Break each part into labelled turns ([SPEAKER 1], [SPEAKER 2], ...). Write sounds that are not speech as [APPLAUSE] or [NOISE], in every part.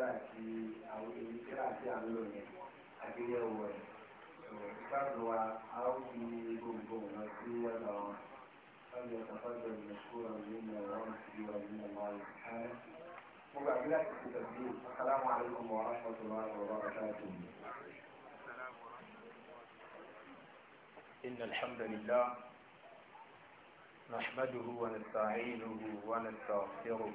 [SPEAKER 1] السلام عليكم ورحمة الله
[SPEAKER 2] وبركاته. إن الحمد لله نحمده ونستعينه ونستغفره.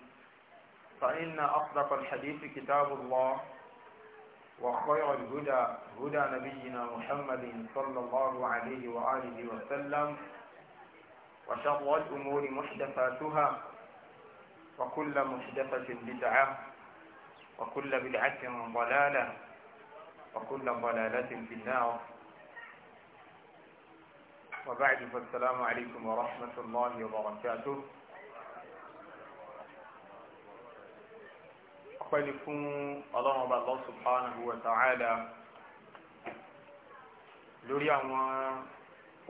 [SPEAKER 2] فإن أصدق الحديث كتاب الله وخير الهدى هدى نبينا محمد صلى الله عليه وآله وسلم وشر الأمور محدثاتها وكل محدثة بدعة وكل بدعة ضلالة وكل ضلالة في النار وبعد فالسلام عليكم ورحمة الله وبركاته ọpẹ́ ni fún ọlọ́run ọba Allah subhanahu wa ta'ala lórí àwọn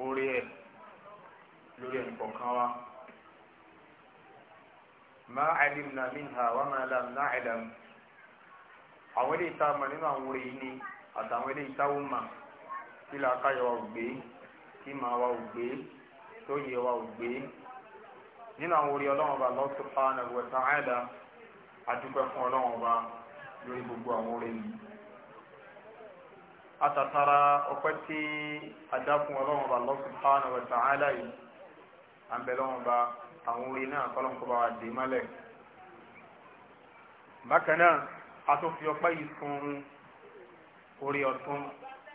[SPEAKER 2] oore ẹ̀ lórí ẹnìkọ̀ọ̀kan wa ma alimna minha wa ma lam na'lam àwọn ilé ìta mọ̀ nínú àwọn oore yìí ni àtàwọn ilé ìta wọ́n mà kí làákàyọ̀ wa ò gbé kí màá wa ò gbé tó yẹ wa ò gbé nínú àwọn oore ọlọ́run ọba Allah subhanahu wa ta'ala adúpẹ́ fún ọlọ́run ọba lórí gbogbo àwọn orin yìí atatara ọpẹ́ tí adákun ọlọ́run ọba Allah subhanahu wa ta'ala yìí àbẹ̀lọ́run ọba àwọn orin náà kọ́lọ́n kọ́ bá wa dé mọ́lẹ̀ bákan náà a tún fi ọpẹ́ yìí fún orí ọ̀tún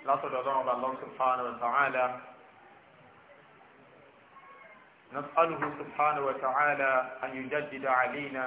[SPEAKER 2] látọ̀dọ̀ ọlọ́run ọba Allah subhanahu wa ta'ala نسأله سبحانه وتعالى أن يجدد علينا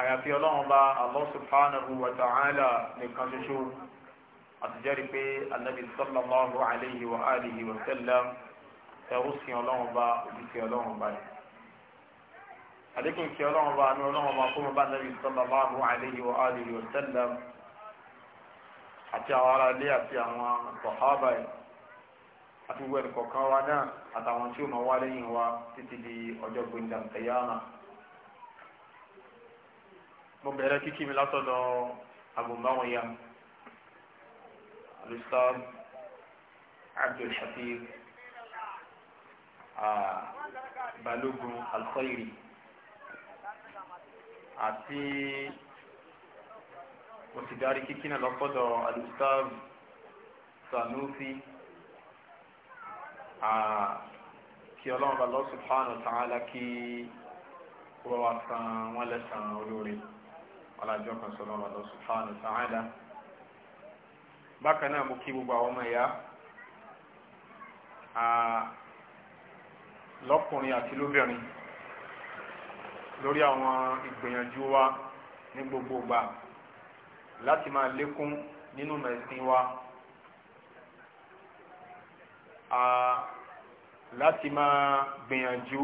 [SPEAKER 2] àyàfi ọlọ́run bá Allah subhanahu wa ta'ala nìkan ṣoṣo àtijọ́rí pé anabi sallallahu alayhi wa alihi wa sallam ẹrú sí ọlọ́run bá òbí sí ọlọ́run bá yìí. àdékùn kí ọlọ́run bá ní ọlọ́run bá kó mọ bá anabi sallallahu alayhi wa alihi wa sallam àti àwọn ará àti àwọn sàhábà yìí àti gbogbo ẹnì kọ̀ọ̀kan wa náà àtàwọn tí ó máa wá lẹ́yìn wa títí di ọjọ́ gbẹ̀ndàǹtẹ̀yàmà mo bẹ̀rẹ̀ kíkí mi látọ̀dọ̀ agbóhùnmáwòyá alustad abdulhafiz ah, balogun alkhairi àti mo sì darí kíkí náà lọ́pọ̀dọ̀ alustad sanusi ah, kí ọlọ́run bá Allah subhanahu wa ta'ala kí wọ́n wá san wọ́n lẹ́sàn-án olóore ọlájọ́ kan sọ́nà ọ̀dọ̀ subhanahu wa ta'ala bákan náà mo kí gbogbo àwọn ọmọ ẹ̀yà lọ́kùnrin àti lóbìnrin lórí àwọn ìgbìyànjú wa ní gbogbo ìgbà láti máa lékún nínú mẹ̀sìn wa láti máa gbìyànjú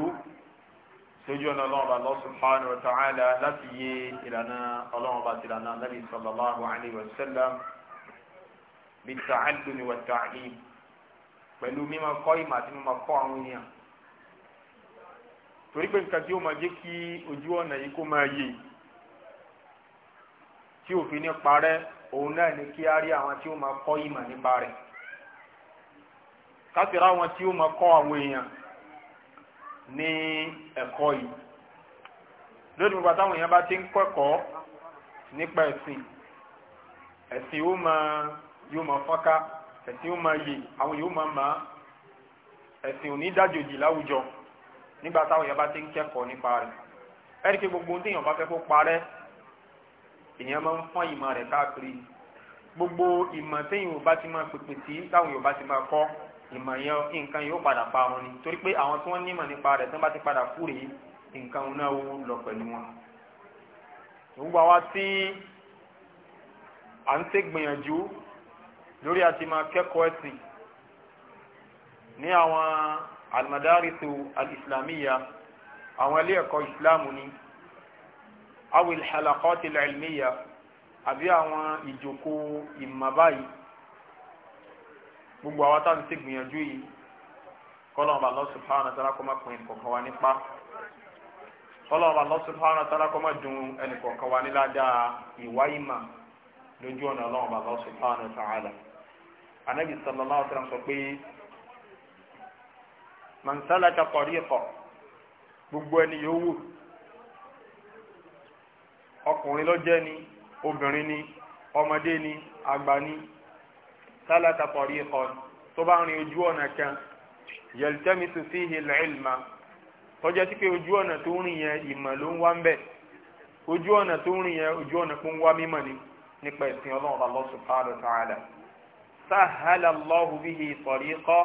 [SPEAKER 2] lójú ọ̀nà ọlọ́run bá Allah subhanahu wa ta'ala láti yé ìlànà ọlọ́run bá ti lànà nàbì sallallahu alayhi wa sallam bíi ta'allumi wa ta'lim pẹ̀lú mímọ kọ́ ìmọ̀ àti mímọ kọ́ àwọn èèyàn torí pé nǹkan tí ó máa jẹ́ kí ojú ọ̀nà yìí kó máa yè tí òfin ní parẹ́ òun náà ni kí á rí àwọn tí ó máa kọ́ ìmọ̀ nípa rẹ̀ káṣíra àwọn tí ó máa kọ́ àwọn èèyàn ní ẹ̀kọ́ yìí lónìí gbogbo àtàwọn èèyàn bá ti ń kẹ́kọ̀ọ́ nípa ẹ̀sìn ẹ̀sìn yóò máa yóò máa fọ́ká ẹ̀sìn yóò máa yè àwọn yóò máa máa ẹ̀sìn ò ní dájòjì láwùjọ nígbà táwọn èèyàn bá ti ń kẹ́kọ̀ọ́ nípa rẹ̀ ẹ̀rí pé gbogbo ohun tí èèyàn bá fẹ́ kó parẹ́ èèyàn máa ń fọ́n ìmọ̀ rẹ̀ káàkiri gbogbo ìmọ̀ téèyàn bá ti máa pèpè sí táwọn èèyàn bá ti máa kọ́ ìmọ̀ yẹn nǹkan yóò padà parun ni torí pé àwọn tí wọ́n nímọ̀ nípa rẹ̀ tí wọ́n bá ti padà kú rèé nǹkan náà ó lọ pẹ̀lú wọn. ìwúwa wa tí à ń ṣe gbìyànjú lórí àti máa kẹ́kọ̀ọ́ ẹ̀sìn ní àwọn almadarisu al àwọn ilé ẹ̀kọ́ ìsìláàmù ni awil halaqatil ilmiyya àbí àwọn ìjòkó ìmọ̀ báyìí gbogbo àwọn a ti gbìyànjú yìí kọ́lọ́n bá Allah subhanahu wa ta'ala kó pin ẹnìkọ̀ọ̀kan wa nípa kọ́lọ́n bá Allah subhanahu ẹni ta'ala kó má ẹnìkọ̀ọ̀kan wa níládàá ìwá lójú ọ̀nà ọlọ́run bá Allah subhanahu wa anabi sallallahu alaihi wa sọ ẹni ọkùnrin ni obìnrin ni ọmọdé ni salaka tariqan tó bá rin ojú ọ̀nà kan yaltamisu fihi al-ilma tó jẹ́ sí pé ojú ọ̀nà tó rìn yẹn ìmọ̀ ló ń wá ń bẹ̀ ojú ọ̀nà tó rìn yẹn ojú ọ̀nà kó ń wá mímọ̀ ni nípa ìsìn ọlọ́run Allah subhanahu wa ta'ala sahala Allahu bihi tariqa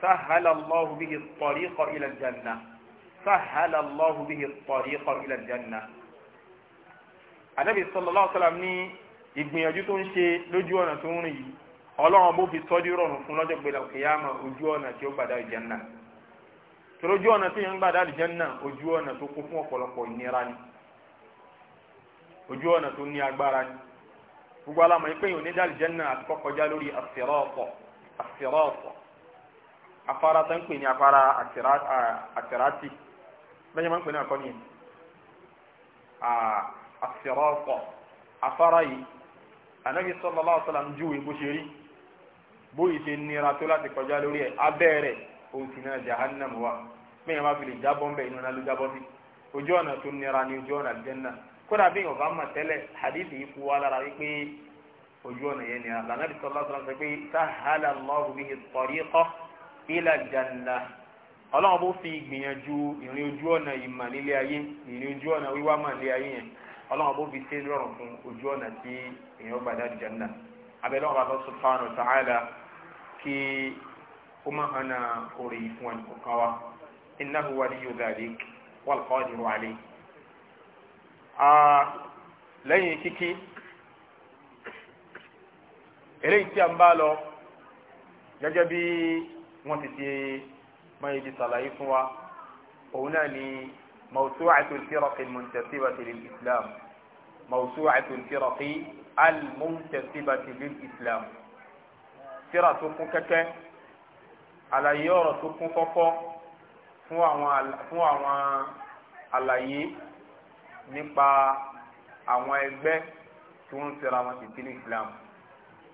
[SPEAKER 2] sahala Allahu bihi tariqa ila al-janna sahala Allahu bihi tariqa ila al-janna. Ànábì sallallahu alaihi wasallam ní ìgbìyànjú tó ń ṣe lójú ọ̀nà tó ń rìn yìí ọlọ́run bó fi tọ́jú rọrùn fún lọ́jọ́ gbẹdà kìyàmà ojú ọ̀nà tí ó gbàdá ìjẹ́nà tòlójú ọ̀nà tí yẹn ń gbàdá ìjẹ́nà ojú ọ̀nà tó kún fún ọ̀pọ̀lọpọ̀ ìnira ni ojú ọ̀nà tó ní agbára ni gbogbo alamọ̀ yìí pé yìí ìjẹ́nà àti kọ́kọ́já lórí àfẹ́rọ́ọ̀pọ̀ àfẹ́rọ́ọ̀pọ̀ afárá anabi sallallahu alaihi wasallam júwe bó ṣe rí bóyì ṣe nira tó láti kọjá lórí ẹ̀ abẹ́ rẹ̀ òsì náà jahannam wa bẹ́ẹ̀ máa fi lè jábọ́ ńbẹ inú náà ló jábọ́ sí ojú ọ̀nà tó nira ni ojú ọ̀nà àlùjánnà kódà bí yorùbá mà tẹ́lẹ̀ hadithi yìí kú wa lára wípé ojú ọ̀nà yẹn nira lànàbí sallallahu alaihi wasallam pé sahala Allahu bihi tariqa ila janna ọlọ́run bó fi ìgbìyànjú ìrìn ojú ọ̀nà ọlọ́run bó fi ṣe rọrùn fún ojú ọ̀nà tí èèyàn gbà dá àlùjánnà abẹ́lẹ́ ọ̀rọ̀ Allah subhanahu wa ta'ala kí ó má hànà orí fún ẹnì kọ̀ọ̀kan wa innahu waliyyu dhalik wal qadiru alayh. lẹ́yìn kíkí eléyìí tí a ń bá lọ gẹ́gẹ́ bí wọ́n ti ṣe máa yẹ di sàlàyé fún wa òun náà ni موسوعة الفرق المنتسبة للإسلام موسوعة الفرق المنتسبة للإسلام فرق كك على يور تكون فوق fún àwọn fún àwọn àlàyé nípa àwọn ẹgbẹ́ tí wọ́n ń sera wọn sí tìlú islam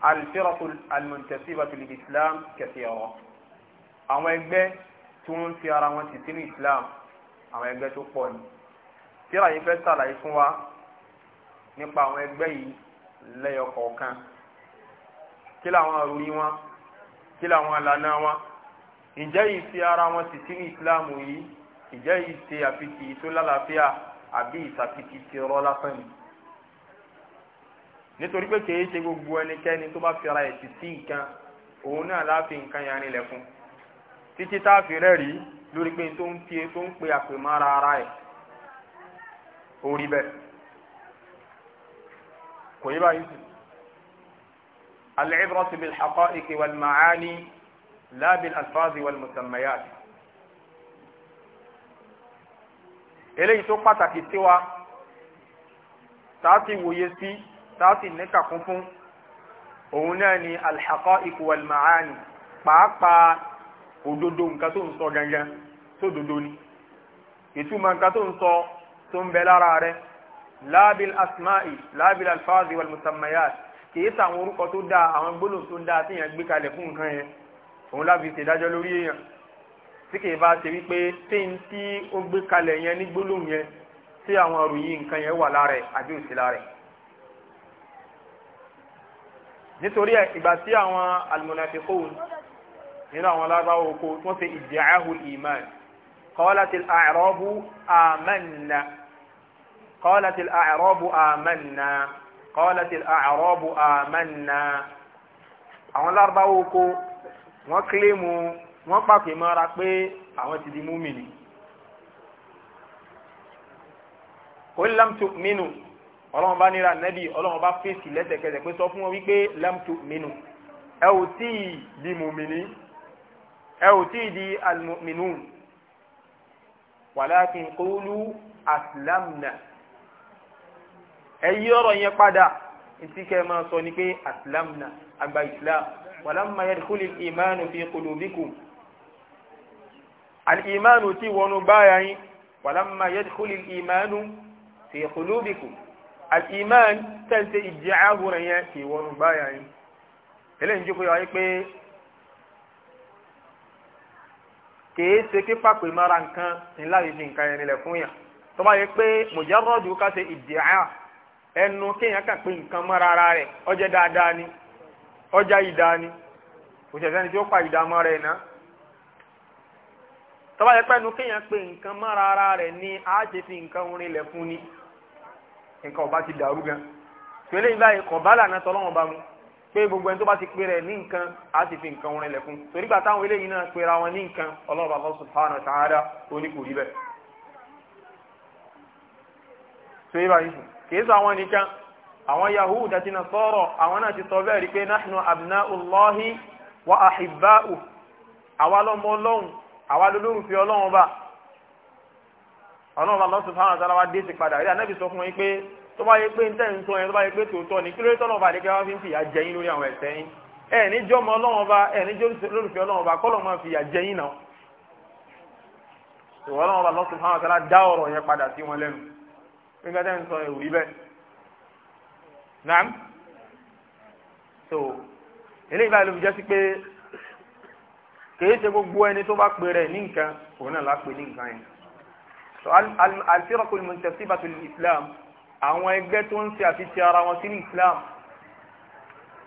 [SPEAKER 2] alifiratu alimuntasiba tìlú islam kẹsì ọ̀rọ̀ àwọn tí wọ́n ń wọn sí tìlú islam àwọn ẹgbẹ́ tó pọ̀ ni tíra yìí fẹ́ sàlàyé fún wa nípa àwọn ẹgbẹ́ yìí lẹ́yọ kọ̀ọ̀kan kí làwọn àròrí wọn kí làwọn àlànà wọn ǹjẹ́ yìí ti ara wọn sì sínú ìsìláàmù yìí ǹjẹ́ yìí ti àfitì tó lálàáfíà àbí ìsàfitì ti rọ́ lásán ni nítorí pé kìí ṣe gbogbo ẹnikẹ́ni tó bá fi ara ẹ̀ sí sí nǹkan òun náà láàfin nǹkan yẹn rinlẹ̀ fún títí tá a fi rẹ́rìí lórí pé tó ń pie tó ń pe àpèmọ́ra ara ẹ̀ orí bẹ́ẹ̀ kò yí báyìí sí. العبرة بالحقائق والمعاني لا بالألفاظ والمسميات eléyìí tó pàtàkì tiwa tààtì wòye sí tààtì níkà kún fún òun náà ni alhaqaiq wal maani pàápàá òdodo nǹkan tó ń sọ gangan tó dodo ni ìtumọ̀ nǹkan tó ń sọ tó ń bẹ lára rẹ̀ lábìl asma'i lábìl alfáàzì wal musammayat kì í sàwọn orúkọ tó dáa àwọn gbólóhùn tó dáa tí gbé kalẹ̀ fún nǹkan yẹn òun láfi ṣèdájọ́ lórí èèyàn tí kì bá ṣe wípé tí tí ó gbé kalẹ̀ yẹn ní gbólóhùn yẹn tí àwọn òròyìn nǹkan yẹn wà lára ẹ̀ àbí òsì lára ẹ̀ nítorí ìgbà tí àwọn almunafiqun nínú àwọn alábáwò oko tí wọ́n ṣe ìdíyàáhù ìmán qalat al-a'rabu amanna qalat al-a'rabu amanna qalat al-a'rabu amanna àwọn alábáwò oko wọ́n kílèmù wọ́n pàpè mọ́ra pé àwọn ti di múmìnì qul lam tu'minu ọlọ́run bá nira nẹ́bí ọlọ́run bá fèsì lẹ́sẹ̀kẹsẹ̀ pé sọ fún wọn wípé lam tu'minu ẹ ò tí ì di ẹ ò tí ì di almu'minun walakin qulu aslamna ẹ yí ọ̀rọ̀ yẹn padà ntí kẹ́ ẹ máa sọ ni pé aslamna àgbà islam walamma yadkhulu al-imanu fi qulubikum al-imanu tí wọnú báyà yín walamma yadkhulu al-imanu fi qulubikum al-iman tẹ̀sí ìjẹ́ àwòrán yẹn tí wọnú báyà yín eléyìí ń jókòó yà wáyé pé. kèé ṣe kí pàpè mara nǹkan ńlá fi nǹkan ẹni lẹ̀ fún yàn tó bá yẹ pé mùjárọ́dù ká ṣe ìdíyà ẹnu kéèyàn kà pé nǹkan mara ara rẹ̀ ọjẹ́ dáadáa ni ọjà ìdá ni òṣèṣẹ́ni tí ó pa ìdá náà tó bá yẹ pé ẹnu kéèyàn pé nǹkan mara ara rẹ̀ ni a ṣe fi nǹkan orin ọba ti dàrú gan kọ̀ bá lànà tọ́lọ́wọ́n bá mu pé gbogbo ẹni tó bá ti kpere rẹ̀ ní nǹkan á sì fi nǹkan wọn lẹ̀kún torí gbà táwọn eléyìí náà pera wọn ní nǹkan ọlọ́ọ̀bà Allah subhanahu wa ta'ala oníkùrí bẹ́ẹ̀. tó yẹ báyìí sùn kìí sọ àwọn nìkan àwọn Yahud àwọn náà ti sọ bẹ́ẹ̀ rí pé nahnu abna'ullahi wa ahibba'u àwa wa tó bá yẹ pé ń tẹ̀yìn sọ yẹn tó bá yẹ pé tòótọ́ ni kí ló tọ́lọ́ ọba àdékẹ́ wá fi ń fìyà jẹ yín lórí àwọn ẹ̀ṣẹ̀ yín ẹ̀ ní jọmọ ọlọ́run ọba ẹ̀ ní lórúfẹ́ ọlọ́run ọba kọ́lọ́ máa fìyà jẹ yín náà ìwọ ọlọ́run ọba lọ́sùn fáwọn akẹ́lá dá ọ̀rọ̀ yẹn padà sí wọn lẹ́nu nígbà tẹ́ ń sọ ẹ̀ ò rí bẹ́ẹ̀ nàám so eléyìí báyìí ló fi jẹ́ sí pé kìí ṣe gbogbo ẹni tó bá pè rẹ̀ ní nǹkan òun náà lápè ní nǹkan yẹn so al-firaqul muntasibatu lil-islam àwọn ẹgbẹ́ tó ń ṣe àfitì ara wọn sínú Islam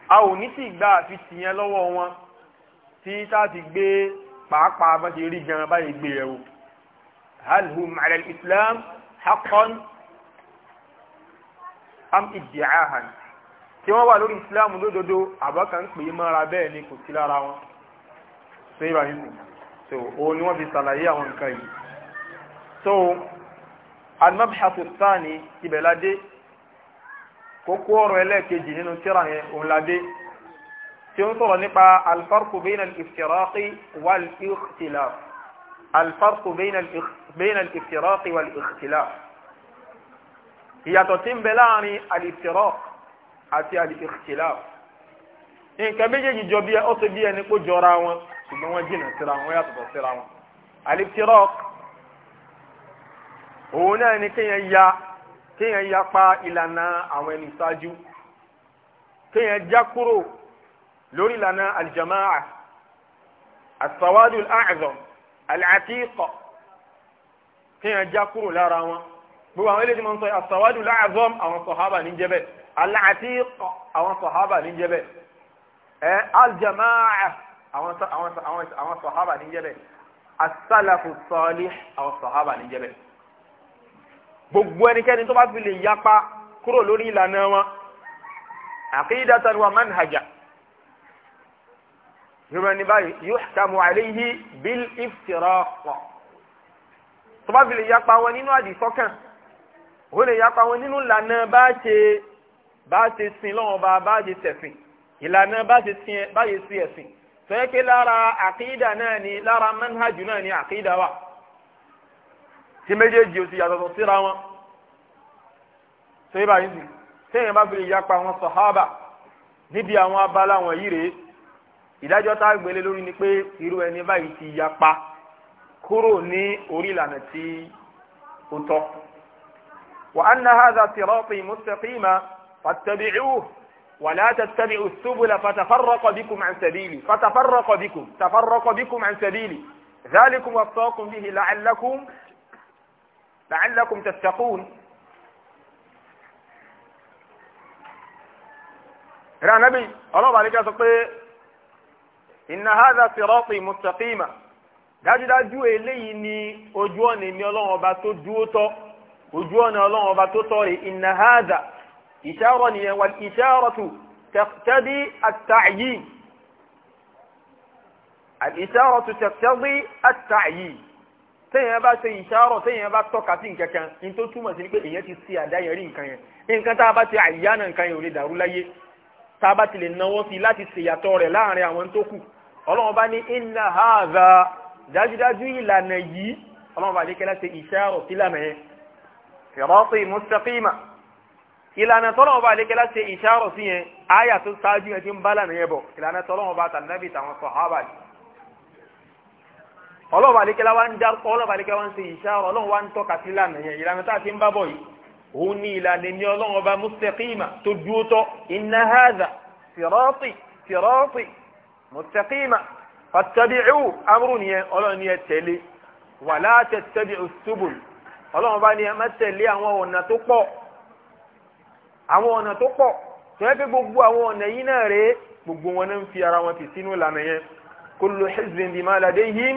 [SPEAKER 2] a ò ní sì gba àfitì yẹn lọ́wọ́ wọn tí táàfi gbé pàápàá bá ti rí gan báyìí gbé ẹ̀wò hal hum ala islam haqqan am iddi'ahan tí wọ́n wà lórí islam lódodo àbákan ń pè é mọ́ra bẹ́ẹ̀ ni kò sí lára wọn so ibrahim so o ni wọ́n fi ṣàlàyé àwọn nǹkan yìí so al-mabhath ath-thani ibẹ̀ la dé kókó ọ̀rọ̀ ẹlẹ́ẹ̀kejì nínú tírà yẹn òun la dé tí ó ń sọ̀rọ̀ nípa al-farqu bayna al-iftiraqi wal-ikhtilaf al-farqu bayna al-iftiraqi wal-ikhtilaf ìyàtọ̀ tí ń bẹ láàrin al àti al nǹkan méjèèjì jọ bí ọ́ tó bí ẹni kó jọra wọn ṣùgbọ́n wọ́n jìnnà síra wọn yàtọ̀ síra wọn al òun náà ni kéèyàn ya kéèyàn yapa ìlànà àwọn ẹni ṣáájú kéèyàn já kúrò lórí ìlànà aljamaa asawadu al'azam al'atiqa kéèyàn já kúrò lára wọn gbogbo àwọn eléyìí máa ń sọ asawadu al'azam àwọn sọhábà ní jẹbẹ al'atiqa àwọn sọhábà ní jẹbẹ ẹ aljamaa àwọn sọhábà ní jẹbẹ asalafu salih àwọn sọhábà ní jẹbẹ gbogbo ẹnikẹ́ni tó bá fi lè yapa kúrò lórí ìlànà wọn aqidatan wa manhaja yorùbá ní báyìí yuhkamu alayhi bil iftiraq tó bá fi lè yapa wọn nínú àdìsọ́kàn ó lè yapa wọn nínú ìlànà bá ṣe bá ṣe sin lọ́wọ́ bá bá ṣe tẹ̀sìn ìlànà bá ṣe sin ẹ̀ bá ṣe sin ẹ̀sìn tó yẹ lára àkídà náà ni lára manhajú náà ni àkídà wà tí méjèèjì o ti yàtọ̀tọ̀ síra wọn sèyí báyìí sì sèyìn bá fi lè yapa àwọn sọ̀hábà níbi àwọn abala wọn yìí rèé ìdájọ́ tá a gbélé lórí ni pé irú ẹni báyìí ti yapa kúrò ní orí ìlànà tí ó tọ́. wa anna hadha sirati mustaqima fattabi'uhu wa la tattabi'u subula fatafarraqa bikum an sabili fatafarraqa bikum tafarraqa bikum لعلكم تتقون يا نبي الله عليك أصدقائي إن هذا صراطي مستقيمة داجي داجو إليني أجواني من الله وباتو جوتو أجواني الله تو تو إن هذا إشارة والإشارة تقتضي التعيين الإشارة تقتضي التعيين téèyàn bá ṣe ìṣàrọ̀ téèyàn bá tọ́ka sí nǹkan kan ní tó túmọ̀ sí pé èèyàn ti ṣe àdáyẹrí nǹkan yẹn nǹkan tá a bá ti àyànà nǹkan yẹn ò lè dàrú láyé tá a bá ti lè náwó sí láti ṣèyàtọ̀ rẹ̀ láàrin àwọn tó kù ọlọ́run bá ní inna haza dájúdájú ìlànà yìí ọlọ́run bá ní kẹ́lá ṣe ìṣàrọ̀ sílànà yẹn kìrọ́ọ̀tì mustaqima ìlànà tọ́lọ́run bá ní kẹ́lá ṣe ìṣàrọ̀ sí yẹn áyà tó ṣáájú yẹn ti ń bá lànà yẹn bọ̀ ìlànà tọ́lọ́run bá tàbí tàwọn sọ̀hábà yìí ọlọ́run àlékẹ́lá wá ń dárúkọ ọlọ́run àlékẹ́lá wá ń ṣe ìṣàrọ̀ ọlọ́run wá ń tọ́ka sí ìlànà yẹn ìlànà tá a ti ń bá bọ̀ yìí òun ni ìlànà ní ọlọ́run ọba mustaqima tó dúró tọ́ inna hadha sirati sirati mustaqima fattabi'u amúrù nìyẹn ọlọ́run ni ẹ tẹ̀lé wala tattabi'u subul ọlọ́run ọba ni ẹ má àwọn ọ̀nà tó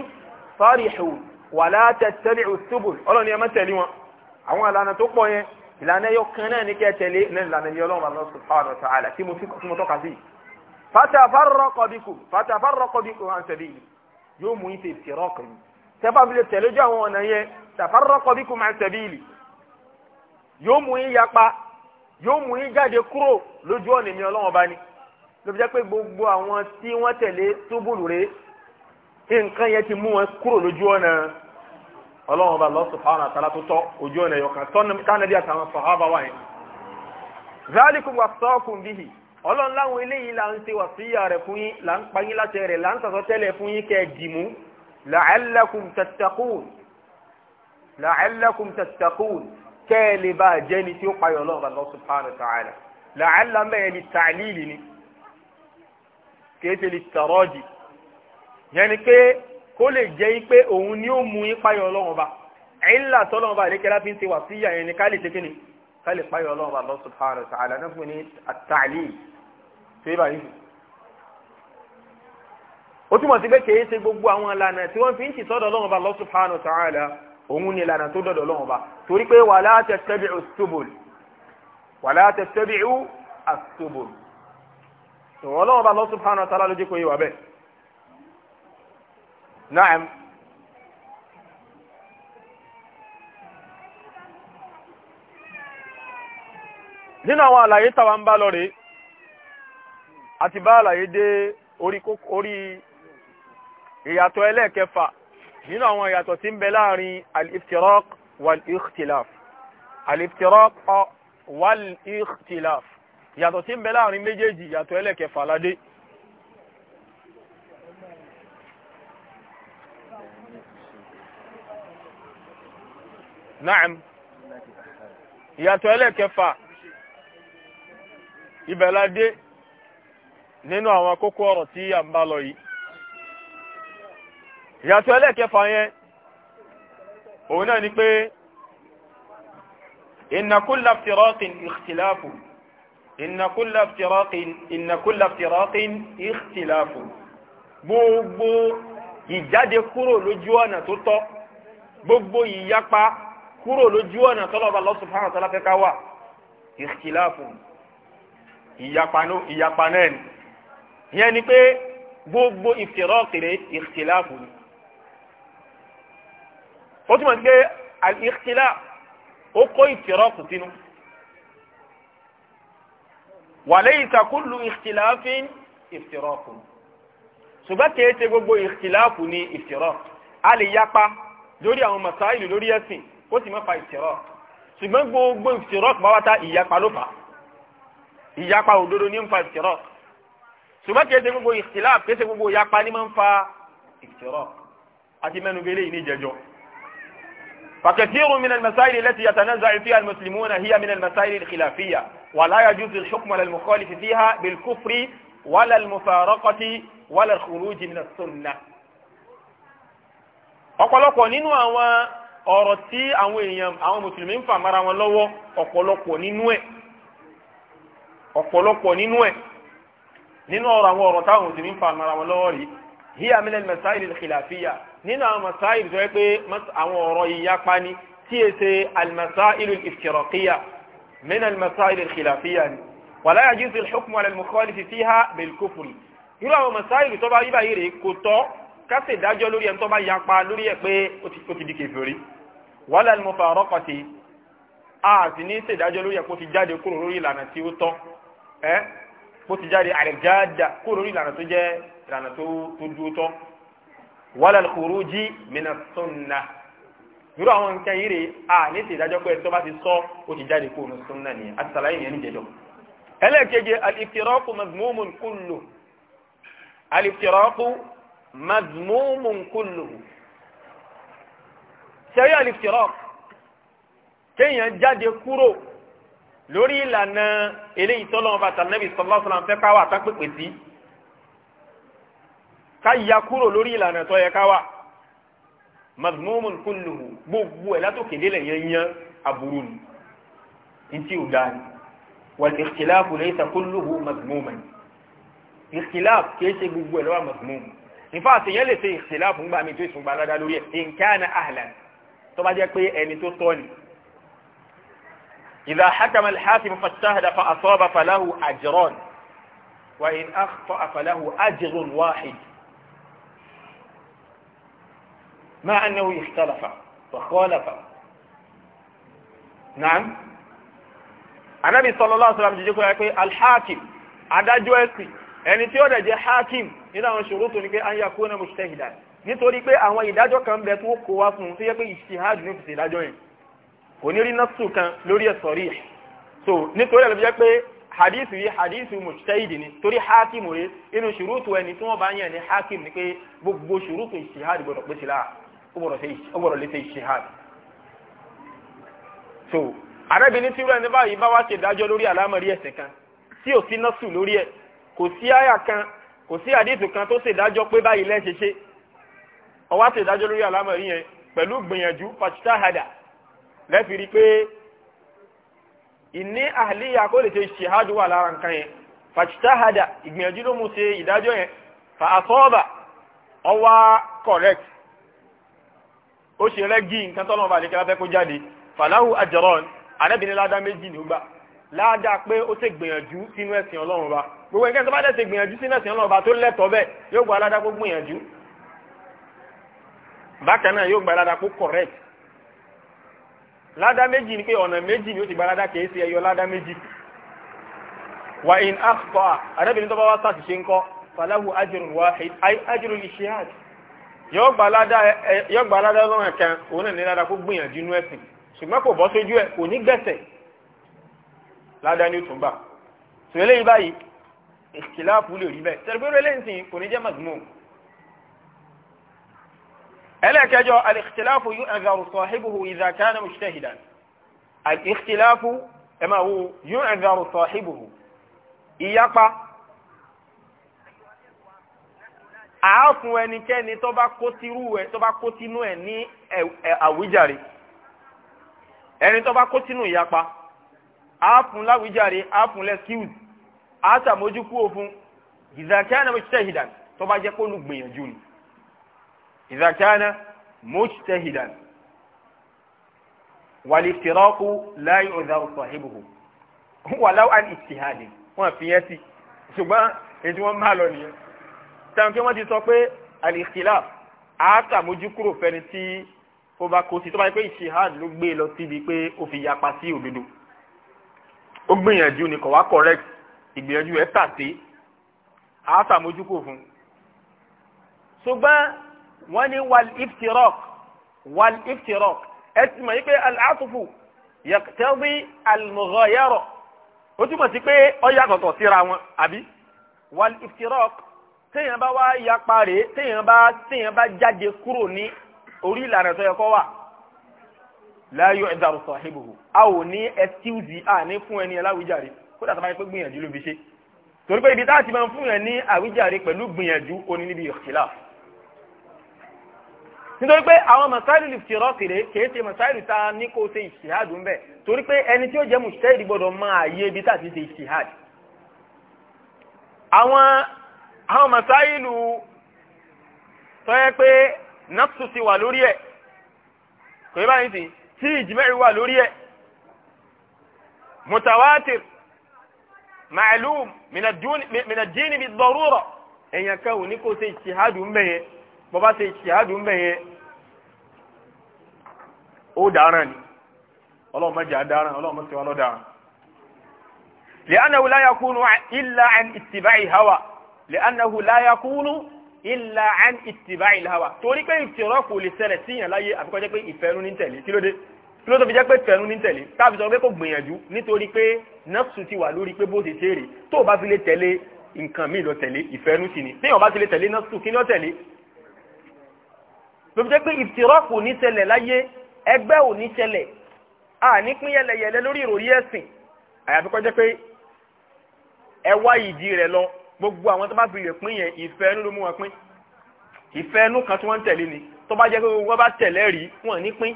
[SPEAKER 2] pọ̀ sarihu wala tattabi'u subul ọlọ́ni ẹ má tẹ̀lé wọn àwọn ìlànà tó pọ̀ yẹn ìlànà ẹyọ kan náà ní kẹ́ tẹ̀lé ní ìlànà ẹyọ ọlọ́run Allah subhanahu wa ta'ala tí mo fi mo tọ́ka sí. fatafarraqa bikum fatafarraqa bikum an sabili yóò mú ife ìfìrọ́kọ̀ yìí tẹ́fà fi lè tẹ̀lé jọ àwọn ọ̀nà yẹn tafarraqa bikum an sabili yóò mú yín yóò mú yín kúrò lójú ọ̀nà mi ọlọ́run ọba ni ló jẹ́ pé gbogbo àwọn tí wọ́n tẹ̀lé túbùlù rèé nǹkan yẹn ti mú wọn kúrò lójú ọ̀nà ọlọ́run bá Allah subhanahu wa ta'ala tó tọ́ ojú ọ̀nà ẹ̀yọ̀kan tọ́nà tánàbí àtàwọn sàhábà wà yẹn. zalikum wasaakum bihi ọlọ́run láwọn eléyìí là ń ṣe wàsíyà rẹ̀ fún yín là ń pa yín láti rẹ̀ là ń sàsọ tẹ́lẹ̀ fún yín kẹ́ ẹ̀ dìmú la'allakum tattaqun la'allakum tattaqun kẹ́ ẹ lè bá jẹ́ ni tí ó payọ̀ ọlọ́run bá lọ́ subhanahu wa ta'ala la'alla mẹ́rin ni tàlílì ni kéde lè tàrọ́jì yẹn ni pé kó lè jẹ́ pé òun ni ó mú yín páyọ̀ ọlọ́run ọba ẹ̀yìnlá tọ́lọ́run ọba àdékẹ́lá fi ń ṣe wà sí ìyá yẹn ni ká ṣe kíni ọlọ́run ọba Allah subhanahu wa ta'ala náà fún ní àtàlí yìí. ó túmọ̀ sí pé àwọn ìlànà tí wọ́n fi ń tì sọ́dọ̀ ọlọ́run ọba òun ni ìlànà tó dọ̀dọ̀ ọlọ́run ọba torí pé نعم nínú àwọn àlàyé tàwa ń bá lọ rèé àti bá àlàyé dé orí orí ìyàtọ̀ ẹlẹ́ẹ̀kẹfà nínú àwọn ìyàtọ̀ tí ń bẹ láàrin al-iftiraq wal-ikhtilaf al wal-ikhtilaf ìyàtọ̀ tí ń bẹ láàrin méjèèjì ìyàtọ̀ ẹlẹ́ẹ̀kẹfà ládé. naam ìyàtọ̀ ẹlẹ́kẹfà ibẹ̀ládé nínú àwọn kókó ọ̀rọ̀ tí a ń bá lọ yìí ìyàtọ̀ ẹlẹ́kẹfà yẹn òun náà ni pé inna kulla iftiraqin ikhtilafu inna kulla iftiraqin inna kulla iftiraqin gbogbo ìjáde kúrò lójú ọ̀nà tó tọ́ gbogbo ìyapa kúrò lójú ọ̀nà tọ́lọ́ba Allah subhanahu wa ta'ala fẹ́ ká wà ìkìláàfù ìyapa náà ni ìyẹn ni pé gbogbo ìfìrọ́ọ̀kìrẹ́ ìkìláàfù ni ó túmọ̀ sí pé ìkìláàfù ó kó ìfìrọ́ọ̀kù sínú wa laysa kullu ìkìláàfin ìfìrọ́ọ̀kù ṣùgbọ́n kìí ṣe gbogbo ìkìláàfù ni ìfìrọ́ọ̀kù a lè yapa lórí àwọn masáìlì lórí ẹ̀sìn kó sì má fa ìtìrọ ṣùgbọ́n gbogbo ìtìrọ pàwọ́tà ìyapa ló fà ìyapa òdodo ní ń fa ìtìrọ ṣùgbọ́n kìí ṣe gbogbo ìtìláàf kìí ṣe gbogbo ìyapa ní máa ń fa ìtìrọ àti mẹ́nu bẹ́ẹ̀ lẹ́yìn ní ìjẹjọ́. فكثير من المسائل التي يتنازع فيها المسلمون هي من المسائل الخلافية ولا يجوز الحكم على المخالف فيها بالكفر ولا المفارقة ولا الخروج من السنة ọ̀pọ̀lọpọ̀ nínú àwọn ọ̀rọ̀ tí àwọn èèyàn àwọn mùsùlùmí ń fà mara wọn lọ́wọ́ ọ̀pọ̀lọpọ̀ nínú ẹ̀ ọ̀pọ̀lọpọ̀ nínú ẹ̀ nínú ọ̀rọ̀ àwọn ọ̀rọ̀ táwọn mùsùlùmí ń fà mara wọn lọ́wọ́ rí hiya min al-masail al-khilafiyya nínú àwọn masáìlì tó yẹ pé àwọn ọ̀rọ̀ ìyapa ni tí è ṣe al-masail al-iftiraqiyya min al ni wala yajuzu al-hukmu ala al-mukhalifi fiha bil-kufri irú àwọn masáìlì tó bá yí báyìí rèé kò tọ́ ká ṣèdájọ́ lórí ẹni tó bá yapa lórí ẹ̀ pé ó ti di kèfèrí wala al-mufaraqati a sì ní ṣèdájọ́ lórí ẹ̀ kó ti jáde kúrò lórí ìlànà tí ó tọ́ ẹ́ kó ti jáde àrẹ̀jáàjà kúrò lórí ìlànà tó jẹ́ ìlànà tó dúró tọ́ wala al-khuruji min as-sunnah irú àwọn nǹkan yìí rè a ní ṣèdájọ́ pé tó bá ti sọ ó ti jáde kúrò ní sunna ni àtàlàyé yẹn ní jẹjọ ẹlẹ́ẹ̀kejì al-iftiraqu madhmumun kulluhu al-iftiraqu ṣẹ̀rí àlìfìrọ̀ kéèyàn jáde kúrò lórí ìlànà eléyìí tọ́lọ́wọ́n bàtà nẹ́bí sallallahu alaihi wasallam fẹ́ káwà tá pèpè sí ká ya kúrò lórí ìlànà tó yẹ káwà mazmumun kulluhu gbogbo ẹ̀ látòkè délẹ̀ yẹnyẹn aburú ni ntí ò dáa ni wal ikhtilafu laysa kulluhu mazmuman ikhtilafu kìí ṣe gbogbo ẹ̀ lọ́wọ́ mazmumun nífà àtẹ̀yẹ́ lè ṣe ikhtilafu ńgbà mi tó ìsùngbà aládá lórí ẹ̀ in kana ahlan tó bá jẹ́ pé ẹni tó tọ́ ni. idha hakama al-hakim fajtahada fa asaba falahu ajiron wa in akhta'a falahu ajrun wahid مع أنه اختلف وخالف نعم النبي anabi الله عليه وسلم jẹ́ kó الحاكم adájọ́ ẹ̀sìn ẹni tí ó dẹ̀ jẹ́ hakim nínú àwọn ṣòro tó ní pé an yakuna mujtahidan nítorí pé àwọn ìdájọ́ kan bẹ tó kó wá fún un tó yẹ pé ìṣìhádù ní fìṣe ìdájọ́ yẹn kò ní rí nọ́ọ̀sù kan lórí ẹ̀sọ́ rí ẹ̀ so nítorí ẹ̀ ló jẹ́ pé hadithu yìí hadithu mujtahidi ni torí hakimu rẹ̀ inú ṣùrùtù ẹni tí wọ́n bá yàn ní hakimu ni pé gbogbo ṣùrùtù ìṣìhádù gbọdọ̀ pé sí láà ó gbọdọ̀ lè ṣe ìṣìhádù so arábìnrin tí wúrẹ́ni báyìí bá wá ṣe ìdájọ́ lórí àlámọ̀rí ẹ̀sìn kan tí ò sí nọ́ọ̀sù lórí ẹ̀ kò sí àyà kan kò sí hadithu kan tó ṣe ìdájọ́ pé báyìí lẹ́ṣẹ̀ṣe ó wá ṣe ìdájọ́ lórí àlámọ̀rí yẹn pẹ̀lú gbìyànjú fàṣítàhàdà lẹ́fìrí pé ìní àhàlíyà kó lè ṣe ṣèhádù wà lára nǹkan yẹn fàṣítàhàdà ìgbìyànjú ló mú ṣe ìdájọ́ yẹn fà àsọ́ọ̀bà ó correct ó ṣe rẹ́gí nǹkan tọ́lọ́ bá lè kí kó jáde fàláhù àjọrọ̀ arábìnrin ládá méjì ní ó gbà pé ó ṣe gbìyànjú sínú ẹ̀sìn ọlọ́run ba gbogbo nǹkan tó bá dẹ̀ ṣe gbìyànjú sínú ẹ̀sìn ọlọ́run ba tó lẹ́tọ̀ọ́ bẹ́ẹ̀ yóò gba aládá gbogbo gbìyànjú bákan náà yóò gbalada kó correct ládá méjì ni pé ọ̀nà méjì ni ó ti gbalada kìí ṣe ẹyọ ládá méjì wà in akhta àdébìnrin tó bá wá sàtìṣe ńkọ́ falahu ajrun wahid ay ajrul ishihad yóò gbalada lọ́rùn kan òun náà ní ládá kó gbìyànjú inú ẹ̀sìn ṣùgbọ́n kò bọ́ sójú ẹ̀ kò ní gbẹ̀sẹ̀ ládá ni ó tún bà tòlẹ́yìn báyìí ìkìláàfù lè rí bẹ́ẹ̀ tẹ̀lé pé rẹ́lẹ́ǹsìn kò ní jẹ́ màgbọ́n ẹlẹ́ẹ̀kẹjọ alìkìtìláfù yu'adharu sahibuhu idha kana mujtahidan alìkìtìláfù ẹ máa wo yu'adharu sahibuhu ìyapa àáfún ẹnikẹ́ni tó bá kó tirú ẹ tó bá kó tinú ẹ ní àwíjàre ẹni tó bá kó tinú ìyapa àáfún láwíjàre àáfún lẹ́skíwùd àtàmójúkú òfun idha kana tó bá jẹ́ kó lùgbìyànjú ni. إذا كان مجتهدا والافتراق لا يعذر صاحبه ولو عن اجتهاد وما في yẹn sí ṣùgbọ́n èyí wọ́n máa lọ nìyẹn táwọn kí wọ́n ti sọ pé al-ikhtilaf àátàmójú kúrò fẹ́ni tí ó bá kó sí tó bá yẹ pé ìṣehad fi yapa sí òdodo ó gbìyànjú ni kò wá correct ìgbìyànjú ẹ̀ tàté àátàmójú kúrò fún un ṣùgbọ́n wọ́n ní wal iftirok wal iftirok ẹ ti mọ̀ yí pé al-atfu yaqtadi al-mughayara ó túmọ̀ sí pé ó yàtọ̀tọ̀ síra wọn àbí wal iftirok téèyàn bá wá yapa rèé téèyàn bá téèyàn bá jáde kúrò ní orí ìlànà tó yẹ kó wà la yu'daru sahibuhu a ò ní excuse a fún ẹni aláwíjàre kódà tó bá yẹ pé gbìyànjú ló fi ṣe torí pé ibi tá ti máa fún yẹn ní àwíjàre pẹ̀lú gbìyànjú oní níbi ikhtilaf nítorí pé àwọn masáìlì lè fìrọ́ kéré kìí ṣe masáìlì tá a ní kó ṣe ìṣìhádù ń bẹ̀ torí pé ẹni tí ó jẹ́ mùsítẹ́ẹ̀dì gbọ́dọ̀ máa yé ibi tá a ti ṣe ìṣìhádù. àwọn àwọn masáìlì tó yẹ pé nafsu ti wà lórí ẹ̀ kò yẹ báyìí sí tí ìjìmẹ́rì wà lórí ẹ̀ mutawatir ma'lum minad jini bid darura kan ò ní kó ṣe ìṣìhádù ń bẹ̀ yẹn bọ́bá ṣe ìṣìyàdù ń bẹ̀ yẹn ó dáràn ni ọlọ́run má jẹ́ àdáràn ọlọ́run má ṣe wá lọ́dáràn. لأنه لا يكون إلا عن اتباع الهوى لأنه لا يكون إلا عن اتباع الهوى torí pé ìtìrọ́ kò lè ṣẹlẹ̀ síyàn láyé àfi kó jẹ́ pé ìfẹ́nu ní tẹ̀lé kí ló dé kí ló tó fi jẹ́ pé fẹ́nu ní tẹ̀lé táàbí sọ pé kò gbìyànjú nítorí pé nọ́ọ̀sù ti wà lórí pé bó ṣe ṣe rè tó o bá fi lè tẹ̀lé nǹkan míì lọ tẹ̀lé ìfẹ́nu sì ni téèyàn bá fi lè tẹ̀lé nọ́ọ̀sù kí ni ó tẹ̀lé lóbi jẹ́ pé ìfìtìrọ́pù ò ní ṣẹlẹ̀ láyé ẹgbẹ́ ò ní ṣẹlẹ̀ a ní pín yẹlẹyẹlẹ lórí ìròrí ẹ̀sìn àyàfi kọjá pé ẹ wá ìdí rẹ̀ lọ gbogbo àwọn tó bá fi lè pín yẹn ìfẹ́ ẹnu ló mú wọn pín ìfẹ́ ẹnu kan tí wọ́n ń tẹ̀lé ni tó bá jẹ́ pé wọ́n bá tẹ̀lé rí wọn ní pín.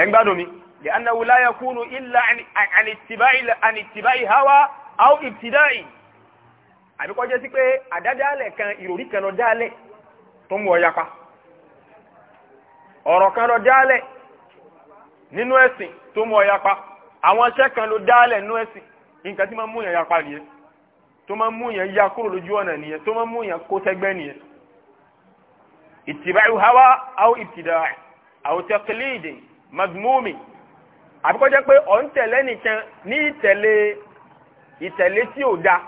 [SPEAKER 2] ẹ̀ ń gbádùn mi lè anáwó láyà kúrú ilà ànìtìbáì hawa àwọn ìtìdáì àbí kọjá sí pé àdádálẹ̀ kan ìròrí kan lọ dálẹ̀ tó mú ọ yapa ọ̀rọ̀ kan lọ dálẹ̀ nínú ẹ̀sìn tó mú ọ yapa àwọn iṣẹ́ kan ló dálẹ̀ nínú ẹ̀sìn nǹkan tí máa mú yẹn yapa nìyẹn tó máa mú yẹn ya kúrò lójú ọ̀nà nìyẹn tó máa mú yẹn kó sẹ́gbẹ́ nìyẹn ìtìbáyù hawa àwọn ìtìdáì àwọn tẹkílíìdì mazmumi àbíkọ́jẹ́ pé ọ̀ ń tẹ̀lé nìkan ní ìtẹ̀lé ìtẹ̀lé tí ò dáa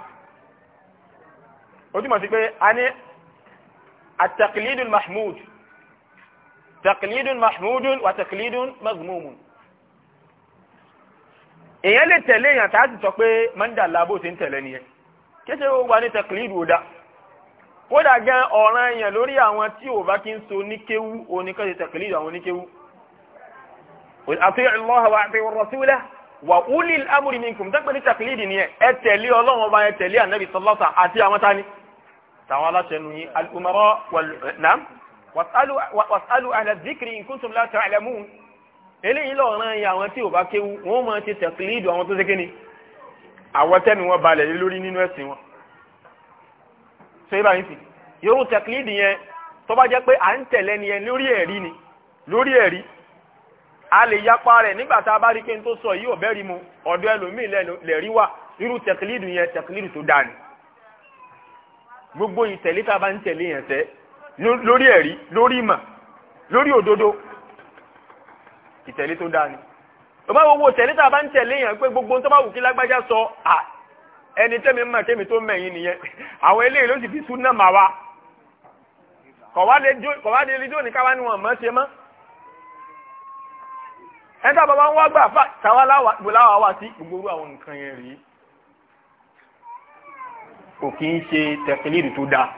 [SPEAKER 2] ó túmọ̀ sí pé a ní at-taqlidul mahmud taqlidun mahmudun wa taqlidun mazmumun èèyàn lè tẹ̀lé èèyàn tá a ti sọ pé mọ́ndà làbó ti ń tẹ̀lé nìyẹn kéṣe ó wà ní taqlidu ó dá kódà gan ọ̀ràn èèyàn lórí àwọn tí ò bá kí ń so níkéwú oníkan ti taqlidu àwọn oníkéwú ati'u Allah wa ati'u ar-rasula wa ulil amri minkum dápẹ́ ní taqlidu nìyẹn ẹ tẹ̀lé Ọlọ́run ọba ẹ tẹ̀lé ànábì sallallahu àti àwọn tani tàwọn aláṣẹ nu yín al-umara wal-nam wasalu ahla zikiri in kuntum la ta'lamun eléyìí lọ́ọ̀rán yẹn àwọn tí ò bá kéwu wọ́n máa ti tẹ̀kílídù àwọn tó ṣe kíni àwọn tẹ́nu wọn balẹ̀ lé lórí nínú ẹ̀sìn wọn. sọ yìí báyìí sì yorù tẹ̀kílídù yẹn tó bá jẹ́ pé à ń tẹ̀lé ni yẹn lórí ẹ̀rí ni lórí ẹ̀rí a lè yapa rẹ̀ nígbà tá a bá rí pé n tó sọ yìí ò bẹ́ẹ̀ rí mu ọ̀dọ̀ ẹlòmíì lẹ́rí wà irú tẹ̀kílídù yẹn tẹ̀kílídù tó dáa ni gbogbo ìtẹ̀lé tá a bá ń tẹ̀lé yẹn tẹ́ lórí ẹ̀rí lórí ìmọ̀ lórí òdodo ìtẹ̀lé tó dáa ni ọba gbogbo tẹ̀lé tá a bá ń tẹ̀lé yẹn pé gbogbo tó bá wù kí lágbájá sọ à ẹni tẹ́mi mọ̀ tẹ́mi tó mẹ̀yìn nìyẹn [LAUGHS] àwọn eléyìí ló sì fi súnà mà wá kọ̀wádìí lijó ní káwá ni wọ́n mọ̀ ṣe mọ́ ẹ̀ńtà bàbá ń wá gbà fà táwa láwa wà sí gbogbo àwọn nǹkan yẹn rèé kò kí ń ṣe tẹkìlídù tó dáa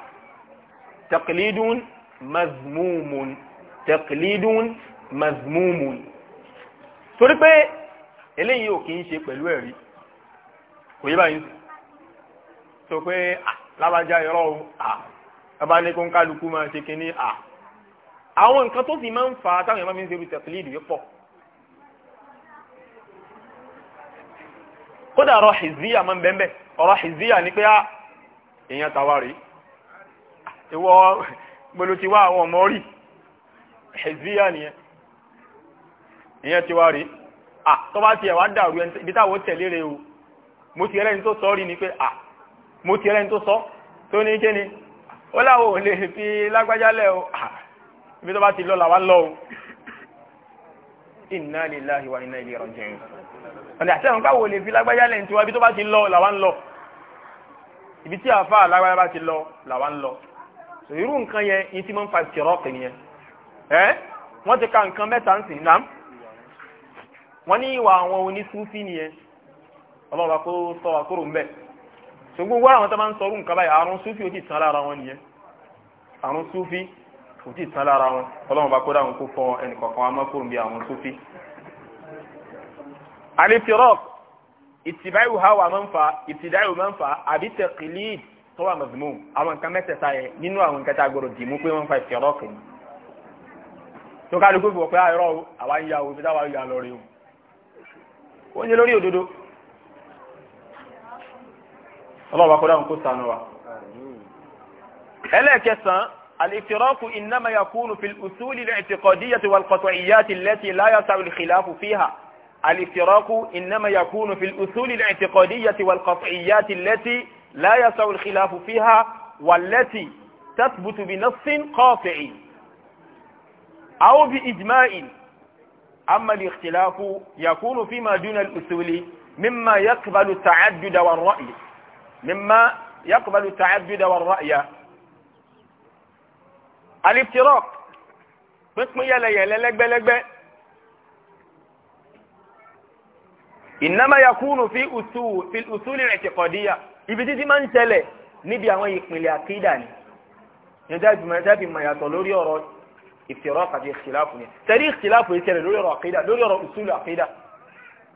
[SPEAKER 2] tẹkìlídùn mazmumun tẹkìlídùn mazmumun torí pé eléyìí ò kí ń ṣe pẹ̀lú ẹ̀rí kò yí báyìí sọ pé lábàjá irọ́ o ọba ní kó ń kálukú máa ṣe kínní à àwọn nǹkan tó sì máa ń fa táwọn èèyàn máa ń ṣe irú tẹkìlídù yìí pọ̀. kódà ọ̀rọ̀ hìzíyà máa ń bẹ́ẹ̀ bẹ́ẹ̀ ọ̀rọ̀ hìzíyà ni pé á èèyàn tàwa rèé ìwọ gbolo ti wá àwọn ọmọ rí ẹ̀sìbíyà nìyẹn ìyẹn ti wá rèé à tó bá tiẹ̀ wá dàrú ẹni ibi táwọn tẹ̀lé rèé o mo ti ẹlẹ́ni tó sọ rí ni pé à mo ti ẹlẹ́ni tó sọ tó ní kíni ó láwọn ò lè fi lágbájá lẹ̀ o à ibi tó bá ti lọ làwa lọ o inna lillahi wa inna ilayhi raji'un ọ̀nà àti àwọn káwọn lè fi lágbájá ní tiwọn ibi tó bá ti lọ làwa ń lọ ibi tí àfa alágbára bá ti lọ làwa ń lọ irú nǹkan yẹn yìí ti máa ń fa ìtìrọ́ọ̀kì nìyẹn ẹ wọ́n ti ka nǹkan mẹ́ta ń sìn náà wọ́n ní ìwà àwọn onísúfí nìyẹn ọlọ́run bá kó sọ wà kúrò ń bẹ̀ ṣùgbọ́n wọ́n àwọn tó máa ń sọrú nǹkan báyìí àrùn súfí ò ti tán lára wọn nìyẹn àrùn súfí ò ti tán lára wọn ọlọ́run bá kó dáhùn kó fọ ẹnìkọ̀ọ̀kan wa mọ́ bí àwọn súfí. àlè tìrọ́ọ̀kì ìtìbáyò ha wà máa ń fa ìtìdáyò máa ń fa àbí tẹ̀kìlì tó wà mọ̀tìmù àwọn nǹkan mẹ́tẹ̀ẹ̀ta yẹn nínú àwọn nǹkan tá a gbọdọ̀ dìímú pé wọ́n ń fa ìfẹ̀rọ̀ kì í. tó ká lóko fìwọ́ pé àìrọ̀ ah, àwa ń ya o ibi táwa ń ya lọ o. ó ń yẹ lórí òdodo. ọlọ́wọ́ kó dáhùn kó sànù wa. ẹlẹ́ẹ̀kẹsàn-án الاتراك إنما يكون في الأصول الاعتقادية والقطعيات التي لا يسع الخلاف فيها الافتراق إنما يكون في الأصول الاعتقادية والقطعيات التي لا يسع الخلاف فيها والتي تثبت بنص قاطع أو بإجماع أما الاختلاف يكون فيما دون الأصول مما يقبل التعدد والرأي مما يقبل التعدد والرأي الافتراق قسم يا يلا بلك بلك ìnáma yakunu fi usul fi usul ìtìkọ̀díyà ibi títí máa ń ṣẹlẹ̀ níbi àwọn ìpìlẹ̀ àkídà ni níta ìgbìmọ̀ níta fi mọ̀ yàtọ̀ lórí ọ̀rọ̀ ìfìrọ́ àti ìṣìláfù ni tẹ̀lé ìṣìláfù yìí ṣẹlẹ̀ lórí ọ̀rọ̀ àkídà lórí ọ̀rọ̀ usul àkídà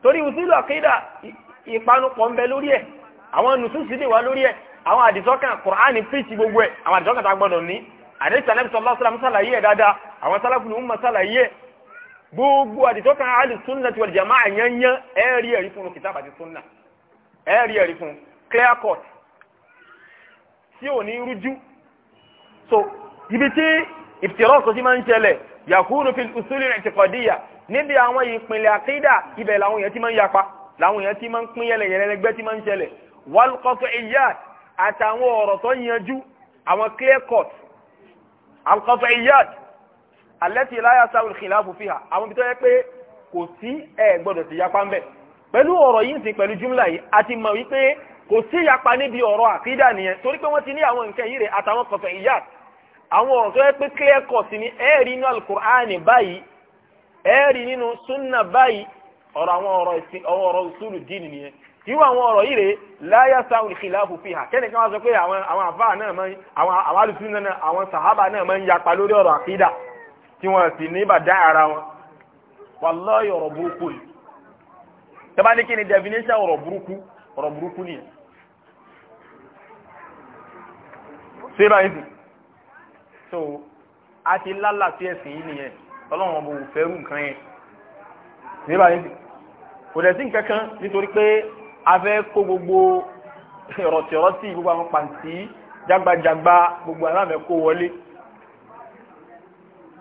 [SPEAKER 2] torí usul àkídà ìpanupọ̀ ń bẹ lórí ẹ̀ àwọn nùsùsì ni wà lórí ẹ̀ àwọn àdìsọ́kàn kùránì píìtì gbogbo ẹ̀ àwọn àdìsọ́kàn tá a gbọ́dọ̀ ní àdìsọ́kàn náà sọ̀rọ̀ sọ̀rọ̀ sàlàyé ẹ̀ dáadáa àwọn sálàfù ni wọ́n mọ̀ gbogbo àdìtọ́ka alìsúnnà tí wal jama'a àyányán ẹ̀rí ẹ̀rí fún kìtàbù àti súnnà ẹ̀rí ẹ̀rí fún clear cut tí ò ní rújú so ibi tí ìfìtìrọ́sọ sí máa ń ṣẹlẹ̀ yakunu fi usuli ìtìkọ̀díyà níbi àwọn ìpìnlẹ̀ àkídà ibẹ̀ làwọn èèyàn ti máa ń yapa làwọn èèyàn ti máa ń pín yẹlẹ̀ yẹlẹ̀ ẹgbẹ́ ti máa ń ṣẹlẹ̀ walkọ́tù iyad àtàwọn ọ̀rọ̀ tó yanjú àwọn clear cut alkọ́tù iyad alẹ́tì láyà sáwùl kìláàfù fìhà àwọn ibi tó yẹ pé kò sí ẹ gbọ́dọ̀ sí yapa ńbẹ pẹ̀lú ọ̀rọ̀ yìí sí pẹ̀lú jumla yìí a ti mọ̀ wípé kò sí yapa níbi ọ̀rọ̀ àkídà nìyẹn torí pé wọ́n ti ní àwọn nǹkan yìí rẹ̀ àtàwọn kọ̀fẹ̀ ìyá àwọn ọ̀rọ̀ tó yẹ pé clear cut ni ẹ rí inú alukur'ani báyìí ẹ rí nínú sunna báyìí ọ̀rọ̀ àwọn ọ̀rọ̀ ìsìn ọ̀rọ̀ usulu dín nìyẹn irú àwọn ọ̀rọ̀ yìí rẹ̀ láyà sáwùn tí wọ́n sì ní bàdá ara wọn wallahi ọ̀rọ̀ burúkú ni tẹ́bá ní kí ni definition ọ̀rọ̀ burúkú ọ̀rọ̀ burúkú ni ṣé báyìí sì so a ti lálàtí ẹ̀sìn yìí nìyẹn ọlọ́run ọmọ òfẹ́rù nǹkan yẹn ṣé báyìí sì kò dẹ̀ sí nǹkan kan nítorí pé a fẹ́ kó gbogbo rọ̀tìrọ̀tì gbogbo àwọn pàǹtí jágbajàgba gbogbo aláàmẹ́kó wọlé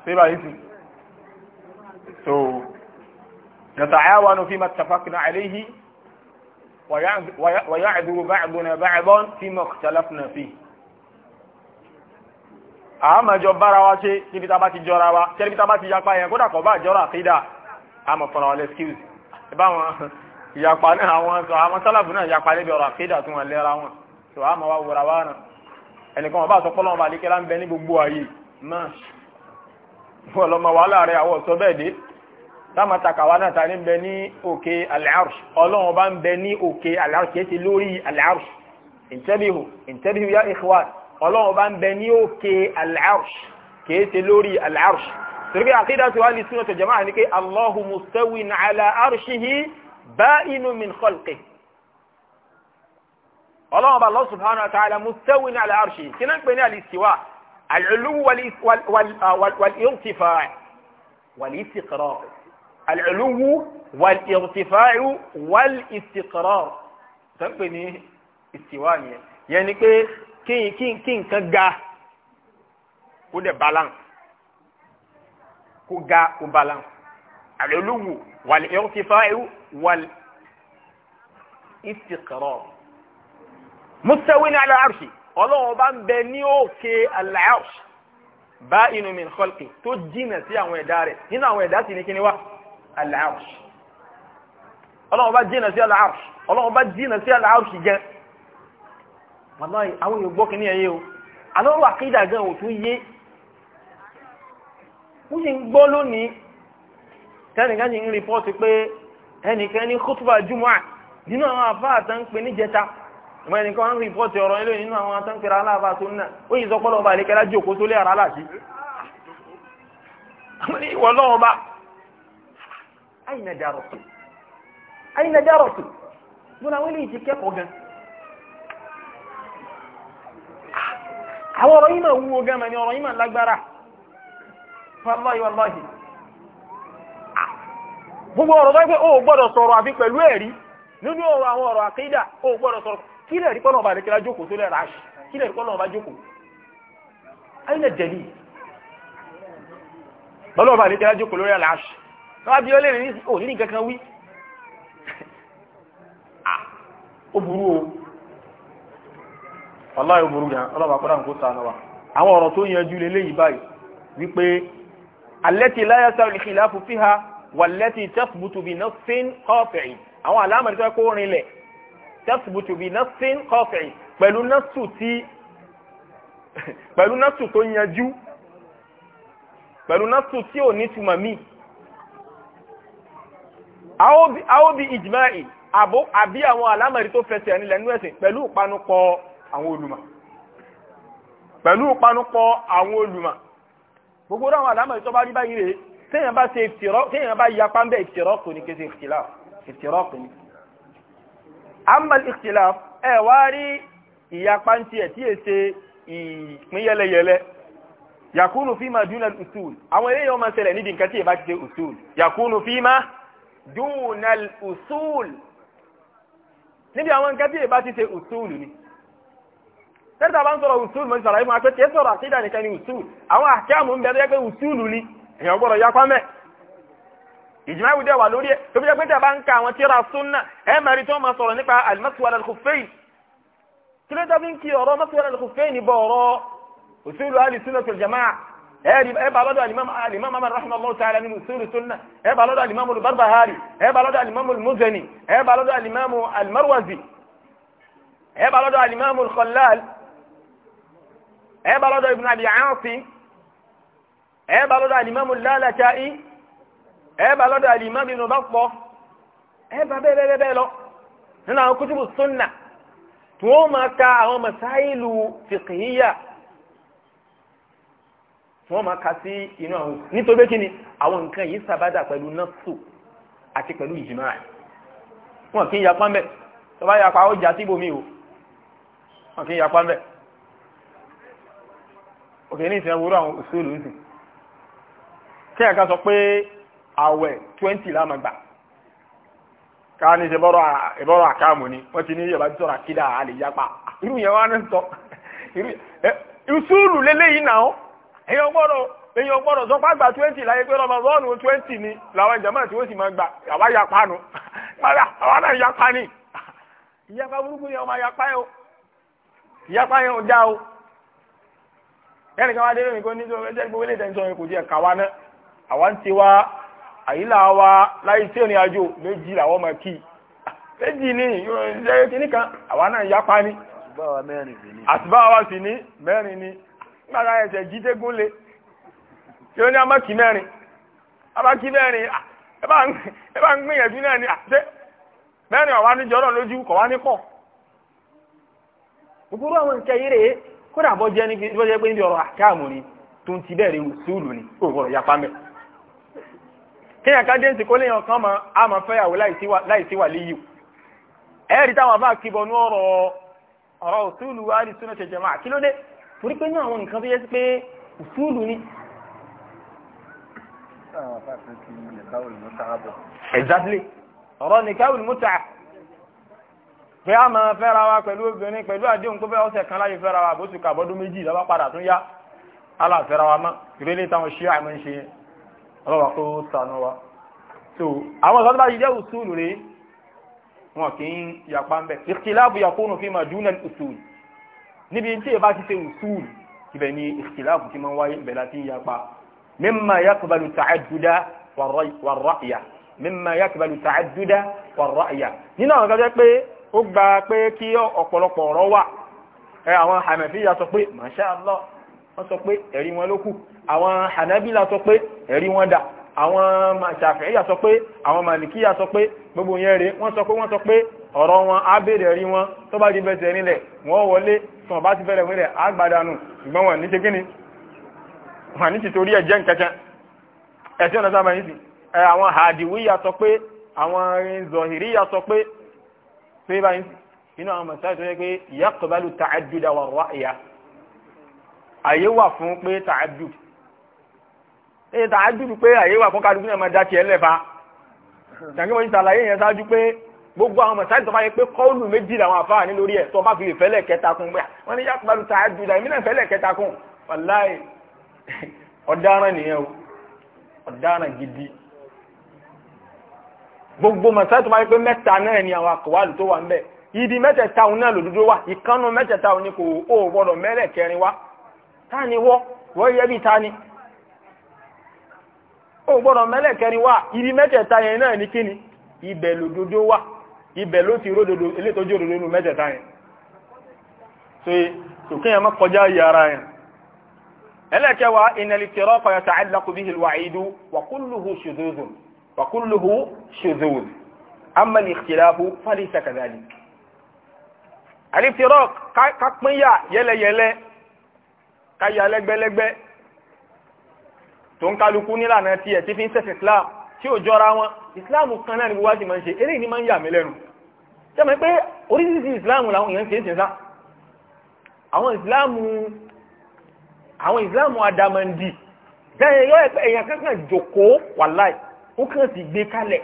[SPEAKER 2] síbà yìí sí so نتعاون فيما اتفقنا عليه ويعذر بعضنا بعضا فيما اختلفنا فيه a máa jọ bára wa ṣe níbi tá bá ti jọra wa tẹ́lẹ̀ bí tá bá ti yapa yẹn kódà kọ̀ bá jọra àkídà a máa fọ́nà wọlé skills ẹbá wọn ìyapa [LAUGHS] náà àwọn sọ àwọn sálàbù náà yapa lébi ọ̀rọ̀ ọlọ́mọ wàhálà rẹ̀ àwọ̀ sọ bẹ́ẹ̀ dé támàtàkà wa náà ta ní bẹ ní òkè al-arsh ọlọ́run bá ń bẹ ní òkè al-arsh kìí ṣe lórí al-arsh intabihu intabihu ya ikhwan ọlọ́run bá ń bẹ ní òkè al-arsh kìí ṣe lórí al-arsh torí àkídà tí wàá lè sunnah jama'a ni pé Allahu mustawin ala arshihi ba'inu min bá Allah subhanahu wa ta'ala mustawin ala العلو وال آه، وال والارتفاع والاستقرار العلو والارتفاع والاستقرار تبني استواني يعني كي كي كي كي كجا كود بالانس كجا وبالانس العلو والارتفاع وال استقرار مستوين على عرشي ọlọ́run bá ń bẹ ní òkè al-Arsh ba'inun min khalqi tó jìnà sí àwọn ẹ̀dá rẹ̀ nínú àwọn ẹ̀dá sì ní kíni wá al-Arsh ọlọ́run bá jìnà sí al-Arsh ọlọ́run bá jìnà sí al-Arsh jẹ́ wàláyé àwọn èèyàn gbọ́ kíní ẹ̀yẹ o alọ́run àkídà gan ò tún yé wọ́n sì ń gbọ́ lónìí tẹ́nìkan ń rìpọ́ọ̀tì pé ẹnìkan ní khutba nínú àwọn àfáà tán ń pè níjẹta ìmọ̀ ẹnìkan wọn rìpọ́tì ọ̀rọ̀ ilé nínú àwọn atánkẹrẹ aláàbá tó náà ó yìí sọpọ́lọ́ ọba elekere jòkó tó lé ara láti àwọn ọ̀rọ̀ pẹ́ ó gbọ́dọ̀ sọ̀rọ̀ àfi pẹ̀lú ẹ̀rí nínú ọ̀rọ̀ àwọn ọ̀rọ̀ àkídà ó kí lè rí pọ́nlọ́ọ̀bá rẹ̀ kíra jókòó tó lè ra ṣì kí lè rí pọ́nlọ́ọ̀bá jókòó ayé lè jẹ̀lì pọ́nlọ́ọ̀bá rẹ̀ kíra jókòó lórí ra ṣì tọ́wá bí ó lè rí òní ní kankan wí ó burú o wàláyé ó burú gan ọlọ́ba kọ́dà ń kó sànù wa àwọn ọ̀rọ̀ tó yanjú lélẹ́yìí báyìí wípé allati la yasawu al-khilafu fiha wallati tathbutu bi nafsin qati'in àwọn àlámọ̀ tó yẹ kó rinlẹ̀ tẹ́sibútù bíi nọ́ọ̀sìn kọ́fẹ̀ẹ́ pẹ̀lú nọ́ọ̀sù tí pẹ̀lú nọ́ọ̀sù tó yanjú pẹ̀lú nọ́ọ̀sù tí ò ní túmọ̀ mí. àwọn bíi ìjìmáì àbó àbí àwọn alámọ̀rí tó fẹsẹ̀ ẹni lẹ́nu ẹ̀sìn pẹ̀lú ìpanupọ̀ àwọn olùmọ̀ pẹ̀lú ìpanupọ̀ àwọn olùmọ̀ gbogbo àwọn alámọ̀rí tó bá rí báyìí rèé téèyàn bá ṣe ìfìtìrọ́ téèyàn bá yapa ń bẹ́ ìfìtìrọ́ kò ní kése ìfìtìlá ìfìtìrọ́ kò ní amal ikhtilaf ẹ wá rí ìyapa ń tiẹ̀ tí èsè ìpín yẹlẹyẹlẹ yakunu fima duna usul àwọn eléyìí wọn máa ṣẹlẹ̀ nídìí nǹkan tí èèyàn bá ti ṣe usul yakunu fima duna usul níbi àwọn nǹkan tí èèyàn bá ti ṣe usul ni tẹ́tà bá ń sọ̀rọ̀ usul mọ́ sọ̀rọ̀ ìmọ̀ àpẹtẹ́ sọ̀rọ̀ àkídà nìkan ni usul àwọn àkíyàmù ń bẹ̀rẹ̀ pé usul ni èèyàn gbọ́dọ̀ yapa mẹ́ẹ̀ ìjìmá ìwé dẹ̀ wà lórí ẹ̀ tó fi jẹ́ pé tẹ̀ bá ń ka àwọn tíra súnà ẹ̀ mẹ́rin tó máa sọ̀rọ̀ nípa al-maswal ala al-khuffayn kí ló dábí ń kí ọ̀rọ̀ maswal ala al-khuffayn bọ̀ ọ̀rọ̀ usulu ahli sunnah wal jama'a ẹ bá lọ́dọ̀ alimam amadu rahimahullahu ta'ala nínú usulu sunna ẹ bá lọ́dọ̀ alimam al-barbahari ẹ bá lọ́dọ̀ alimam al-muzani ẹ bá lọ́dọ̀ alimam al-marwazi ẹ bá lọ́dọ̀ alimam al-khallal ẹ bá lọ́dọ̀ ibn abi ẹ bá lọ́dọ̀ àlìmá mi nù bá pọ̀ ẹ bá bẹ́ẹ̀ bẹ́ẹ̀ bẹ́ẹ̀ lọ nínú sunna tí wọ́n máa ka àwọn masáìlù fìkìyà tí wọ́n máa ka sí inú àwọn nítorí kí ni àwọn nǹkan yìí sábàdà pẹ̀lú nọ́ọ̀sù àti pẹ̀lú ìjìmá wọn kì í yapa mbẹ tó bá yapa ó jà síbòmí o wọn kì í yapa mbẹ òkè ní ìsìn ẹwúrọ àwọn òṣèlú ń sìn kí ẹ̀ka sọ pé àwẹ̀ twenty la máa gbà káà ní ìbọ̀rọ̀ ìbọ̀rọ̀ àkàmù ni wọ́n ti ní yorùbá ti sọ̀rọ̀ àkídà àlè yapa irú yẹn wá ní sọ ìṣúlù lélẹ́yìn náà èèyàn gbọ́dọ̀ èèyàn gbọ́dọ̀ sọ pàgbà twenty láyé pé ọmọ bọ́ọ̀lù twenty ni làwọn jàmáà tí ó sì máa gbà àwa yapa nu àwa náà yapa ni ìyapa burúkú yẹn ọmọ yapa yẹn o ìyapa yẹn ò dá o ẹnìkan wá dé lónìí kó ní sọ ẹjẹ gbogbo ilé ìtẹ̀sán yẹn kò jẹ́ kàwa náà àwa ń tiwa àyílà wa láì sí ìrìn àjò méjì làwọn ọmọ kí méjì ní ìrìn kìíní kan àwa náà yapa ni àtibá wa sì ní mẹ́rin ni gbàgbà ẹsẹ̀ jídégún le tí ó ní amákì mẹ́rin abákì mẹ́rin ẹ bá ń gbìyànjú náà ni àṣẹ mẹ́rin ọ̀wá ní jọ́rọ̀ lójú kọ̀ wá ní kọ̀ gbogbo àwọn nǹkan yìí rèé kódà bọ́ jẹ́ pé níbi ọ̀rọ̀ àkáàmù ni tó ń ti bẹ́ẹ̀ rí sùúrù ni kò gbọ́dọ̀ yapa mẹ́rin kéèyàn ká déǹtì kó léèyàn kan mọ àmọ́ fẹ́yàwó láìsí wà líyù ẹ̀rí táwọn àbá kíbọnú ọ̀rọ̀ ọ̀rọ̀ òṣùlù àdìsúnà ṣẹ̀ṣẹ̀ máa kí ló dé torí pé ní àwọn nǹkan tó yẹ sí pé òṣùlù ni. exactly ọ̀rọ̀ nìkáwùl múta pé a máa fẹ́ra wa pẹ̀lú obìnrin pẹ̀lú àdéhùn tó fẹ́ ọ̀sẹ̀ kan láyé fẹ́ra wa bó ti kà bọ́dún méjì lọ́wọ́ padà tún yá aláàfẹ́ra wa mọ́ ìrẹ́lẹ̀ táwọn ṣíà máa ń ṣe yẹn ọlọ́wà kó sànú so àwọn ọ̀sán tó bá yìí jẹ́ usulu rèé wọn kì í yapa ń bẹ̀ ìkìláàbù yakunu fi ma dúnà usulu níbi tí ìbá ti ṣe usulu ibẹ̀ ni ìkìláàbù ti máa ń wáyé ìbẹ̀ láti yapa mimma yakbalu ta'adduda wa ra'ya mimma yakbalu ta'adduda wa ra'ya nínú àwọn ọ̀sán pé ó gba pé kí ọ̀pọ̀lọpọ̀ ọ̀rọ̀ wọ́n sọ pé ẹ̀rí wọn ló kù àwọn hanabila sọ pé ẹ̀rí wọn dà àwọn ṣàfihàn sọ pé àwọn malikiya sọ pé gbogbo yẹn rèé wọ́n sọ pé wọ́n sọ pé ọ̀rọ̀ wọn á béèrè ẹ̀rí wọn tó bá di bẹ̀sẹ̀ nílẹ̀ wọ́n wọlé tí wọ́n bá ti fẹ́rẹ̀ wílẹ̀ á gbàdánù ṣùgbọ́n wọn ní àyè wà fún pé tààdù ẹ tààdù pé àyè wà fún kálukú náà máa dá tiẹ̀ lẹ́fà tàbí wọ́n ti ṣàlàyé yẹn ṣáájú pé gbogbo àwọn mọ̀sáì tó bá yẹ pé kọ́ọ̀lù méjì làwọn àfáà ní lórí ẹ̀ tó bá fi lè fẹ́lẹ̀ kẹta kún pé wọ́n ní yàtúbàlù tààdù dà ìmínà fẹ́lẹ̀ kẹta kún wàláì ọ̀daràn nìyẹn o ọ̀daràn gidi gbogbo mọ̀sáì tó bá yẹ pé mẹ́ta náà ni àwọn àkọ́wàlù tó wà ń bẹ̀ ibi mẹ́tẹ̀ẹ̀ta òun náà lòdúdó wà ìkànnù mẹ́tẹ̀ẹ̀ta òun ni kò ó gbọ́dọ̀ mẹ́lẹ̀ kẹrin wá táni wọ́ wọ́n yẹ bí táni ó gbọ́dọ̀ mẹ́lẹ̀kẹrin wá ibi mẹ́tẹ̀ẹ̀ta yẹn náà ní kíni ibẹ̀ lòdodo wà ibẹ̀ ló ti ródodo elétòjú òdodo nù mẹ́tẹ̀ẹ̀ta yẹn so sòkè yẹn má kọjá yìí yẹn ẹlẹ́kẹwàá ìnàlì tẹ̀rọ káyà lẹ́gbẹ́lẹ́gbẹ́ tó ń kálukú nílànà tiẹ̀ tí fi ń ṣẹ̀sìn Islam tí ò jọra wọn Islam kan náà ni gbogbo àti máa ń ṣe eléyìí ni máa ń yà mí lẹ́nu sẹ́mi pé oríṣiríṣi Islam làwọn èèyàn ń ṣe é ṣe sá àwọn Islam àwọn Islam adamandi bẹ́ẹ̀ yọ èèyàn kankan jókòó wàláì ó kàn sì gbé kalẹ̀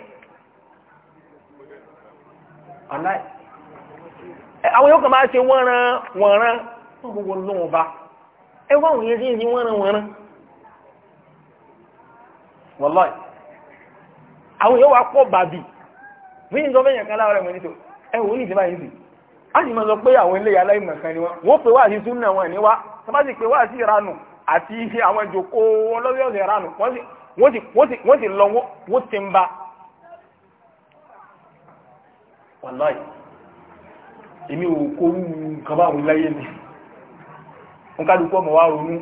[SPEAKER 2] wàláì àwọn yóò kàn máa ṣe wọ́nran wọ̀nran fún gbogbo lóhùn bá. e wá àwọn yẹn sí ìsìn wọ́nranwọ́nran àwọn yóò wá pọ̀ bàbí ní sọfẹ́ yẹn kan láwọn ẹ̀mọ́ nítò ẹ wò ó ní ìsinmi a sì máa sọ pé àwọn eléyà aláìmọ̀kan ni wọn wọ́n pè wá sí súnà wọn ní wá sábà sì pè wá sí ìranù àti àwọn ìjòkó ìranù wọ́n sì lọ wọ́n ti ń èmi ò kó nkálukú ọmọ wa ronú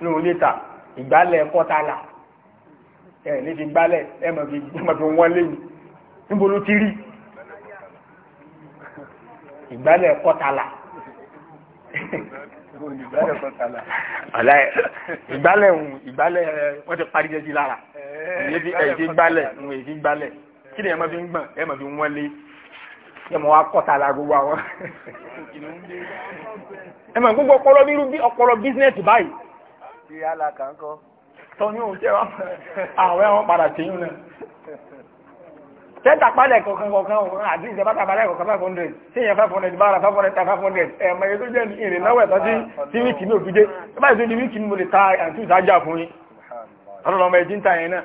[SPEAKER 2] ní olè ta ìgbálẹ̀ kọ́tàlà ẹ̀ ní fi gbálẹ̀ ẹ̀ mọ̀ fi wọ́n léyìn níbo ló ti rí ìgbálẹ̀ kọ́tàlà ìgbálẹ̀ ń ìgbálẹ̀ wọ́n ti parí jẹ́jí lára
[SPEAKER 1] èyí ti gbálẹ̀
[SPEAKER 2] ń èyí ti gbálẹ̀ kí ni ẹ̀ mọ̀ fi ń gbọ̀n ẹ̀ mọ̀ fi wọ́n léyìn yẹ mọ̀ wá kọ́ta la gbogbo àwọn. ẹ mọ̀ gbogbo ọpọlọ bí rúbí ọpọlọ bísínẹ́sì báyìí. ti alaka ń kọ́. tọ́ ní òun jẹ́ wọn àwọn ẹ̀wọ̀n padà tẹ̀yìn náà. tẹ́tà palẹ̀ kọ̀ọ̀kan kọ̀ọ̀kan òun àti ìjọba tà palẹ̀ kọ̀ọ̀kan five hundred tí ìyẹn five hundred bára five hundred ta five hundred ẹ̀ mọ̀ ètò jẹ́ ìrìn náwó ẹ̀tọ́ sí sí wíìkì mi ò fi dé báyìí tó di wíìkì mi mo lè ta àti ìtajà fún yín. ọlọ́run ọmọ ẹ̀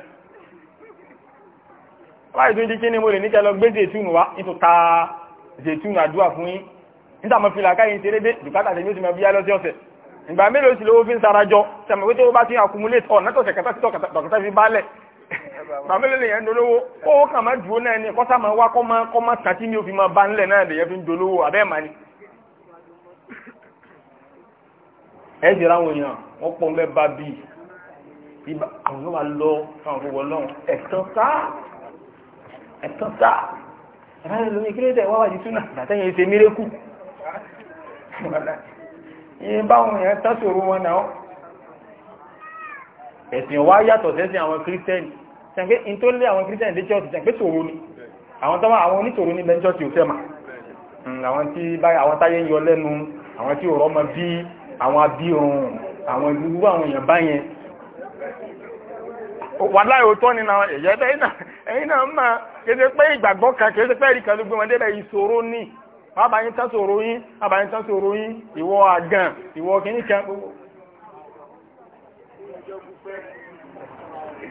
[SPEAKER 2] láì tó ń jíkí ní mo lè níkẹ́ lọ gbé zètúnù wá ní tó ta zètúnù àdúrà fún yín níta mo fi làákàyè ń ṣeré dé dùkátà tèmi ó sì máa bí alọ́sẹ̀ ọ̀sẹ̀ ìgbà mélòó sì lówó fi ń sara jọ sẹ̀mọ̀ pé tó bá ti accumulate ọ̀ nẹ́tọ̀sẹ̀ kẹta sí tọ̀kẹta fi bálẹ̀ ìgbà mélòó lè yẹn dolówó owó kàn máa dùn ó náà ni kọ́sà máa wá kọ́ máa kọ́ máa tàn tí mi ò fi máa bá ńlẹ̀ náà lè yẹn fi ń dolówó àbẹ́ mà ni. ẹ jẹ́ ráwọn èèyàn wọ́n pọ̀ mẹ́ba bíi àwọn yóò máa lọ fún àwọn gbogbo ọlọ́run ẹ̀sán sáà ẹ̀tọ́ sáà ẹ̀rọ lómi kí ló dẹ̀ wá wájú túnà àtẹ́yìn ṣe mírẹ́kù ìyẹn báwọn èèyàn tásòrò wọn náà ẹ̀sìn wá yàtọ̀ sẹ́sìn àwọn kírísítẹ́nì sẹ́ǹkẹ́ in tó lé àwọn kírísítẹ́nì dé chọ́ọ̀tì sẹ́ǹkẹ́ tòrò ni àwọn tọ́wọ́ àwọn onítòrò ní bẹ́ńchọ́ọ̀tì ò fẹ́mà hmm, àwọn tí báyìí àwọn táyé ń yọ lẹ́nu àwọn tí òrọ́ mọ bí àwọn abírun àwọn ìlú àwọn èèyàn báyẹn wà láì òótọ́ nínú ẹ̀yẹ́ bẹ́ẹ̀ náà ẹ̀yìn náà máa kéde pé ìgbàgbọ́ kan kéde pé ẹ̀rí kan ló gbé wọn débẹ̀ ìṣòro ní abayín tán ṣòro yín abayín tán ṣòro yín ìwọ àgàn ìwọ kìíní kan gbogbo.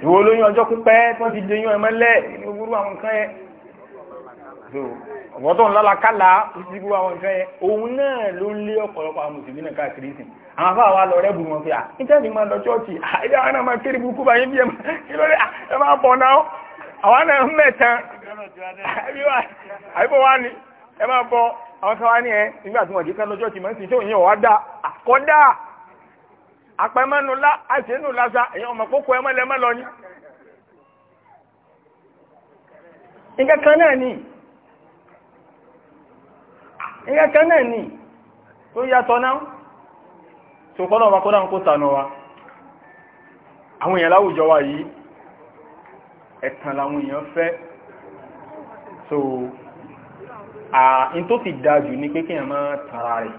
[SPEAKER 1] ìwọ olóyún ọjọ́
[SPEAKER 2] pípẹ́ tí wọ́n ti di oyún ẹ mọ́lẹ̀ ní gbogbo àwọn nǹkan yẹn ọ̀gbọ́n tó ń lọ́la kálá títí gbogbo àwọn nǹkan yẹn òun náà ló ń lé ọ̀pọ̀lọpọ̀ àwọn mùsùlùmí náà káàkiri sìn àwọn afá wa lọ rẹ́bù wọn pé à níta ni máa lọ chọ́ọ̀chì àìdá náà máa kéré burúkú báyìí bí ẹ máa bọ̀ náà àwọn náà ń mẹ̀tàn àbíbọ̀ wá ní ẹ máa bọ àwọn kan wá ní ẹ nígbà tí wọ́n jẹ́ kán lọ́jọ́ tí mọ̀ ń sìn tí òun yẹn wá dá àkọ́dá àpẹmẹ́nu lá àṣẹ́nu lásà èyàn ọmọ kókó ẹ mọ́lẹ̀ mọ́lọ ní. nǹkan kan náà ni nǹkan kan náà ni tó yàtọ̀ náà tó kọ́ náà wá kó náà kó sànù wa àwọn èèyàn láwùjọ wa yìí ẹ̀tàn làwọn èèyàn fẹ́ so àà tó fi dájú ní pé kíyàn máa tànra rẹ̀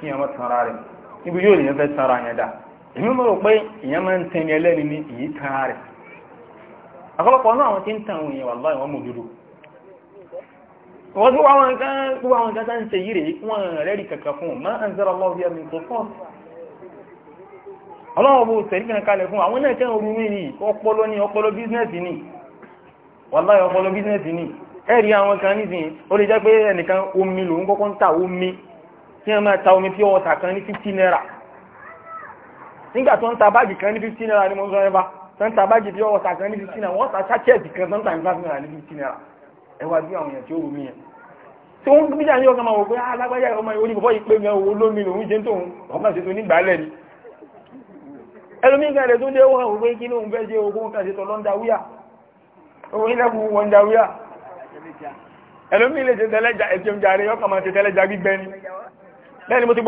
[SPEAKER 2] kíyàn máa tànra rẹ̀ níbi yóò lèyàn fẹ́ tànra yẹn dá èmi mọ̀ pé èèyàn máa ń tẹni ẹlẹ́ni ní èyí tànra rẹ̀ àkọ́lọ́pọ̀ náà àwọn tí ń tàn àwọn èèyàn wà láì wọ́n mọ̀ òdodo wọ́n tí wọ́n àwọn nǹkan tí wọ́n àwọn nǹkan tá ń ṣe yìí rèé wọ́n rẹ́rì kankan fún un máa ń zẹ́rọ lọ́wọ́ bí ẹni tó fọ́ọ̀sì ọlọ́wọ́ bó tẹ̀lé kan kalẹ̀ fún àwọn náà tẹ́ orú ní ọpọlọ ní ọpọlọ bíznẹ́sì ní wàláhí ọpọlọ bíznẹ́sì ní ẹ̀rí àwọn kan nísìn ó lè jẹ́ pé ẹnìkan omi lòun kọ́kọ́ ń ta omi tí wọ́n máa ta omi pure water naira nígbà tó ń ta kan ní 50 naira ni mo sọ ẹba tó ń ta báàgì naira wọ́n ta sachet kan tó naira ní 50 naira ẹ wá bí àwọn èèyàn tí ó rú mi yẹn tí wọ́n gbígbà ní ọkàn máa wò pé ah, ẹlòmíì kan rẹ̀ tó lé wọ́n òwe kí lóun fẹ́ ṣe ogún kan ṣètò lọ́ndàwíà owó ilẹ̀kùn wọ́ndàwíà ẹlòmíì lè ṣe tẹ́lẹ̀jà ẹ̀jẹ̀m jàre yọ mo ti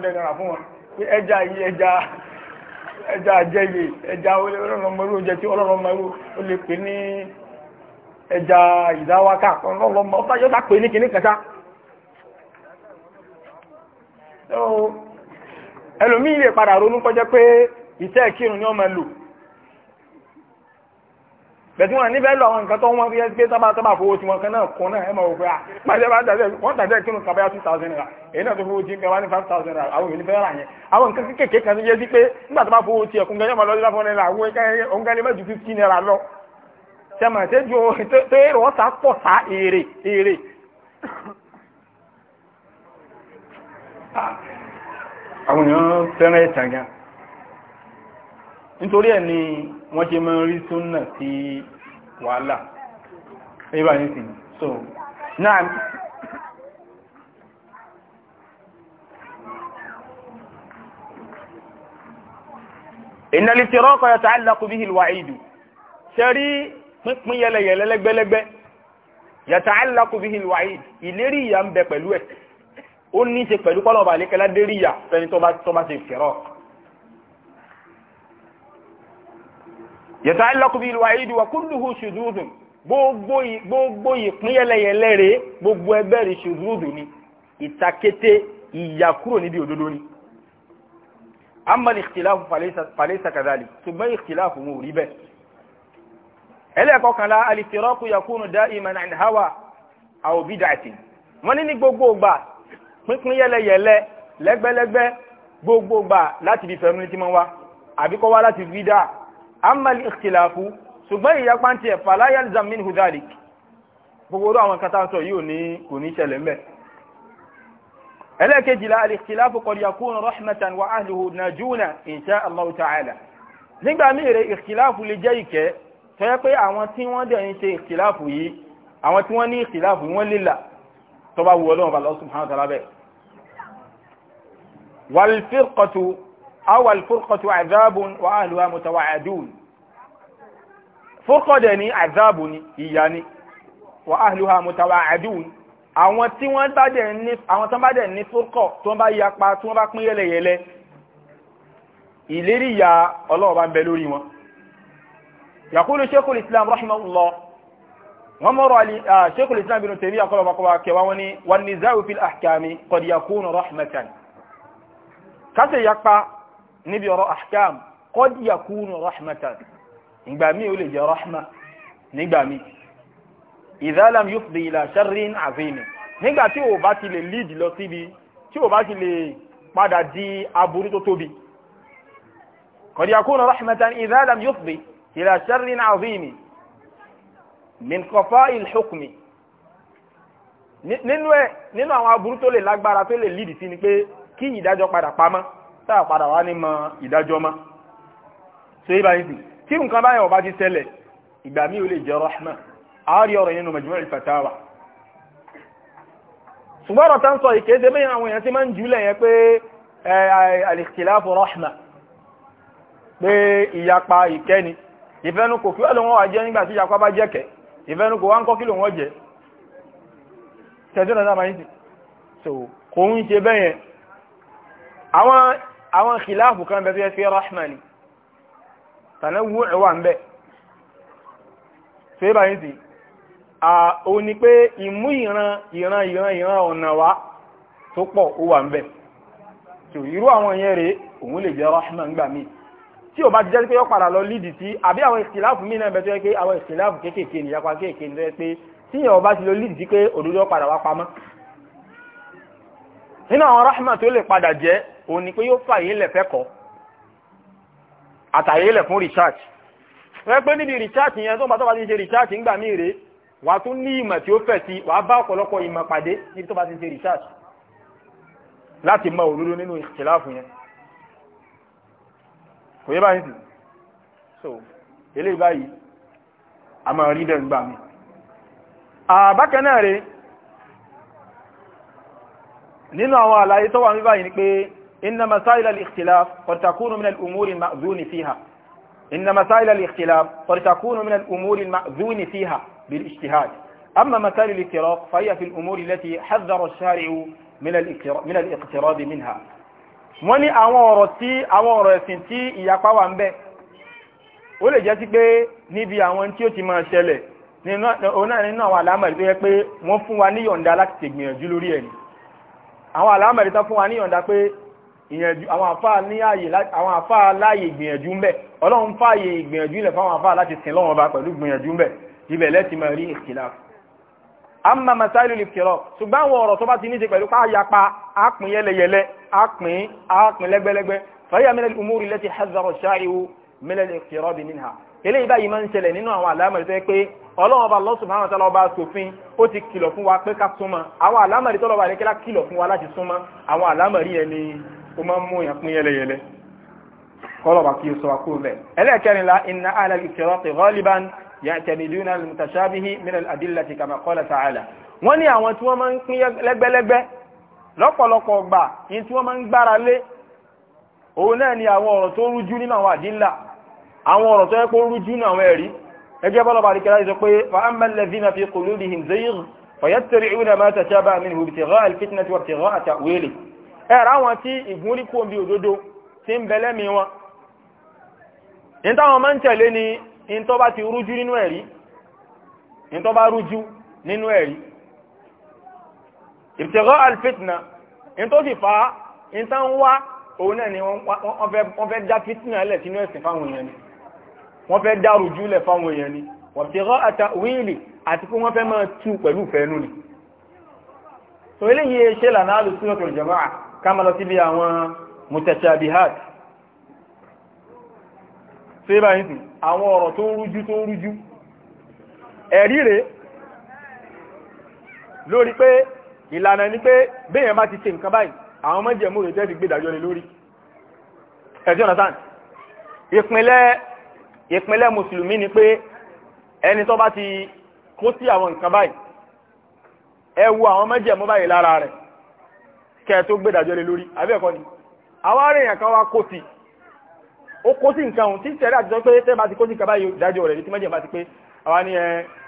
[SPEAKER 2] gbọ́ ẹja yìí ẹja ọmọ oúnjẹ tí ọmọ ẹja ìdáwákà ọlọ́mọ ọba yóò dápé ní kìíní kẹta ẹlòmí ilé padà ronú kọjẹ́ pé ìtẹ́ ìkírun ní ọmọ ẹlò bẹ̀tí wọn níbẹ̀ lọ àwọn nǹkan tó wọ́n fi ẹ́ pé sábà sábà fowó tí wọn kan náà kún náà ẹ mọ̀ òfin à pàṣẹ bá dàbẹ̀ wọ́n tàbí ẹ̀kírun kan báyà two thousand naira èyí náà tó fowó tí nǹkan wá ní five thousand naira àwọn èyí fẹ́ rà yẹn àwọn nǹkan kékeré kan tó yẹ sí pé nígbà tó bá fowó tí ẹ̀kún gẹ́gẹ́ mọ̀ lọ́dún láfọ́ náírà àwọn ẹ̀kẹ́ òǹkẹ́lẹ́ mẹ́jù fifteen naira lọ sẹ́mà tẹ́ ju tó èrò ọ̀sà pọ̀ sá èrè èrè. àwọn èèyàn fẹ́ràn ẹ̀tàn gan nítorí ẹ̀ ni wọ́n ṣe máa ń rí súnà sí wàhálà ẹ̀yìn bá so náà ìnàlìtìrọ́kọ̀ yàtọ̀ alákùnbíhìlwà ìdù ṣe rí pínpín yẹlẹyẹlẹ lẹ́gbẹ́lẹ́gbẹ́ yata'allaqu bihi al-wa'id ìlérí ìyà ń bẹ pẹ̀lú ẹ̀ ó ní í ṣe pẹ̀lú kọ́lọ̀ ọba àlékẹ́lá dérí ìyà fẹ́ni tó bá ṣe fẹ́rọ̀ yata'allaqu bihi al-wa'id wa kulluhu shududun gbogbo ìpín yẹlẹyẹlẹ rèé gbogbo ẹgbẹ́ rẹ̀ shududun ni ìtakété ìyà kúrò níbi òdodo ni amma al-ikhtilafu falaysa kadhalik ṣùgbọ́n ìkìláàfù wọn ò rí bẹ́ẹ̀ ẹlẹ́ẹ̀kọkànlá alìfẹ́rọ́kù yakunu da'iman an hawa aw bid'ati wọ́n ní ní gbogbo gbà pínpín yẹlẹyẹlẹ lẹ́gbẹ́lẹ́gbẹ́ gbogbo gbà láti bí fẹ́rún tí mọ́ wá àbí kọ́ wá láti bídà amal ikhtilafu ṣùgbọ́n ìyapa ń tiẹ̀ fala yalzam minhu dhalik gbogbo ọdún àwọn kata sọ yìí ò ní kò ní ṣẹlẹ̀ mbẹ́ ẹlẹ́ẹ̀kejìlá alìkìláfù qad yakunu rahmatan wa ahlihu najuna insha Allah ta'ala nígbà míì rẹ̀ ìkìláfù lè jẹ́ ìkẹ́ tẹ́yẹ́ pé àwọn tí wọ́n dẹ̀ ń ṣe ìkìláàfù yìí àwọn tí wọ́n ní ìkìláàfù wọ́n lílà tó bá wù ọlọ́run bá lọ́sùn hàn tàbí abẹ́ wàlfírkọtù awàlfírkọtù àzábùn wà áhùlùwà mùtàwà àdùn fúrkọ̀dẹ̀ ní àzábù ni ìyà ni wà áhùlùwà mùtàwà àdùn àwọn tí wọ́n bá dẹ̀ ní àwọn tó bá dẹ̀ ní fúrkọ̀ tó bá yapa tó bá pín yẹlẹyẹlẹ ìlérí ìyà ọlọ́run bá ń bẹ lórí wọn يقول شيخ الإسلام رحمه الله ومر علي آه شيخ الإسلام بن تيمية قال وقواك ووني والنزاع في الأحكام قد يكون رحمة كسي يقع نبي يرى أحكام قد يكون رحمة نبامي ولي رحمة نبامي إذا لم يفضي إلى شر عظيم nígbà tí o bá ti lè lead lọ síbi tí o bá ti lè padà di aburú tó tóbi قد يكون رحمة إذا لم يفضي إلى شر عظيم من قفاء الحكم nínú ẹ nínú àwọn aburú tó lè lágbára tó lè lídìí sí ni pé kí ìdájọ́ padà pamọ́ táà padà wá ní mọ ìdájọ́ mọ́ so yí báyìí sì tí nǹkan báyìí ọba ti ṣẹlẹ̀ ìgbà míì ó lè jẹ́ rahma àárí ọ̀rọ̀ yẹn nù Majmu' al-Fatawa ṣùgbọ́n ọ̀rọ̀ tá ń sọ ìkéde bẹ́yìn àwọn èèyàn ti máa ń jùlẹ̀ yẹn pé al-ikhtilafu rahma pé ìyapa ìkẹ́ni ìfẹnukò kí wọ́n lòun wà jẹ́ nígbà tí ìyapa bá jẹ́kẹ̀ ìfẹnukò wá ń kí lòun wọ́n jẹ́ tẹ̀síọ̀nà náà máa ń sìn so kò ń ṣe bẹ́yẹn àwọn àwọn kìláàfù kan bẹ́ẹ̀ fẹ́ fẹ́ rahmani tànà wú ẹ̀wà ń bẹ́ ṣe bá yìí sí à ó ní pé ìmú ìran ìran ìran ìran ọ̀nà wá tó pọ̀ ó wà ń bẹ́ so irú àwọn yẹn rèé òun lè jẹ́ rahman gbà míì tí o bá ti jẹ́ pé yọ padà lọ lídìí sí àbí àwọn ìsìláàfù mí náà bẹ̀tọ́ pé àwọn ìsìláàfù kéékèèké ní yapa kéékèèké ní pé tí yẹn ọba ti lọ lídìí sí pé òdodo padà wá pamọ́. nínú àwọn rahma tó lè padà jẹ́ òun ni pé yóò fà yé lẹ̀ fẹ́kọ̀ọ́ àtàyé lẹ̀ fún research. wọ́n pẹ́ níbi research yẹn tó bá tó bá ti ṣe research ńgbà mí rè wà á tún ní ìmọ̀ tí ó fẹ̀ sí wà á bá ọ̀pọ̀lọpọ̀ ìmọ̀ kò yẹ báyìí so eléyìí báyìí a máa rí dẹ̀ gbà mí àbákẹ́ náà rẹ̀ nínú àwọn àlàyé tó wà ní báyìí ni pé inna masáìlá al-ikhtilaf qad takunu min al-umuri al-ma'zuni fiha inna masáìlá al-ikhtilaf qad takunu min al-umuri al-ma'zuni fiha bil-ijtihad أما مسائل الافتراق فهي في الأمور التي حذر الشارع من الاقتراب منها wọ́n ní àwọn ọ̀rọ̀ tí àwọn ọ̀rọ̀ ẹ̀sìn tí ìyapa wà ń bẹ ó lè jẹ́ sí pé níbi àwọn tí ó ti máa ṣẹlẹ̀ nínú àwọn àlámọ̀rí tó yẹ pé wọ́n fún wa níyọ̀ǹda láti tègbìyànjú lórí ẹ̀ ni àwọn àlámọ̀rí tó fún wa níyọ̀ǹda pé àwọn àfáà láàyè ìgbìyànjú ń bẹ ọlọ́run fààyè ìgbìyànjú ilẹ̀ fáwọn àfáà láti sìn lọ́wọ́ bá pẹ̀lú ìgbìyànjú ń bẹ ibẹ̀ lẹ́tì máa rí ìkìláfù amma masáìlú lìkìrọ̀ ṣùgbọ́n àwọn ọ̀rọ̀ tó bá ti ní ṣe pẹ̀lú káyapa ápín yẹlẹyẹlẹ ápín ápín lẹ́gbẹ́lẹ́gbẹ́ fàyà mẹ́lẹ̀ umúrí lẹ́tì hazard ṣáìwú mẹ́lẹ̀ lìkìrọ̀ bí nínú eléyìí báyìí máa ń ṣẹlẹ̀ nínú àwọn àlámọ̀rí tó yẹ pé ọlọ́run ọba lọ́sùn máa ń tọ́lọ́ ọba sòfin ó ti kìlọ̀ fún wa pé ká súnmọ́ àwọn àlámọ̀rí tọ́lọ́ ọba àdékẹ́lá kìlọ̀ fún wa láti súnmọ́ àwọn àlámọ̀rí yẹn ni ó máa ń mú yàn pín yẹlẹyẹlẹ kọ́lọ̀ bá kí o sọ wa kúrò bẹ́ẹ̀. ẹlẹ́ẹ̀kẹrìnlá iná alẹ́ ìkẹrọ́tì rọ́líbán ya'taniduna al-mutashabihi min al-adillati kama qala ta'ala wọ́n ní àwọn tí wọ́n máa ń pín lẹ́gbẹ́lẹ́gbẹ́ lọ́pọ̀lọpọ̀ ọgbà ní tí wọ́n máa ń gbára lé òun náà ni àwọn ọ̀rọ̀ tó rújú nínú àwọn àdínlà àwọn ọ̀rọ̀ tó yẹ kó rújú nínú àwọn ẹ̀rí ẹgbẹ́ bọ́lọ̀bà ní kẹrẹ́ sọ ìntọ́ bá ti rújú nínú ẹ̀rí ìntọ́ bá rújú nínú ẹ̀rí ìbtẹ̀gọ́ alfitna ìntọ́ sì fa ìntọ́ ń wá òun náà ni wọ́n fẹ́ dá fitna lẹ̀ sínú ẹ̀sìn fáwọn èèyàn ni wọ́n fẹ́ dá rújú lẹ̀ fáwọn èèyàn ni wọ̀btẹ̀gọ́ àtàwílì àti pé wọ́n fẹ́ máa tú pẹ̀lú fẹ́nu ni so eléyìí ṣe lànà alùsùn ọ̀tọ̀ ìjọba kama lọ síbi àwọn mutashabihat ṣe bá yìí àwọn ọ̀rọ̀ tó rújú tó rújú ẹ̀rí rẹ̀ lórí pé ìlànà ní pé bẹ́yẹn bá ti ṣe nǹkan báyìí àwọn mọ́jẹ̀mú rẹ̀ tẹ́sì gbé ìdájọ́ lé lórí ẹ̀sí ọ̀nà sáà ìpínlẹ̀ ìpínlẹ̀ mùsùlùmí ni pé ẹni tó bá ti kó sí àwọn nǹkan báyìí ẹ wo àwọn mọ́jẹ̀mú báyìí lára rẹ̀ kẹ́ẹ̀ tó gbé ìdájọ́ lé lórí àbí ẹ̀kọ́ ni àwọn arìnrìn kan wá kó sí ó kó sí nǹkan ohun tí sẹ́rí àtijọ́ pé tẹ́ bá ti kó sí nǹkan báyìí dájọ́ rẹ̀ tí mẹ́jẹ̀ bá ti pé àwa ni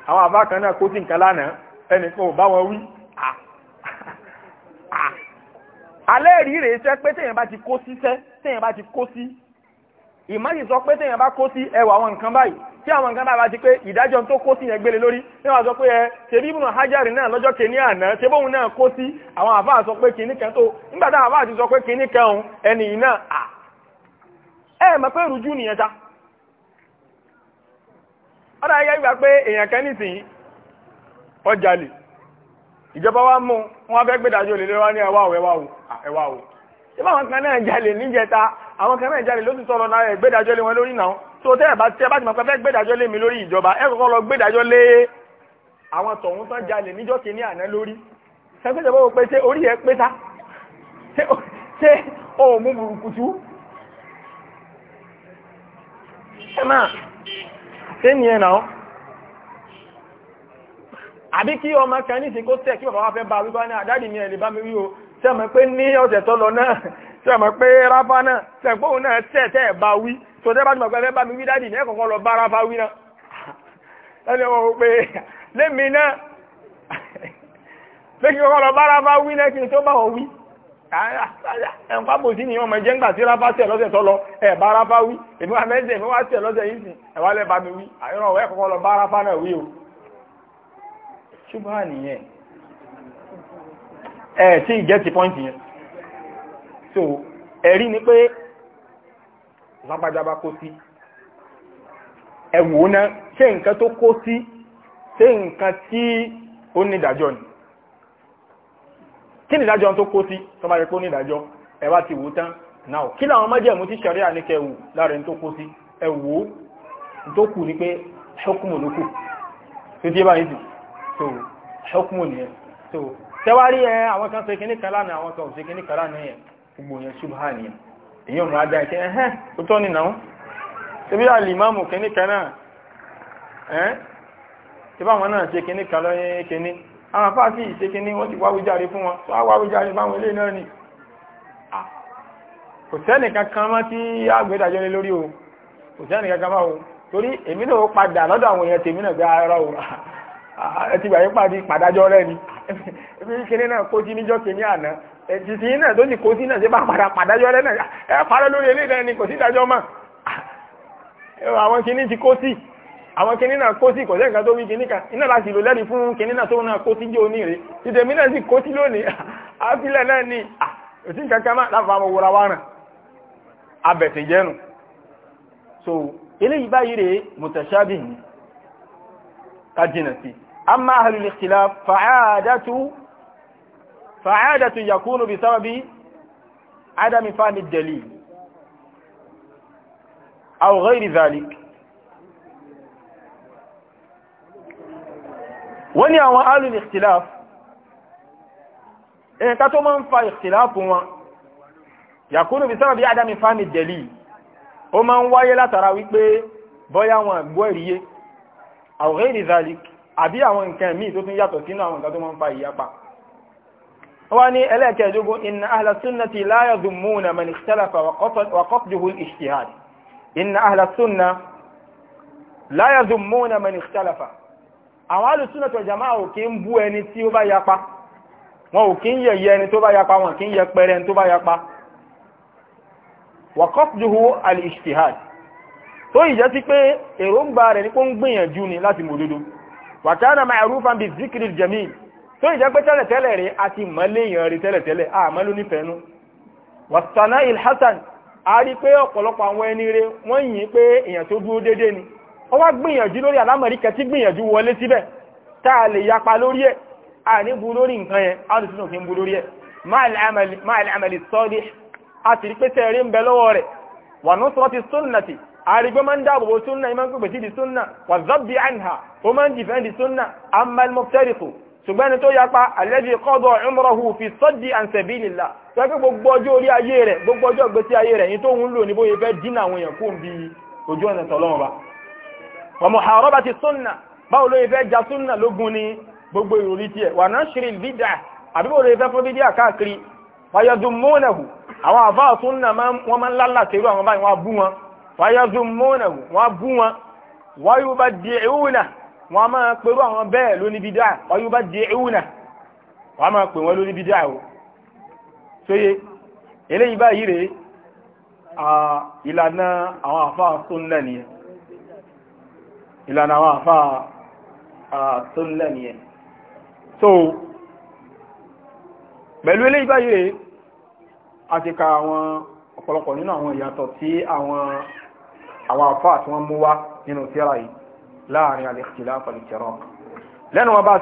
[SPEAKER 2] àwọn àbá kan náà kó sí nǹkan lánàá bá wọn wí. alẹ́ rí rèé sẹ́ pé bá ti kó sí sẹ́ téèyàn bá ti kó sí sọ pé bá kó sí ẹwà àwọn nǹkan báyìí tí àwọn nǹkan báyìí bá ti pé ìdájọ́ tó kó sí yẹn gbélé lórí ní wàá sọ pé ẹ ṣebí Ibn Hajar náà lọ́jọ́ kìíní àná ṣe bóun náà kó sí àwọn àbá sọ pé kìíní kan tó nígbà táwọn ti sọ pé kìíní kan ẹ mọ̀ pé rújú nìyẹn ta ọ̀dà ẹgbẹ́ gbà pé èèyàn kan nìsín ọjàlè ìjọba wa mú wọn fẹ́ gbé dájọ́ lélẹ́ wá ní ẹwà o ẹwà o ẹwà o ìbá àwọn kan náà jalè níjẹta àwọn kan náà jalè ló ti sọ̀rọ̀ náà ẹ̀ gbé dájọ́ lé wọn lórí náà tó tẹ́ ẹ̀ bá tí ẹ bá ti mọ̀ pé fẹ́ gbé dájọ́ lé mi lórí ìjọba ẹ kọ́kọ́ lọ gbé dájọ́ lé àwọn tọ̀hún tán jalè níjọ́ kìíní àná lórí sẹ́gbẹ́jọba wò pé ṣé orí ẹ pé sá ṣé òun mú burúkutu náà ṣé nìyẹn náà àbí kí ọmọ kan ní ìsìnkó tẹ̀ kí bàbá wa fẹ́ bá wípé ní àdáàdì mi ẹ̀ lè bá mi wí o sẹ́mọ̀ pé ní ọ̀sẹ̀ tó lọ náà sẹ́mọ̀ pé ráfá náà sẹ́gbóhùn náà tẹ̀ tẹ́ ẹ̀ bá wí tó tẹ́ bá ti mọ̀ pé fẹ́ bá mi wí dáàdì ní ẹ̀kọ̀ọ̀kan lọ bá ráfá wí náà ẹni ọmọ wò pé lémi náà pé kí kọ́kọ́ ẹ̀ǹfà bòsí ni wọ́n mọ̀ jẹ́ ńgbà tí ráfà tẹ̀ lọ́sẹ̀ tọ́lọ ẹ̀ bá ráfà wí èmi wà mẹ́sẹ̀ mi wá tẹ̀ lọ́sẹ̀ yìí sìn ẹ̀ wá lẹ́ba mi wí àyọ̀rọ̀ ọ̀wẹ́ kọ́kọ́ lọ bá ráfà náà wí o. ṣùgbọ́n nìyẹn ẹ̀ tí ì jẹ́ ti pọ́ǹtì yẹn. so ẹ̀rí ni pé lágbàjába kó sí ẹ̀wò náà ṣé nǹkan tó kó sí ṣé nǹkan tí ó ní ìdájọ́ ni tí ni ìdájọ́ tó kó sí tó bá yẹ kó ní ìdájọ́ wá ti wò tán náà kí làwọn májẹ̀mú tí ṣàríà ní kẹwù lára ẹni tó kó sí ẹ wò ó tó kù ní pé ṣọ́kùmù tó dé báyìí tó ṣọ́kùmù nìyẹn tó àwọn kan ṣe kíní kan àwọn kan ṣe kíní kan lánàá gbogbo yẹn ṣubha nìyẹn èyí ọmọ ajá ni àwọn afá sí ìṣẹ́kí ní wọ́n ti wáwíjáre fún wọn tó wáwíjáre fáwọn ilé náà ni kò sẹ́nì kankan mọ́ tí agbẹ́dàjọ́ ní lórí o kò sẹ́nì kankan mọ́ o torí èmi náà padà lọ́dọ̀ àwọn èèyàn tèmi náà gbé ara o ẹtì gbàyẹ́ pàdé pàdájọ́ rẹ ni ebi kíní náà kó sí níjọ́ kíní àná ẹtì sí náà tó sì kó sí náà ṣe bá padà pàdájọ́ rẹ náà ẹ parọ́ lórí eléyìí náà ni kò sí ìdájọ́ mọ́ àwọn kíní ti kó sí àwọn kinní náà kó sí ìkọ̀jẹ́ nǹkan tó wí kinní kan iná láti lò lẹ́rìí fún kinní náà tó náà kó sí jẹ́ oníire títẹ̀ mí náà sì kó sí lónìí [LAUGHS] àfilẹ̀ náà ni òsì kankan má láfa àwọn wòra wa ràn abẹ̀tẹ̀ jẹ́nu so eléyìí báyìí rèé mutashabih wọ́n ní àwọn alùn ìkìláf ẹ̀ka tó máa ń fa ìkìláf wọn yàkúnù bí sábàbí adami fámi jẹ̀lì ó máa ń wáyé látara wípé bọ́yá wọn gbọ́ ìríye àwòrán ìrìzàlì àbí àwọn nǹkan míì àwọn alùsùnà tó jàmáà ò kí ń bú ẹni tí ó bá yapa wọn ò kí ń yẹ̀yẹ́ ẹni tó bá yapa wọn kì í yẹpẹrẹ ẹni tó bá yapa wa qasduhu al-ijtihad tó ìjẹ́ sí pé èròǹgbà rẹ̀ ní kó ń gbìyànjú ni láti mòdodo wa kana ma'rufan bi-dhikri al-jamil tó ìjẹ́ pé tẹ́lẹ̀tẹ́lẹ̀ rẹ̀ àti mọ́léèyàn rí tẹ́lẹ̀tẹ́lẹ̀ àmọ́ ló nífẹ̀ẹ́ nú wa sana'il hasan a rí pé ọ̀pọ̀lọpọ̀ àwọn ẹni rẹ̀ wọ́n yìn pé èèyàn tó dúró déédéé ni ó wá gbìyànjú lórí alámọ̀ríkẹ tí gbìyànjú wọlé síbẹ̀ tá a lè yapa lórí ẹ̀ a ní bu lórí nǹkan yẹn a lè sínú kí n bu lórí ẹ̀ máa lè àmàlì sọ́ọ́dí a sì rí pé sẹ́ẹ̀rí ń bẹ lọ́wọ́ rẹ̀ wà ní sọ́ọ́ ti sunnati àrígbé máa ń dáàbòbò súnnà ìmọ̀ ń pèpè sí di súnnà wà zọ́bì àǹhà ó máa ń dìfẹ́ di súnnà amal mọ́tẹ́rìkù ṣùgbọ́n tó yapa alladhi qada umrahu fi saddi an tó yẹ gbogbo ọjọ́ orí ayé rẹ̀ gbogbo ọjọ́ ìgbésí ayé rẹ̀ yìí tó ń lò ní bóyá fẹ́ dínà àwọn èèyàn kó ń bi ojú ọ̀nà tọ́lọ́mọba wa muharabati súnà báwo ló yẹ fẹ́ ja súnà lógun ní gbogbo ìròrí tiẹ̀ wà náà ṣírí bídà àbí báwo ló yẹ fẹ́ fún bídà káàkiri fayazumunahu àwọn àfáà súnà wọn máa ń lálàtẹ̀rù àwọn báyìí wọn bú wọn fayazumunahu wọn bú wọn wáyúbá diẹ̀únà wọn máa pẹ̀lú àwọn bẹ́ẹ̀ lóní bídà wáyúbá diẹ̀únà wọn máa pè wọn lóní bídà o sóye eléyìí báyìí rèé ìlànà àwọn àfáà súnà nìyẹn ìlànà àwọn àfá tó ń lẹ́ni ẹ̀ so pẹ̀lú ilé ìbáyìí rẹ̀ a ti ka àwọn ọ̀pọ̀lọpọ̀ nínú àwọn ìyàtọ̀ tí àwọn àwọn àfá tí wọ́n mú wá nínú tírà yìí láàrin al-ikhtilaf wal-iftiraq lẹ́nu wọn bá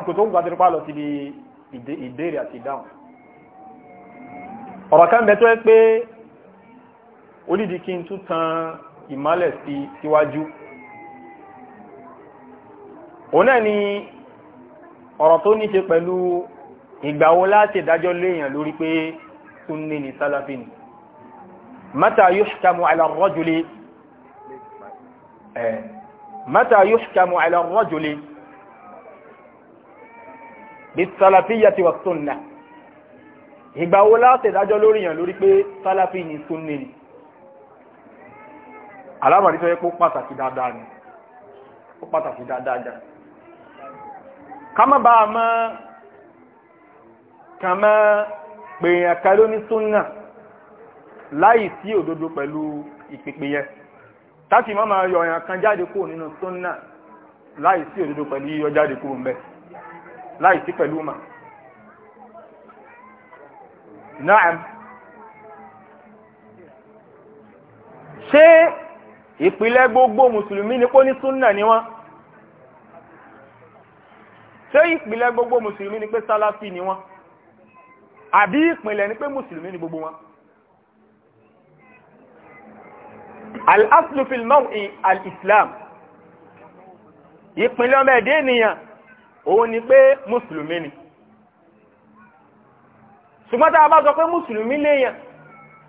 [SPEAKER 2] àsìkò ìmálẹ̀ sí síwájú si, òun náà ni ọ̀rọ̀ tó ní ṣe pẹ̀lú ìgbàwo láti ìdájọ́ léèyàn lórí pé sunni ni sálàfí ni mata yuhkamu ala rajuli mata yuhkamu ala rajuli bis salafiyyati was sunnah ìgbàwo láti ìdájọ́ lórí yàn lórí pé sálàfí ni sunni ni alábàrí tó yẹ kó pàtàkì dáadáa ni ó pàtàkì dáadáa dáadáa kama bá a mọ́ kama pèèyàn kan lóní súnà láì sí òdodo pẹ̀lú ìpèpè yẹ táti mọ́ máa yọ ọ̀yàn kan jáde kúrò nínú súnà láì sí òdodo pẹ̀lú yíyọ jáde kúrò mbẹ láì sí pẹ̀lú mà naam ṣé ìpìlẹ̀ gbogbo mùsùlùmí ni kó ní súnà ni wọ́n ṣé ìpìlẹ̀ gbogbo mùsùlùmí ni pé sálàfí ni wọ́n àbí ìpìlẹ̀ ni pé mùsùlùmí ni gbogbo wọn. al-aslu fil maw'i al-islam ìpìlẹ̀ ọmọ ẹ̀dẹ́ ènìyàn òun ni pé mùsùlùmí ni ṣùgbọ́n tá a bá sọ pé mùsùlùmí léèyàn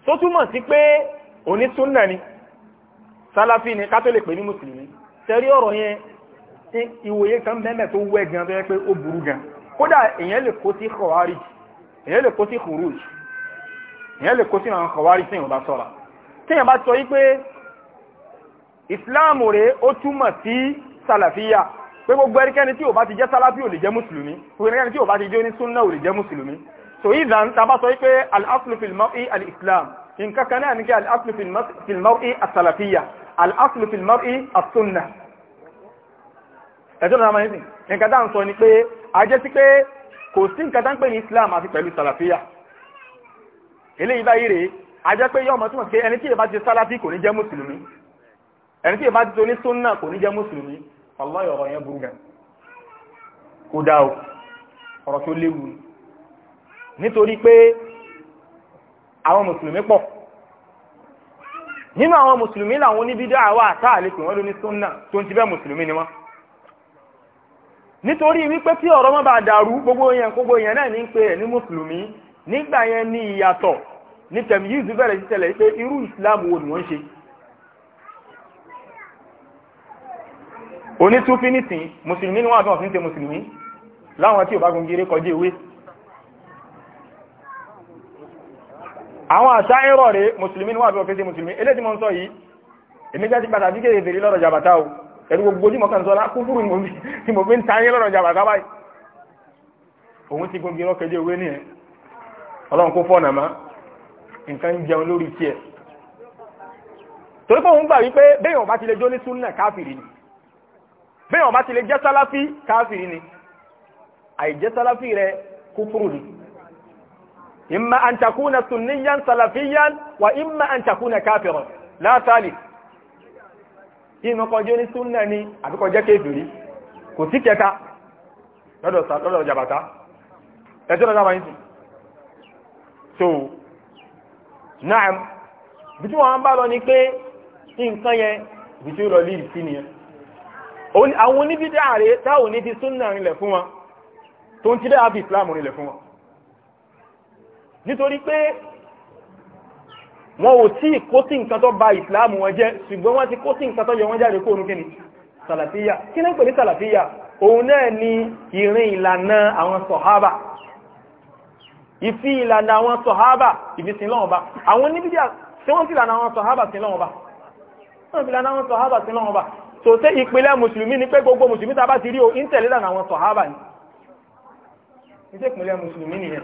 [SPEAKER 2] tó túmọ̀ sí pé onísúnnà ni sálàfí ni ká pè ní mùsùlùmí tẹ́rí ọ̀rọ̀ yẹn ìwòye kan bẹ́ẹ̀ tó wẹ́ gan bẹ́ẹ̀ pé ó burú gan kódà èèyàn lè kó sí kọ̀wárì èèyàn lè kó sí kùrúùj èèyàn lè kó sí àwọn kọ̀wárì tí èèyàn bá sọ̀ra tí èèyàn bá sọ yí pé ìsìláàmù rẹ̀ ó túmọ̀ sí sàlàfíà pé gbogbo ẹnikẹ́ni tí ò bá ti jẹ́ sálábí ò lè jẹ́ mùsùlùmí gbogbo ẹnikẹ́ni tí ò bá ti jẹ́ onísúnnà ò lè jẹ́ mùsùlùmí so ìdán tá a sọ wípé al-aslu fil al-islam nǹkan kan náà ní kí al-aslu fil mar'i al-aslu fil mar'i ẹ̀tọ́ náà máa ń sìn nǹkan ń sọ ni pé ajẹ́ sí pé kò sí nǹkan ń pè ní Islam àfi pẹ̀lú sàlàfíà eléyìí báyìí rèé ajẹ́ pé yọ́mọ túmọ̀ pé ẹni tí ìbá ti sàlàfí kò ní jẹ́ mùsùlùmí ẹni tí ìbá ti toní súnà kò ní jẹ́ mùsùlùmí ọlọ́yọ̀ ọ̀rọ̀ yẹn burú gan kò dá o ọ̀rọ̀ tó léwu nítorí pé àwọn mùsùlùmí pọ̀ nínú àwọn mùsùlùmí làwọn oníbídà wà táà lè pè wọ́n lóní tó ń ti bẹ́ mùsùlùmí ni wọ́n nítorí wípé tí ọ̀rọ̀ má bàa dàrú gbogbo yẹn gbogbo yẹn náà ní pé ẹ̀ ní mùsùlùmí nígbà yẹn ní ìyàtọ̀ ní tẹ̀mí yìí bẹ̀rẹ̀ sí tẹ̀lẹ̀ pé irú islam wo ni wọ́n ṣe. onítúfí nìsín mùsùlùmí ni wọ́n àti wọn fi ń ṣe mùsùlùmí láwọn tí ò gungire kọjá ewé. àwọn àṣà ẹ̀rọ rẹ̀ mùsùlùmí ni wọ́n àti fi ń ṣe mùsùlùmí eléyìí tí mo ń sọ yìí ẹ̀rú gbogbo ojú mọ̀kàn sọ́lá kú fúrú ni mo fi ń tayé lọ́rọ̀ ìjàmbá ká báyìí òun ti gbogbo ìrọ́kẹjẹ́ owó ní ẹ̀ ọlọ́run kó fọ́nà má nǹkan ń jẹun lórí tiẹ̀ torí pé gbà wípé béèyàn bá ti lè jó ní súnà káfìrí ni béèyàn bá ti lè jẹ́ sáláfí káfìrí ni àìjẹ́ sáláfí rẹ kú fúrú ni imma an takuna sunniyan salafiyan wa imma an takuna kafiran inú kọjọ́ ní súnà ni àbíkọ jẹ́ kéfìrí kò sí kẹta lọ́dọ̀ jàbàtà ẹjọ́ lọ́dọ̀ àbáyé sí so náà bí tí wọ́n bá lọ ni pé nǹkan yẹn bí tí ó lọ líì sí nìyẹn àwọn oníbídá ààrẹ táwọn ní ti súnà rinlẹ̀ fún wọn tó ń ti dẹ́ àbí ìsìláàmù rinlẹ̀ fún wọn wọn ò tí kó sí nǹkan tó ba ìsìláàmù wọn jẹ́ ṣùgbọ́n wọ́n ti kó sí nǹkan tó yọ wọ́n jáde kóònù kíni sàlàfíyà kí ní pè ní sàlàfíyà òun náà ni ìrìn ìlànà àwọn sọ̀hábà ìfi ìlànà àwọn sọ̀hábà ìfisìn lọ́wọ́ bá àwọn oníbídíà tí wọ́n ti lànà àwọn sọ̀hábà sí lọ́wọ́ bá wọ́n fi lànà àwọn sọ̀hábà sí lọ́wọ́ bá tó tẹ́ ìpìlẹ̀ mùsùlùmí ni pé gbogbo mùsùlùmí tá a bá ti rí o ń tẹ̀lé lànà àwọn sọ̀hábà ni ìṣèpìlẹ̀ mùsùlùmí nìyẹn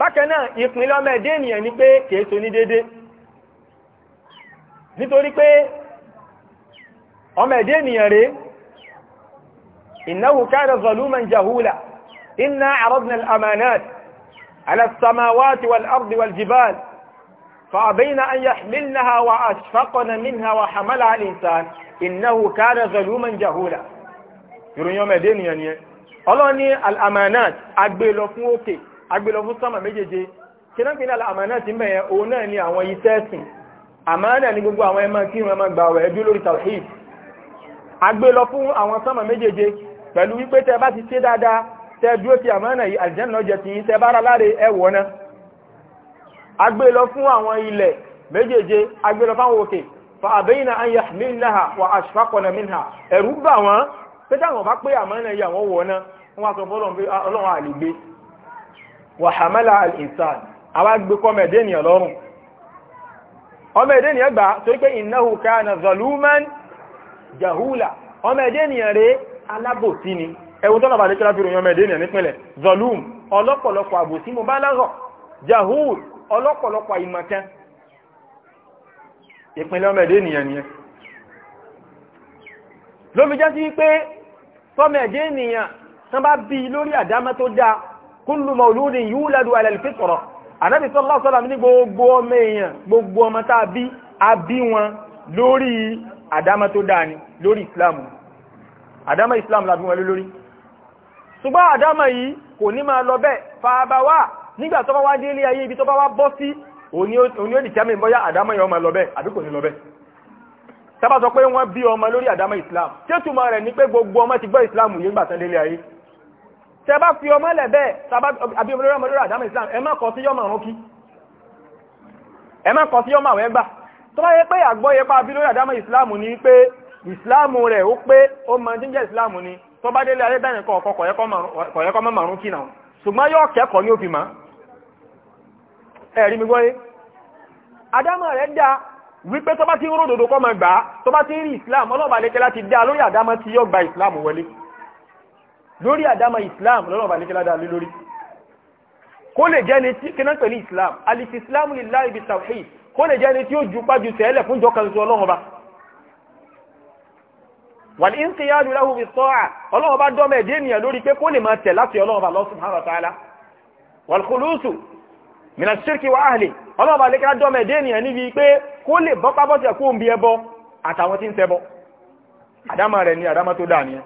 [SPEAKER 2] bákan náà ìpínlẹ̀ ọmọ ẹ̀dẹ́ ènìyàn ni pé kìí so ní dédé nítorí pé ọmọ ẹ̀dẹ́ ènìyàn rèé إنه كان ظلوما جهولا إنا عرضنا الأمانات على السماوات والأرض والجبال فأبين أن يحملنها وأشفقن منها وحملها الإنسان إنه كان ظلوما جهولا يرون يوم الدين يعني الله ني الأمانات أقبل فوقك agbélọ fún sánmà méjèèje kí náà pínlẹ̀ àmànà ti mẹ́yẹ òun náà ni àwọn iṣẹ́ ẹ̀sìn àmànà ni gbogbo àwọn ẹmọ kírun ẹmọ gbà ọ̀rẹ́ dúró lórí tawhid agbélọ fún àwọn sánmà méjèèje pẹ̀lú wípé tẹ bá ti ṣe dáadáa tẹ dúró ti àmànà yìí àlìjẹ́nà jẹ ti yín tẹ bá ra láre ẹwọ̀ náà agbélọ fún àwọn ilẹ̀ méjèèje agbélọ fáwọn òkè fa àbẹ́yìnà an yahmilnaha wa ashfaqna minha ẹ̀rú wàhámẹ́lá al-insan àwa gbé kọ́mọ̀ ẹ̀dẹ́ ènìyàn lọ́rùn ọmọ ẹ̀dẹ́ ènìyàn gbà torí pé innahu kana zaluman jahula ọmọ ẹ̀dẹ́ ènìyàn rẹ̀ alábòsí ni ẹ̀wọ̀n tọ́lọ̀ bàdé kíra fi ròyìn ọmọ ẹ̀dẹ́ ènìyàn nípìnlẹ̀ zalum ọlọ́pọ̀lọpọ̀ àbòsí mo bá lọ́rọ̀ jahul ọlọ́pọ̀lọpọ̀ ìmọ̀kan ìpínlẹ̀ ọmọ ẹ̀dẹ́ ènìyàn nìyẹn ló fi kullu mawludin yuladu ala al-fitra ànábì sallallahu alaihi wasallam ní gbogbo ọmọ èèyàn gbogbo ọmọ tá a bí a bí wọn lórí àdámọ́ tó dáa ni lórí ìsìláàmù àdámọ́ ìsìláàmù la bí wọn lórí ṣùgbọ́n àdámọ́ yìí kò ní máa lọ bẹ́ẹ̀ fàábà wà nígbà tó bá wá délé ayé ibi tó bá wá bọ́ sí òní ó di tẹ́mì bọ́yá àdámọ́ yẹn ó máa lọ bẹ́ẹ̀ àbí kò ní lọ bẹ́ẹ̀ tá sọ pé wọ́n bí ọmọ lórí àdámọ́ ìsìláàmù tí ó túmọ̀ rẹ̀ ní pé gbogbo ọmọ ti gbọ́ ìsìláàmù yìí gbà délé ayé tẹ bá fi ọmọ ẹlẹ̀ bẹ́ẹ̀ àbí ọmọdé ọmọdé àdámọ̀ islam ẹ má kọ sí yọmọ àwọn kí ẹ má kọ sí yọmọ àwọn ẹgbà tó bá yẹ pé àgbọ́yẹ pa abí lórí àdámọ̀ islam ni pé islam rẹ̀ ó pé ó mọ jíjẹ́ islam ni tó bá délé ayébẹ̀rẹ̀ kọ̀ọ̀kọ̀ kọ̀yẹ́kọ́ mọ́ márùn kí náà ṣùgbọ́n yóò kẹ́kọ̀ọ́ ní òfin ma ẹ̀rí mi gbọ́yé àdámọ̀ rẹ̀ dá wípé tó bá ti ń ródòdó kọ́ mọ̀ gbà tó bá ti ń rí islam ọlọ́ọ̀bà lẹ́kẹ́ láti dá lórí àdámọ̀ tí yóò gba islam wọlé lórí àdámọ̀ islam lọ́nà ọba níkẹ́lá dá lórí kó lè jẹ́ ni tí kíná pẹ̀lú islam alìsí islam lillahi bi tawhid kó lè jẹ́ ni tí ó ju pájú tẹ́lẹ̀ fún jọkan sí ọlọ́run ọba wal inqiyadu lahu bi ta'a ọlọ́run ọba dọ́mọ̀ ẹ̀dẹ́ ènìyàn lórí pé kó lè máa tẹ̀ láti ọlọ́run ọba lọ subhanahu wa ta'ala wal khulusu min ash-shirki wa ahli ọlọ́run ọba lẹ́kẹ́lá ẹ̀dẹ́ ènìyàn níbi pé kó lè bọ́ pábọ́sẹ̀ kó ń bí ẹbọ àtàwọn tí ń ṣẹbọ àdámọ̀ rẹ̀ ni àdámọ̀ tó dáa nìyẹn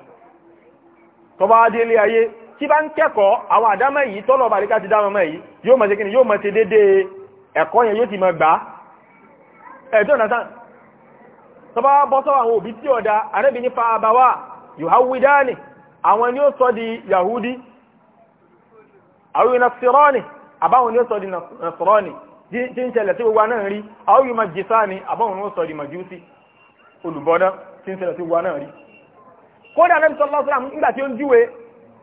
[SPEAKER 2] tó bá dé ilé ayé tí bá ń kẹ́kọ̀ọ́ àwọn àdámọ̀ yìí tọ́lọ̀ bá ríká ti dámọ̀ mọ̀ yìí yóò mọ̀ sí kí ni yóò mọ̀ sí dédé ẹ̀kọ́ yẹn yóò ti mọ̀ gbà ẹ̀dọ́ nàtà tó bá bọ́ sọ́wọ́ àwọn òbí tí ọ̀dà yahudi àwọn nasirani àbáwọn ni ó sọ di nasirani tí ń ṣẹlẹ̀ tí majusi olùbọ́dá tí ń tí gbogbo náà rí kódà anábì sallallahu alaihi wasallam nígbà tí ó ń júwe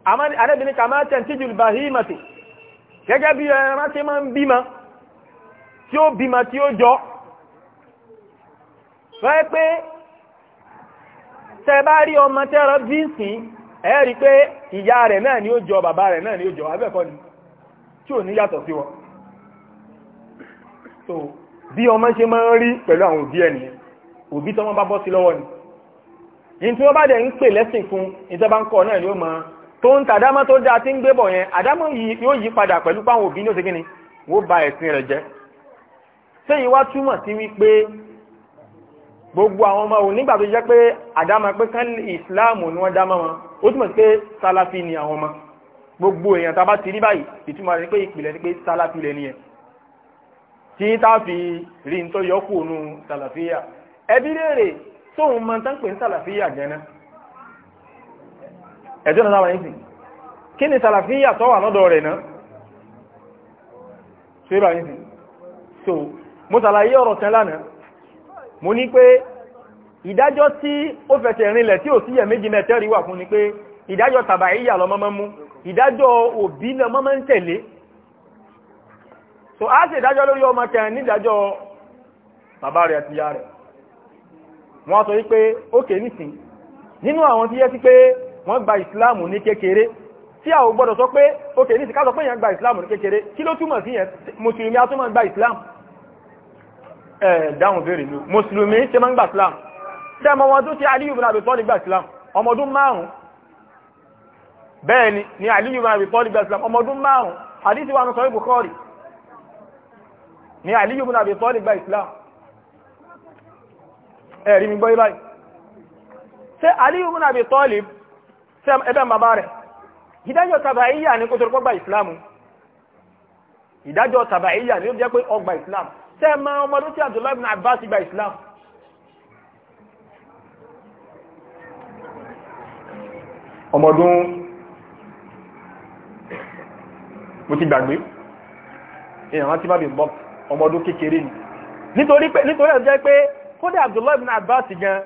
[SPEAKER 2] anábì ní kàmá tantijul bahimatu gẹ́gẹ́ bí ẹran tí máa ń bímọ tí ó bímọ tí ó jọ rẹ́ pé tẹ bá rí ọmọ tẹ́rọ bí sí ẹ rí pé ìyá rẹ̀ náà ni ó jọ bàbá rẹ̀ náà ni ó jọ abẹ́ẹ̀kọ́ ni tí ò ní yàtọ̀ sí wọn so bí ọmọ ṣe máa ń rí pẹ̀lú àwọn òbí ẹ̀ nìyẹn òbí tọ́mọ bá bọ́ sí lọ́wọ́ ni ní tí wọ́n bá dẹ̀ ń pè lẹ́sìn fún ìjọba ń kọ́ náà ni ó mọ tó ń ta àdámọ́ tó dáa tí ń gbé bọ̀ yẹn àdámọ́ yóò yí padà pẹ̀lú páwọn òbí ní òsèkínni wọ́n ba ẹ̀sìn rẹ̀ jẹ́ sẹ́yìn wá túmọ̀ sí wípé gbogbo àwọn ọmọ òun nígbà tó jẹ́ pé àdámọ́ pé kán ìsìláàmù ni wọ́n dámọ́ wọn ó túmọ̀ sí pé sálàfí ni àwọn ọmọ gbogbo èèyàn tá a bá ti rí báyìí ìtumọ̀ rẹ̀ pé ìpìlẹ̀ ni pé sálàfí lẹ́ni yẹn tí tá a fi rí ní tó yọ kù òun sàlàfíà ẹbí léèrè sóhun ma tán pè ń sàlàfíyà gẹ́nà ẹjọ́ náà wáyé sí kí ni sàlàfíyà tó wà lọ́dọ̀ rẹ̀ náà tó yíba yìí sí so mo sàlàyé ọ̀rọ̀ tẹ́ lánàá mo ní pé ìdájọ́ tí ó fẹsẹ̀ rinlẹ̀ tí ò sí méjì wà fún ni pé ìdájọ́ lọ mọ́mọ́ mú ìdájọ́ òbí lọ mọ́mọ́ ń so a ṣe ìdájọ́ lórí ọmọ kẹrin nídájọ́ bàbá rẹ̀ àti wọ́n sọ wípé ókè nìsín nínú àwọn tí yẹ sí pé wọ́n gba ìsìláàmù ní kékeré tí a ò gbọ́dọ̀ sọ pé ókè nìsín ká sọ pé yẹn gba ìsìláàmù ní kékeré kí ló túmọ̀ sí yẹn mùsùlùmí a tún máa gba ìsìláàmù ẹ̀ dáhùn béèrè mi mùsùlùmí ṣe máa ń gba ìsìláàmù ṣe ọmọ wọn tó ṣe Aliyu bin Abi Talib gba ìsìláàmù ọmọ ọdún márùn-ún bẹ́ẹ̀ ni ni Aliyu bin Abi Talib gba ìsìláàmù ọmọ ọdún márùn-ún hadisi wa nù sọ Bukhari ni Aliyu bin Abi Talib gba ìsìláàmù ẹ̀rí mi gbọ́ ibáyìí ṣe Aliyu ibn Abi Talib ṣe ẹbẹ́ bàbá rẹ̀ ìdájọ́ tàbàíyà ní kótó gbọ́gbà ìsìláàmù ìdájọ́ tàbàíyà ní ó jẹ́ pé ọgbà ìsìláàmù ṣe ma ọmọdé tí Abdullahi ibn Abbas gba ìsìláàmù ọmọdún mo ti gbàgbé èèyàn rántí bá nítorí ẹ̀ jẹ́ pé kódà abdullahi bin abbas gan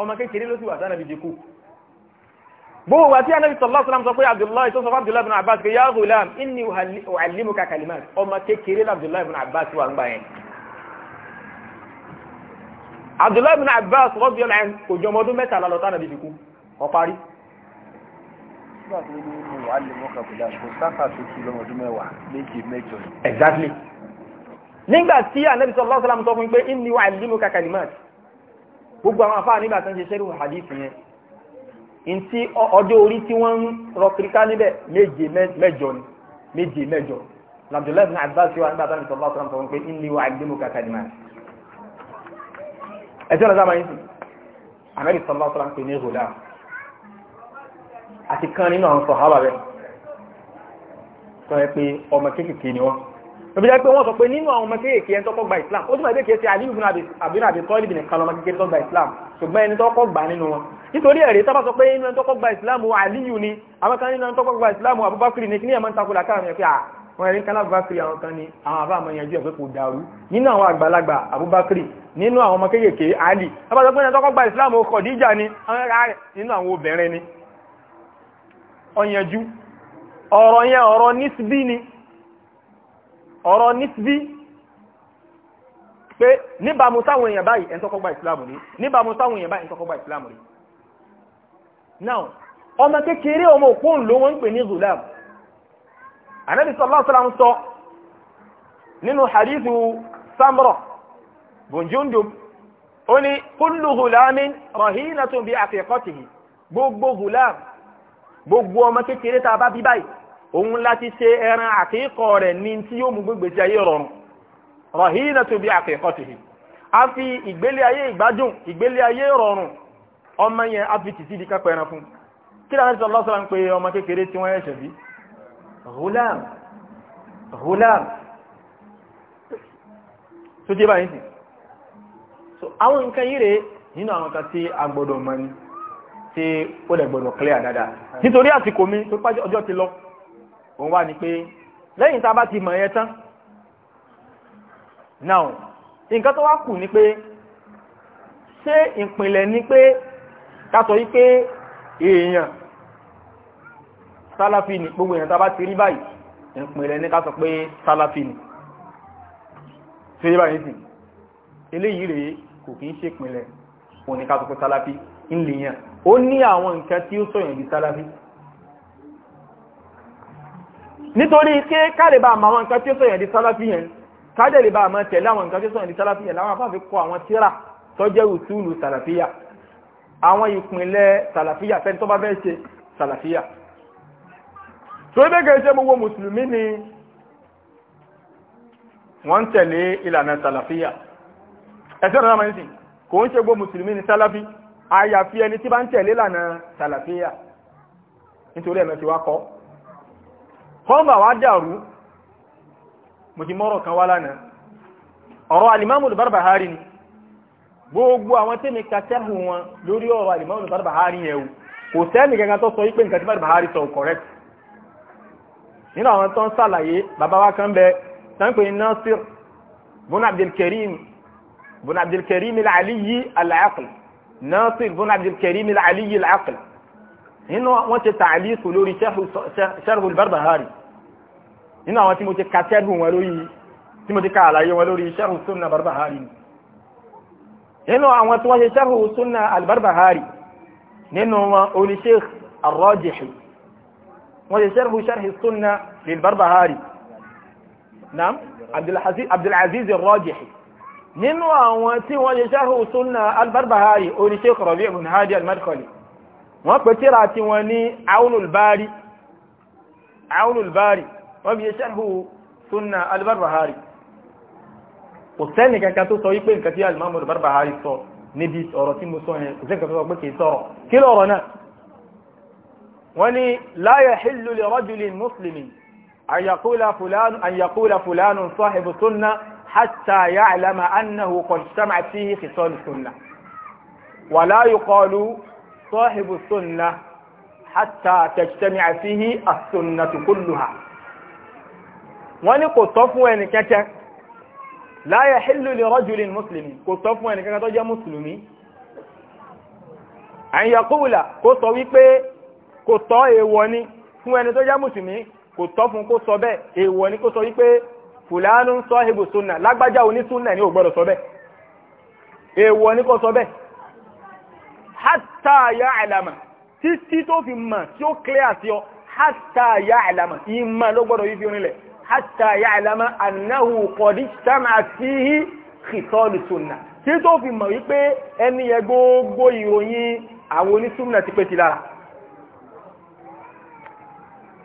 [SPEAKER 2] ọmọ kékeré ló sì wà sánàbí dìkú gbogbo wa tí anabi sallallahu alaihi wasallam sọ pé abdullahi tó sọ fún abdullahi bin abbas pé ya ghulam inni uallimuka kalimat ọmọ kékeré la abdullahi bin abbas wà ń gbà yẹn abdullahi bin abbas radiyallahu anhu kò jọ ọmọ ọdún mẹ́tàlá lọ sánàbí dìkú ó parí exactly nígbà tí anabi sallallahu alaihi wasallam sọ fún pé inni u'allimuka kalimat gbogbo àwọn afáà nígbà tó ń ṣe ṣẹ́rù hadith yẹn ntí ọjọ́ orí tí wọ́n ń rọ kiriká níbẹ̀ méje mẹ́jọ ni méje mẹ́jọ Abdullah ibn Abbas wa nígbà tó ń sallallahu alaihi wasallam sọ fún pé inni u'allimuka kalimat ẹjọ́ ọ̀dọ́ àmà yìí anabi sallallahu alaihi wasallam pé ní ìhòdà àti kan nínú àwọn sọ̀hábà rẹ̀ sọ òbí jẹ́ pé wọ́n sọ pé nínú àwọn ọmọ kéèké ẹni tọ́kọ́ gba islam ó túnbọ̀ kéèké sí aliyu bin abin abi tọ́lìbì nìkan lọ́mọ kéèké tọ́kọ́ gba islam ṣùgbọ́n ẹni tọ́kọ́ gbà nínú wọn nítorí ẹ̀rí tọ́ba sọ pé inú ẹni tọ́kọ́ gba islam aliyu ni àwọn kan nínú ẹni tọ́kọ́ gba islam abubakar ni kí ni ẹ̀mọ́ ń takò làkàrà mi pé à wọn ẹni kan abubakar àwọn kan ni àwọn àbá àmọ́ yanjú ẹ̀ pé kò dàrú nínú àwọn àgbàlagbà abubakar nínú àwọn ọmọ kéèké ali tọ́ba sọ pé ẹni tọ́kọ́ gba islam Khadija ni nínú àwọn obìnrin ni ọ̀yanjú ọ̀rọ̀ yẹn ọ̀rọ̀ nísbí ni ọ̀rọ̀ nísbí pé níbàámu sáwọn èèyàn báyìí ẹni tọ́kọ́ gba ìsìlámù rí níbàámu sáwọn èèyàn báyìí ẹni tọ́kọ́ gba ìsìlámù rí now ọmọ kékeré ọmọ òpóòn ló wọ́n ń pè ní zulam anabi sallallahu alaihi wasallam sọ nínú hadithu samra bonjundum ó ní kullu òun láti ṣe ẹran àkíkọ rẹ̀ ní tí yóò mú gbégbèsè ayé rọrùn na tó bí àkíkọ tìhì a fi ìgbélé ayé ìgbádùn ìgbélé ayé rọrùn ọmọ yẹn a fi tìsí di kápẹ́ ẹran fún kí na ti sọ lọ́sọ̀rọ̀ ń pe ọmọ kékeré tí wọ́n ẹ̀ṣẹ̀ bí tó báyìí sí àwọn nǹkan yìí rèé nínú àwọn kan tí a ni tí ó nítorí àsìkò mi tó pàjọ́ ọjọ́ lọ òun wá ní pé lẹ́yìn tá ti mọ̀ yẹn tán now nǹkan tó wá kù ni pé ṣé ìpìlẹ̀ ni pé ká sọ wípé èèyàn sálàfì ni gbogbo èèyàn tá a bá ti rí báyìí ìpìlẹ̀ ni ká sọ pé sálàfì ni ṣe báyìí sì eléyìí rèé kò kí nítorí kí kálẹ̀bà àmà àwọn nǹkan tí ó sọ̀yẹ̀ di sálàfí yẹn kálẹ̀bà àmà tẹ̀lé àwọn nǹkan tí ó sọ̀yẹ̀ di sálàfí yẹn láwọn afáfi kọ àwọn tíra tó jẹ́ usulu sàlàfíyà àwọn ìpínlẹ̀ sàlàfíyà fẹ́ni tó bá fẹ́ ṣe sàlàfíyà. torí bẹ́ẹ̀ kẹ́sẹ́ gbogbo mùsùlùmí ni wọ́n ń tẹ̀lé ìlànà sàlàfíyà ẹ̀sẹ̀ náà máa kò ń ṣe gbogbo mùsùlùmí ni sálàfí àyàfi ẹni tí bá ń tẹ̀lé ìlànà sàlàfíyà nítorí ẹ̀mẹ́sì wá kọ́ kọ́mbà wá dàrú mo ti mọ́rọ̀ kan wá lánàá ọ̀rọ̀ alimamul barbahari ni gbogbo àwọn tẹ́mi kàtẹ́hù wọn lórí ọ̀rọ̀ alimamul barbahari yẹ̀wò kò sẹ́ni gangan tó sọ wípé nǹkan tí barbahari sọ correct nínú àwọn tó ń sàlàyé bàbá wa kan bẹ tánpé nasir bun abdulkarim bun abdulkarim al-aliyi al-aql nasir bun abdulkarim al-aliyi nínú wọn ti tààlí sùn lórí sharhul barbahari nínú àwọn tí mo ti ka sẹ́rù wọn lórí tí mo ti ka àlàyé wọn lórí sẹ́rù sunna barbahari nínú àwọn tí wọ́n ṣe sẹ́rù sunna albarbahari nínú wọn oní sheikh arrojihi wọ́n ṣe sẹ́rù sẹ́rù sunna lilbarbahari naam abdulaziz arrojihi nínú àwọn tí wọ́n ṣe sẹ́rù sunna albarbahari oní sheikh rabi ibn wọ́n pẹ̀ tíra tí ní aunul bari وبي شرح سنة البربهاري òsẹ́nì kankan tó sọ wípé nǹkan tí alimami Barbahari sọ níbi ọ̀rọ̀ tí mo sọ yẹn kò sẹ́nì kankan tó sọ pé kì í sọ̀rọ̀ kí lọ̀rọ̀ náà wọ́n ní la yahillu li rajulin muslimin an yaqula fulanun an yaqula fulanun sahibu sunna hatta ya'lama annahu qad ijtama'at fihi khisal sunna wa la yuqalu sahibu sunna hatta tajtami'a fihi as-sunnatu kulluha. wọ́n ní kò tọ́ fún ẹni kẹ́kẹ́ la yahillu li rajulin mùsùlùmí kò tọ́ fún ẹni kẹ́kẹ́ tó jẹ́ mùsùlùmí an yaqula kó sọ wípé kò tọ́ èèwọ̀ ni fún ẹni tó jẹ́ mùsùlùmí kò tọ́ fún kó sọ bẹ́ẹ̀ èèwọ̀ ni kó sọ wípé fùlánù sahibu súnà lágbájá oní súnà ni ò gbọ́dọ̀ sọ bẹ́ẹ̀ èèwọ̀ ni kó sọ bẹ́ẹ̀ hatta ya'lama títí tó fi mọ̀ tí ó clear sí ọ hatta ya'lama ìmọ̀ ló gbọ́dọ̀ yí fi rinlẹ̀ hatta ya'lama annahu qad ijtama'at fihi khitalu sunnah tí tó fi mọ̀ wípé ẹni yẹn gbogbo ìròyìn àwọn onísúnnà ti pé ti lára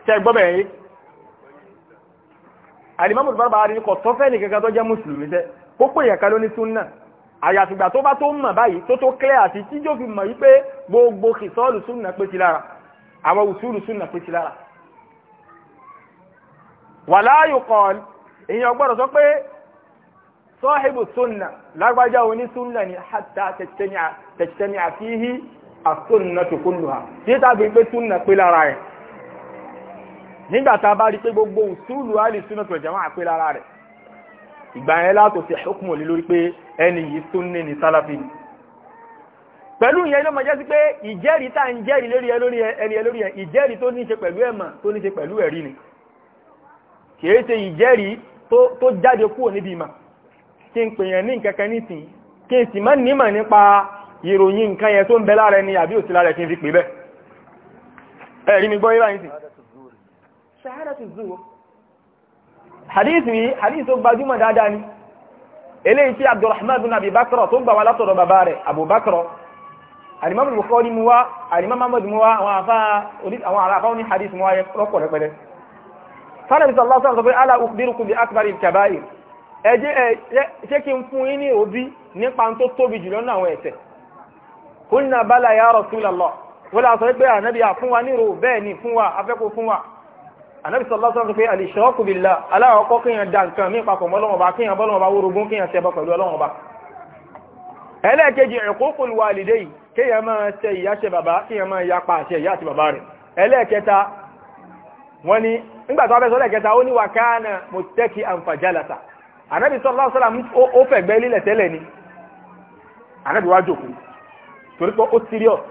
[SPEAKER 2] ṣe gbọ́ bẹ̀rẹ̀ yìí alimamu Barbahari kò tọ́ fẹ́ nìkan tó jẹ́ mùsùlùmí tẹ́ kó pè yẹn kan ló ní súnnà àyàfìgbà tó bá tó mọ̀ báyìí tó tó clear àti tíjó fi mọ̀ wípé gbogbo kìsọ́ọ̀lù súnnà pé ti lára àwọn òṣùlù súnnà pé ti lára wàlá yòkàn èyàn gbọ́dọ̀ sọ pé sọ́hìbù súnnà lágbájá oní súnnà ni hàtà tẹ̀tẹ̀mí àfihì àsúnnà tukùnlù ha tí tàbí pé súnnà pé lára rẹ̀ nígbàtà bá rí pé gbogbo usulu àlì súnnà tó jẹ́mọ́ àpé lára rẹ̀ ìgbà yẹn látò sí hukmu lé lórí pé ẹni yìí súnnà ni sálàfì ni pẹ̀lú ìyẹn ló mọ̀ jẹ́ sí pé ìjẹ́rìí tá ń jẹ́rìí lórí ẹ lórí ẹ lórí tó ní ṣe pẹ̀lú ẹ̀mà tó ní ṣe pẹ̀lú ẹ̀rí ni kìí ṣe ìjẹ́rìí tó jáde kúrò níbi ìmọ̀ kí n pèèyàn ní nǹkankan nísìn kí n sì má nímọ̀ nípa ìròyìn nǹkan yẹn tó ń bẹ lára ẹni àbí òsì lára kí n fi pè bẹ́ ẹ̀rí mi gbọ́ yíra yìí sí ṣahadatu zuhur hadith yìí hadith tó gbajúmọ̀ dáadáa ni eléyìí tí abdulrahman bin abi bakr tó gbà wá látọ̀dọ̀ bàbá rẹ̀ àwọn àfáà àwọn àràfáà ní hadith mu wá rọ́pọ̀ rẹpẹrẹ sálẹ̀bí sọ̀lá sọ̀rọ̀ sọ pé ala ukhbirukum bi akbaril kabair ẹ jẹ́ kí n fún yín ní òbí nípa tó tóbi jùlọ nínú bala ya rasulallah wọ́n lọ sọ pé ànábì fún wa nírò bẹ́ẹ̀ ni fún wa afẹ́kọ̀ọ́ fún wa ànábì sọ̀lá sọ̀rọ̀ pé al-ishraku billah aláwọ̀kọ́ kéèyàn da nǹkan mí papọ̀ mọ́lọ́mọba nígbà tó wá fẹ́ sọ́lẹ̀ kẹta ó ní wà káàna mọ̀tẹ́kì àǹfàjálàsà ànábì sallallahu alaihi wasallam ó fẹ̀gbẹ́ lílẹ̀ tẹ́lẹ̀ ni ànábì wá jòkó torí pé ó serious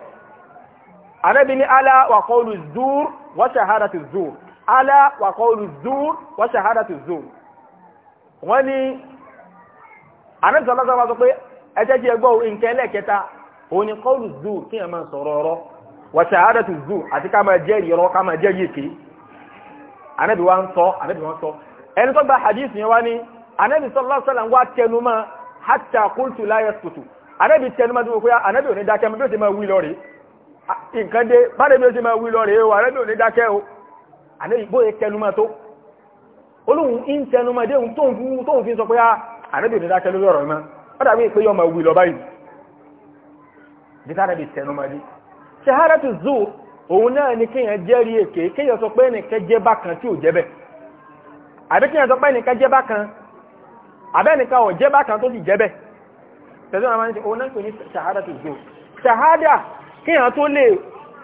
[SPEAKER 2] ànábì ní alá wà qawlu zur wa shahadatu zur alá wà qawlu zur wa shahadatu zur wọ́n ní ànábì sallallahu alaihi wasallam sọ pé ẹ jẹ́ kí ẹ gbọ́ nǹkan ẹlẹ́kẹta òun ni qawlu zur kí ẹ máa sọ̀rọ̀ ọ̀rọ̀ wa shahadatu zur àti ká máa jẹ́rìí ọ̀rọ̀ ká máa jẹ́rìí èké anabi wa ń sọ anabi wa ń sọ ẹni tó gba hadith yẹn wá ní anabi sallallahu alaihi wasallam wá tẹnumọ́ hatta qultu la yaskutu anabi tẹnumọ́ tó wọ pé anabi ò ní dákẹ́ mi bí ó ti máa wí lọ rèé nǹkan dé bára bí ó ti máa wí lọ rèé o anabi ò ní dákẹ́ o anabi bóyá tẹnumọ́ tó olóhùn ń tẹnumọ́ dé òun tóun fi sọ pé anabi ah, ò ní dákẹ́ lórí ọ̀rọ̀ mi ó dàbí pé yọ máa wí lọ báyìí òun náà ni kéèyàn jẹ́rìí èké kéèyàn sọ pé ẹnìkan jẹ́ bákan tí ò jẹ́ bẹ́ẹ̀ àbí kéèyàn sọ pé ẹnìkan jẹ́ bákan àbẹ́nìkan ò jẹ́ bákan tó sì jẹ́ bẹ́ẹ̀ tẹ̀sí àwọn amáyé òun náà pè ní ṣàhádà tó gbé o ṣàhádà kéèyàn tó lè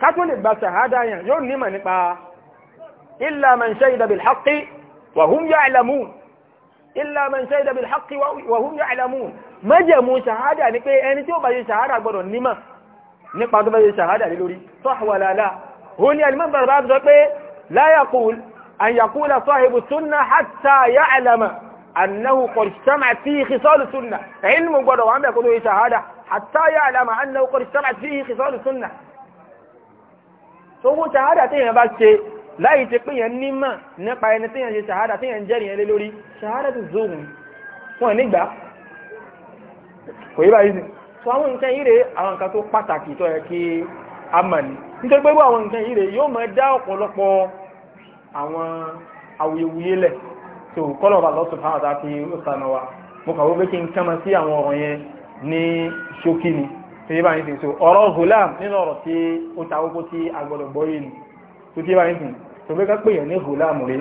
[SPEAKER 2] ká tó lè gba ṣàhádà yẹn yóò ní mà nípa illa man shahida ṣe ṣàhádà gbọ́dọ̀ nípa tó bẹ́ẹ̀ ṣàhádà lé lórí sọ́hàwàlálà ó ní alimọ́bàrà bá sọ pé láyàkúl àyàkúlà sọ́hìbù súnnà hàtà yà àlàmà annahu kọ̀rìṣàmà tí ìkìsọ́lù súnà ẹ̀yìn mú gbọ́dọ̀ wà mẹ́ kó tó yẹ ṣàhádà hàtà yà àlàmà annahu kọ̀rìṣàmà tí ìkìsọ́lù súnà sowó ṣàhádà tí yẹn bá ṣe láyìí ti pé yẹn nímọ̀ sahada kò yí báyìí so àwọn nǹkan yìí rèé àwọn nǹkan tó pàtàkì tó yẹ kí a mọ̀ ní nítorí pé àwọn nǹkan yìí rèé yóò máa dá ọ̀pọ̀lọpọ̀ àwọn awuyewuye lẹ̀ tó kọ́lọ̀ bá lọ́sùn fáwọn àti àti ọ̀sán wa mo kàwé pé kí n kàn ni tí bá ń sìn so ọ̀rọ̀ hulam nínú ọ̀rọ̀ tí ó yìí ni hulam rèé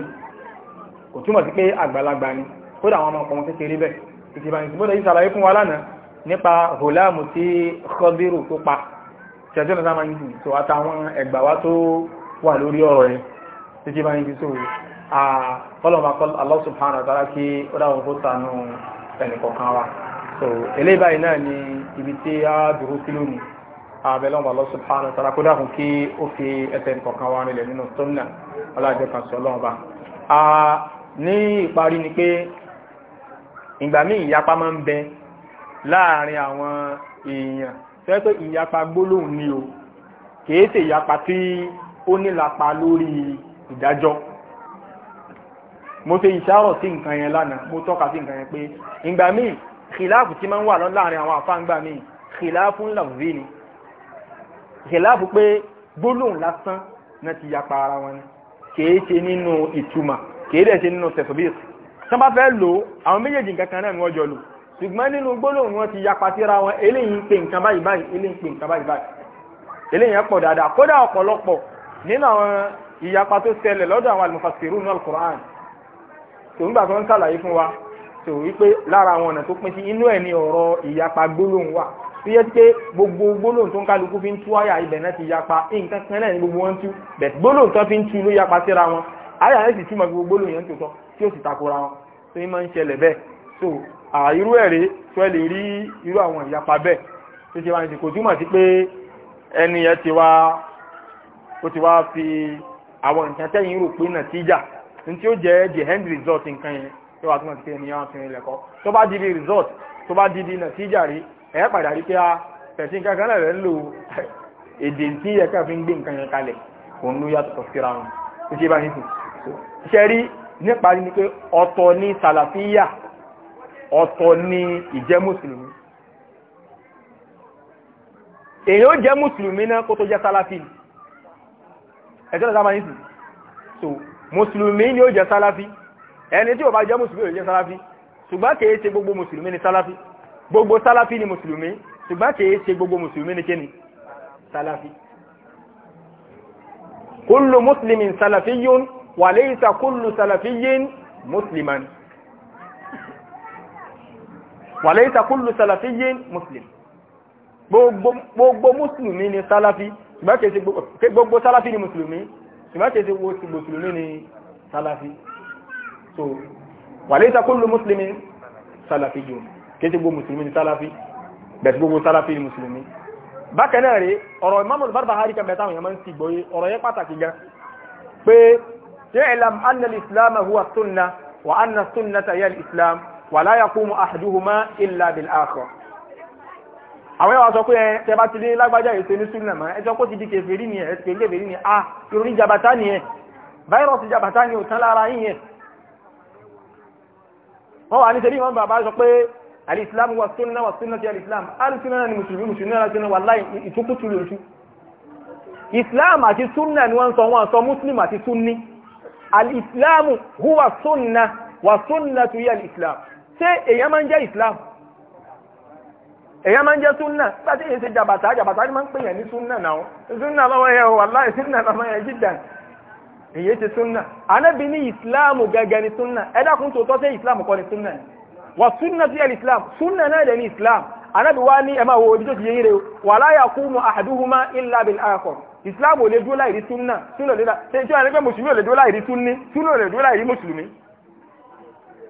[SPEAKER 2] kò túmọ̀ sí pé àgbàlagbà ni kódà àwọn ọmọkùnrin kékeré bẹ́ẹ̀ tó tí bá ń sìn bọ́dọ̀ yìí ṣàlàyé fún wa lánàá nípa hùlámù tí kọ́bírù tó pa ṣẹ̀tí ọ̀nà sáà máa ń jù tó àtàwọn ẹgbà wá tó wà lórí ọ̀rọ̀ ẹ̀ títí máa ń jù tó ọlọ́mọkọ́lọ́ Allah subhanahu wa ta'ala kí ó dáwọn kó sànú wa so eléyìí báyìí náà ni ibi tí a dúró sí lónìí Allah subhanahu wa ta'ala kó dáhùn kí ó fi ẹsẹ̀ ẹnìkọ̀ọ̀kan wa nílẹ̀ nínú sọ́nà ọlájọ́kan ni pé ìgbà míì ìyapa máa láàrin àwọn èèyàn fẹ́ pé ìyapa gbólóhùn ni o kìí ṣe ìyapa tí ó nílapa lórí ìdájọ́ mo ṣe ìṣàrọ̀ sí nǹkan yẹn lánàá mo tọ́ka sí nǹkan yẹn pé ìgbà míì kìláàfù tí máa ń wà láàrin àwọn àfáǹgbà míì kìláàfù ńlá òzí ni kìláàfù pé gbólóhùn lásán náà ti yapa ara wọn ni kìí ṣe nínú ìtumọ̀ kìí dẹ̀ ṣe nínú tẹ̀sọ̀bí tí wọ́n bá fẹ́ lò àwọn méjèèjì nǹkan kan náà ni wọ́n jọ lò ṣùgbọ́n nínú gbólóhùn wọn ti yapa síra wọn eléyìí ń pè nǹkan báyìí báyìí eléyìí ń pè nǹkan báyìí báyìí eléyìí ń pọ̀ dáadáa kódà ọ̀pọ̀lọpọ̀ nínú àwọn ìyapa tó ṣẹlẹ̀ lọ́dọ̀ àwọn al-mufassirun nínú al-Qur'an tòun gbà tó ń fún wa tò wípé lára àwọn ọ̀nà tó pín sí inú ẹ̀ ní ọ̀rọ̀ ìyapa gbólóhùn gbogbo gbólóhùn tó ń kálukú àìrú ẹ̀rẹ́ tó ẹ lè rí irú àwọn ìyapa bẹ́ẹ̀ tó ti wá ní kò túmọ̀ sí pé ẹni yẹn ti wá ó ti wá fi àwọn nǹkan tẹ́yìn rò pé nàtíjà ní tí ó jẹ́ the end result nǹkan yẹn tó wà túmọ̀ sí pé ẹni yẹn wọ́n fi rìn lẹ́kọ́ tó bá di result tó bá di bí nàtíjà rí ẹ̀ padà rí pé a ah, tẹ̀sí nǹkan kan náà rẹ̀ ń lò [LAUGHS] èdè tí yẹ ká fi ń gbé nǹkan yẹn kalẹ̀ òun ló yàtọ̀ síra wọn tó ṣe bá ní sùn ṣe rí nípa ní pé ọ̀tọ̀ ní sàlàfíyà ọ̀tọ̀ ni ìjẹ́ mùsùlùmí èyàn jẹ́ mùsùlùmí náà kó tó jẹ́ sálàfí ẹjọ́ ìjọba ní sí so mùsùlùmí ni ó jẹ́ sálàfí ẹni tí ó bá jẹ́ mùsùlùmí ó jẹ́ sálàfí ṣùgbọ́n kìí ṣe gbogbo mùsùlùmí ni sálàfí gbogbo sálàfí ni mùsùlùmí ṣùgbọ́n kìí ṣe gbogbo mùsùlùmí ni kíni sálàfí kullu muslimin salafiyyun wa laysa kullu salafiyyin musliman wàlẹ́yìíta kúlù sàlàfí yé muslim gbogbo mùsùlùmí ni sàlàfí gbogbo sàlàfí ni mùsùlùmí ìmọ̀kèsí mùsùlùmí ni sàlàfí so wàlẹ́yìíta kúlù mùsùlùmí sàlàfí yé kéṣe gbogbo mùsùlùmí ni sàlàfí bẹ̀tí gbogbo sàlàfí ni mùsùlùmí bákan náà rèé ọ̀rọ̀ Imamul Barbahari kan bẹ̀tà àwọn èèyàn máa ń ti gbọ́yé ọ̀rọ̀ yẹn pàtàkì gan pé ṣé ẹ̀lam anna al-islam huwa sunna wa anna sunnata hiya al-islam wala yaqumu ahaduhuma illa bil akhar àwọn ẹwà sọ pé ẹ tẹ bá ti lé lágbájá èso ní súnà mọ́ ẹjọ́ kó ti di kèfèrí ni ẹ ti lè fèrí ni a ah, ìròyìn jàbátá ni ẹ fáírọ̀sì jàbátá ni ò tán lára yín yẹn wọ́n wà ní sẹ́bí wọn bàbá sọ pé alìsílámù wà súnà wà súnà ti alìsílámù alìsílámù ni mùsùlùmí mùsùlùmí náà sínú wà láì ìtúkùtù lòtú islam àti súnà ni wọ́n sọ wọ́n sọ muslim àti súnni alìsílámù huwa súnà wà súnà tu yẹ alìsílámù ṣé èèyàn máa ń jẹ́ islam èèyàn máa ń jẹ́ sunna pàtó èyí ṣe jàbàtà jàbàtà ni máa ń pè yàn ní sunna náà sunna lọ́wọ́ yẹ wàláì sunna lọ́wọ́ yẹ jìdà èyí ṣe sunna anábì ní islam gẹ́gẹ́ ni sunna ẹ dákun tó tọ́ sí islam kọ́ ni sunna wà sunna sí ẹni islam sunna náà dẹ̀ ní islam anábì wá ní ẹ máa wo ibi tó ti yẹ yíre wala yaqumu ahaduhuma illa bil akhar islam ò lè dúró láì rí sunna sunna lè dá láì rí sunni sunna lè dúró láì rí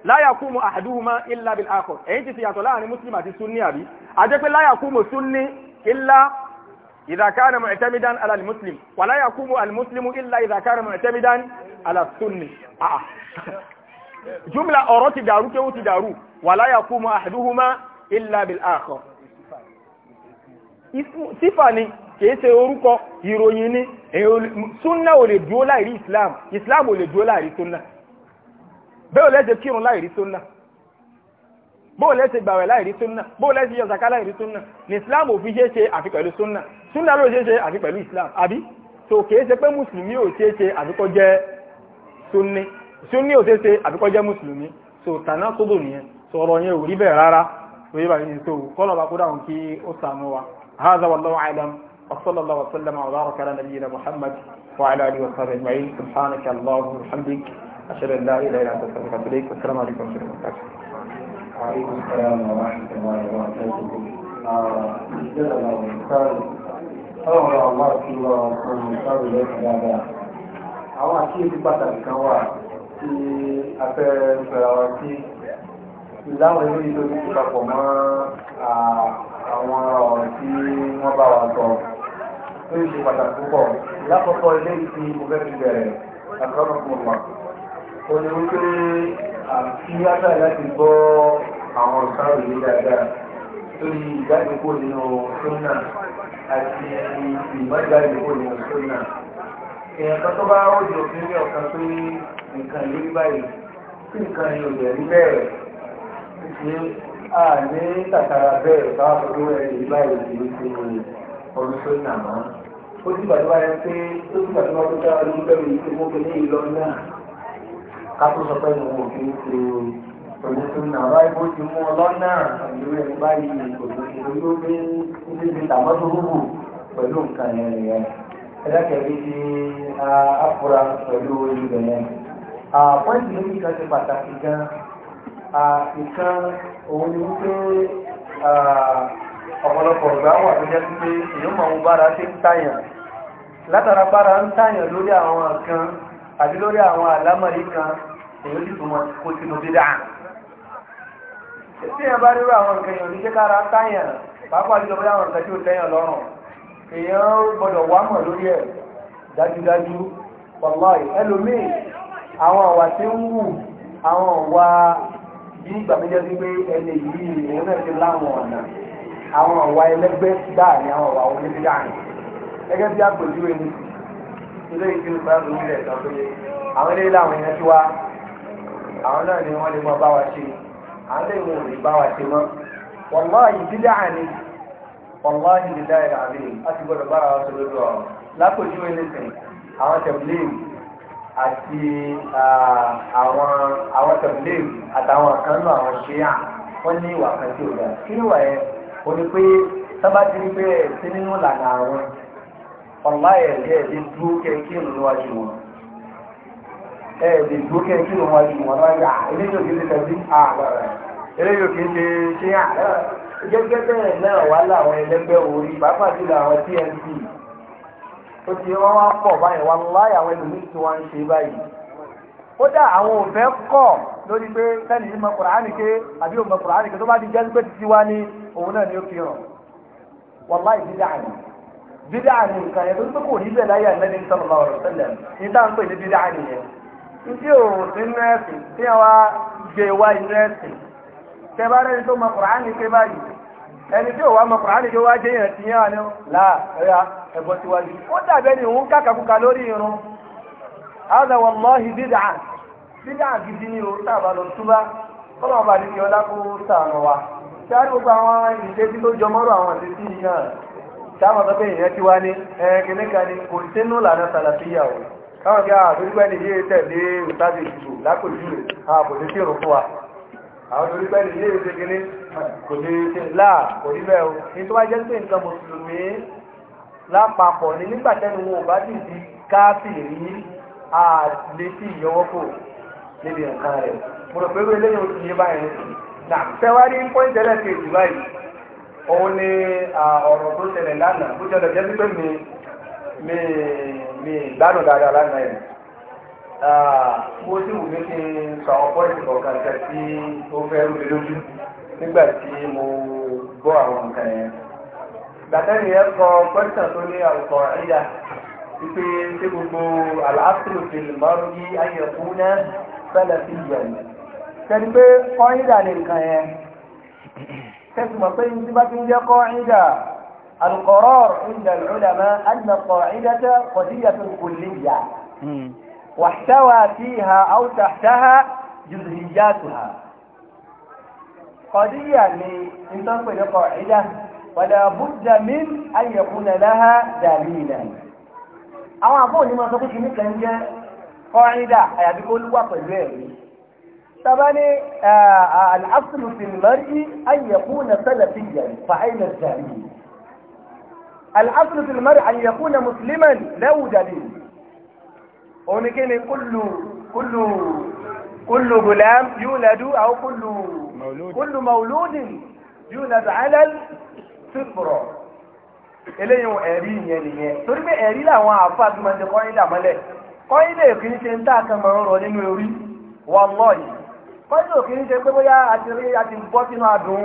[SPEAKER 2] لا يقوم احدهما الا بالاخر اي في اطلاع المسلم في السني ابي اجب لا يقوم سني الا اذا كان معتمدا على المسلم ولا يقوم المسلم الا اذا كان معتمدا على السني آه. [LAUGHS] جملة أوروتي دارو كيوتي دارو ولا يقوم أحدهما إلا بالآخر اسم سفاني كيس أوروكو هيرويني سنة ولي دولة الإسلام إسلام ولي دولة الإسلام bẹ́ẹ̀ lẹ́sẹ̀ kírun láìrí sunna bóò lẹ́sẹ̀ gbàwẹ̀ láìrí sunna bóò lẹ́sẹ̀ yọ zaka láìrí sunna ní islam ò fi ṣe é ṣe àfi pẹ̀lú sunna sunna ló ṣe é ṣe àfi pẹ̀lú islam àbí tó kìí ṣe pé mùsùlùmí ò ṣe é ṣe àfi kó jẹ́ sunni sunni ò ṣe é ṣe àfi kó jẹ́ mùsùlùmí tó tànà sódò nìyẹn sọ̀rọ̀ yẹn ò rí bẹ́ẹ̀ rárá tó yẹ báyìí tó kọ́nà bá kúrò àwọn kí ó sàmú wa hadha wallahu a'lam wa sallallahu wa sallama wa baraka ala nabiyyina muhammad wa ala alihi wa sahbihi أشهد أن لا إله إلا أنت أستغفرك إليك والسلام عليكم ورحمة الله وبركاته
[SPEAKER 1] وعليكم السلام ورحمة الله وبركاته ọlọ́run àwọn àti lọ ọ̀run sáré lẹ́sìn dáadáa àwọn àkíyèsí pàtàkì kan wà tí afẹ́rẹ́ ń fẹ́ra wa sí láwọn ilé ìlú ti ti papọ̀ mọ́ àwọn ọ̀rọ̀ tí wọ́n bá wa sọ tó ṣe pàtàkì púpọ̀ lákọ̀ọ́kọ́ ilé ìsìn mo fẹ́ fi bẹ̀rẹ̀ àkọ́nà fún ọmọ òní wípé àti yáta láti gbọ́ àwọn nǹkan òye dáadáa lórí ìdádìkò nínú sónà àti ìmọ̀dádìkò nínú sónà. èèyàn kan tó bá rọ́jò òfin ní ọ̀kan pé nǹkan ìlú rí báyìí tí nǹkan ìlú rẹ̀ rí bẹ́ẹ̀ ṣe à ní tàtàrà bẹ́ẹ̀ bá fọdún rẹ̀ rí báyìí kì í ṣe
[SPEAKER 2] ọdún sónà mọ́. ó dìgbà tó bá yẹ pé ó dìgbà
[SPEAKER 1] tó tó dára lórí bẹ́ẹ̀ kápó sọ pé ìwọ̀n òfin ṣe tòlótòló àwọn ibò ti mú ọ lọ́nà ìlú ẹni báyìí òṣèlú yóò gbé níbi tàmọ́tò rúbù pẹ̀lú nǹkan yẹn nìyẹn
[SPEAKER 2] ẹlẹ́kẹ̀ẹ́bí ti afura pẹ̀lú
[SPEAKER 1] ibẹ̀ yẹn. pọ́ìntì méjì kan ti pàtàkì gan ìkan òun ni wípé ọ̀pọ̀lọpọ̀ ọ̀gá wà tó jẹ́ pípé èyí
[SPEAKER 2] mọ̀ ohun bára tí ń tàyàn látara bára ń tàyàn lórí àwọn kan àti lórí àwọn àlámọ̀rí kan èyí sì tún wọn kó sínú dídá. tí èèyàn bá rírọ àwọn nǹkan èèyàn oníṣẹ́ kára táyàn pàápàá jùlọ bóyá àwọn nǹkan tí ò tẹ́yàn lọ́rùn èèyàn gbọ́dọ̀ wá mọ̀ lórí ẹ̀ dájúdájú wàláì ẹlòmíì àwọn ọ̀wà tí ń wù àwọn ọ̀wà bí ìgbà méjọ́ sí pé ẹni yìí èèyàn náà ti láwọn ọ̀nà àwọn ọ̀wà ẹlẹ́gbẹ́ dáà ní àwọn ọ̀wà wọn níbi dáà ní gẹ́gẹ́ bí àpèjúwe ní
[SPEAKER 1] ilé ìfínú pẹ̀lú ìrẹ̀ ìtàn pé
[SPEAKER 2] àwọn ilé ìlànà ìyẹn ti àwọn náà ni wọ́n lè mọ bá wa ṣe àwọn lè mọ òní bá wa ṣe mọ́ wàláhì dídá àní wàláhì dídá ìlà àbí láti gbọ́dọ̀ bára wa sọ lórí ọ̀rọ̀ lápòjú ẹlẹ́sìn àwọn tẹ̀bléèmù àti àwọn àwọn tẹ̀bléèmù àtàwọn kan náà àwọn ṣíyà wọ́n ní ìwà kan tí ò dáa kí ni ìwà yẹn o ní pé sábà ti ní pé ẹ̀ sí nínú ìlànà àwọn ọ̀láyẹ̀ ẹ̀dẹ́ ẹ̀ẹ́dẹ̀ tó kẹ́ kí wọ́n ju wọn náà yà eléyìí kì í ṣe tẹ̀sí àgbàrẹ̀ eléyìí kì í ṣe ṣe àgbàrẹ̀ gẹ́gẹ́ bẹ́ẹ̀ náà wà láwọn ẹlẹ́gbẹ́ orí pàápàá jùlọ àwọn TNC ó ti wọ́n wá pọ̀ báyìí wọn láyé àwọn ẹlòmíì tí wọ́n ń ṣe báyìí kódà àwọn òfẹ́ kọ̀ lórí pé sẹ́ni yìí mọ Kùránì ké àbí òun mọ Kùránì ké tó bá ti jẹ́ pé títí ni nǹkan yẹn tó ń pẹ́ kò ní bẹ́ẹ̀ láyé àìmẹ́ni sọ́nà ọ̀rọ̀ sẹ́lẹ̀ ní táwọn pè ní dídá ni tí ò nínú ẹ̀sìn tí àwa jẹ wá inú ẹ̀sìn tẹ bá rẹ́ni tó mọ Kùránì ké báyìí ẹni tí ò wá mọ Kùránì tó wá jẹ́ yẹn ti yẹn wà ní là ẹ̀yà ẹ̀bọ̀ tiwájú ó dàbẹ́ ni òun kàkàkùkà lórí irun àwọn àwọn dídà dídà gidi ni o sábà lọ túbá kọ́nà ọba àdìsí ọlá kó sàánù wa sáré gbogbo àwọn ìṣesí tó jọmọ́rọ̀ àwọn ìṣesí yìí náà sábà sọ pé ìyẹn ti wá ní káwọn bí àtòrígbẹ́ ni yé tẹ̀lé ìtàdé ìṣù lápòjú rẹ̀ àbò lè tí òrùn fún wa àwọn àtòrígbẹ́ ni yé tegele kò lè tẹ̀ láà kò rí bẹ́ẹ̀ o ní tó bá jẹ́ pé nǹkan mùsùlùmí lápapọ̀ ni nígbà tẹ́nu wọn ò bá dì di káfìrí àlétí ìyọwọ́pọ̀ níbi nǹkan rẹ̀ mo rò pé wọ́n eléyìí oṣù yé báyìí nà fẹ́wárí pọ́ìntì ẹlẹ́kẹ̀ẹ́ jù báyìí òun ni ọ̀rọ̀ tó ṣẹlẹ̀ lánàá bó ṣẹlẹ̀ jẹ́ pípẹ́ mi mi mi gbádùn dáadáa lánàá yìí mo sì wù mí kí n sọ àwọn pọ́ìntì kọ̀ọ̀kan kan tí ó fẹ́ rú mi lójú nígbà tí mo gbọ́ àwọn nǹkan yẹn gbàtẹ́ni ẹ kọ pọ́ìntì tó ní àwùkọ ẹ̀yà wípé ṣé gbogbo àlàáfíà ti lè máa ń yí ayẹ̀kú náà fẹ́lẹ̀ sí ìyẹn tẹ́lí pé kọ́ ìdà ní nǹkan yẹn tẹ́sí pé ní bá ti ń jẹ́ kọ́ ìdà القرار عند العلماء أن القاعدة قضية كلية واحتوى فيها أو تحتها جزئياتها قضية من تنقل قاعدة ولا بد من أن يكون لها دليلا أو أقول لما تقول مثل أنت قاعدة أي بقول وقل بيري طبعا آه، آه، الأصل في المرء أن يكون سلفيا فأين الدليل الأصل في المرء أن يكون مسلما له دليل ونكين كل كل كل غلام يولد أو كل مولود كل مولود يولد على الفطرة eléyìn ẹ̀rí yẹn nìyẹn torí pé ẹ̀rí làwọn àáfàá tó máa ń ṣe kọ́yìn dàmọ́lẹ̀ kọ́yìn lè kí ní ṣe ń tà kan máa ń rọ nínú orí wà lọ́ọ̀yì kọ́yìn lè kí ní ṣe pé bóyá a ti rí a ti bọ́ sínú adùn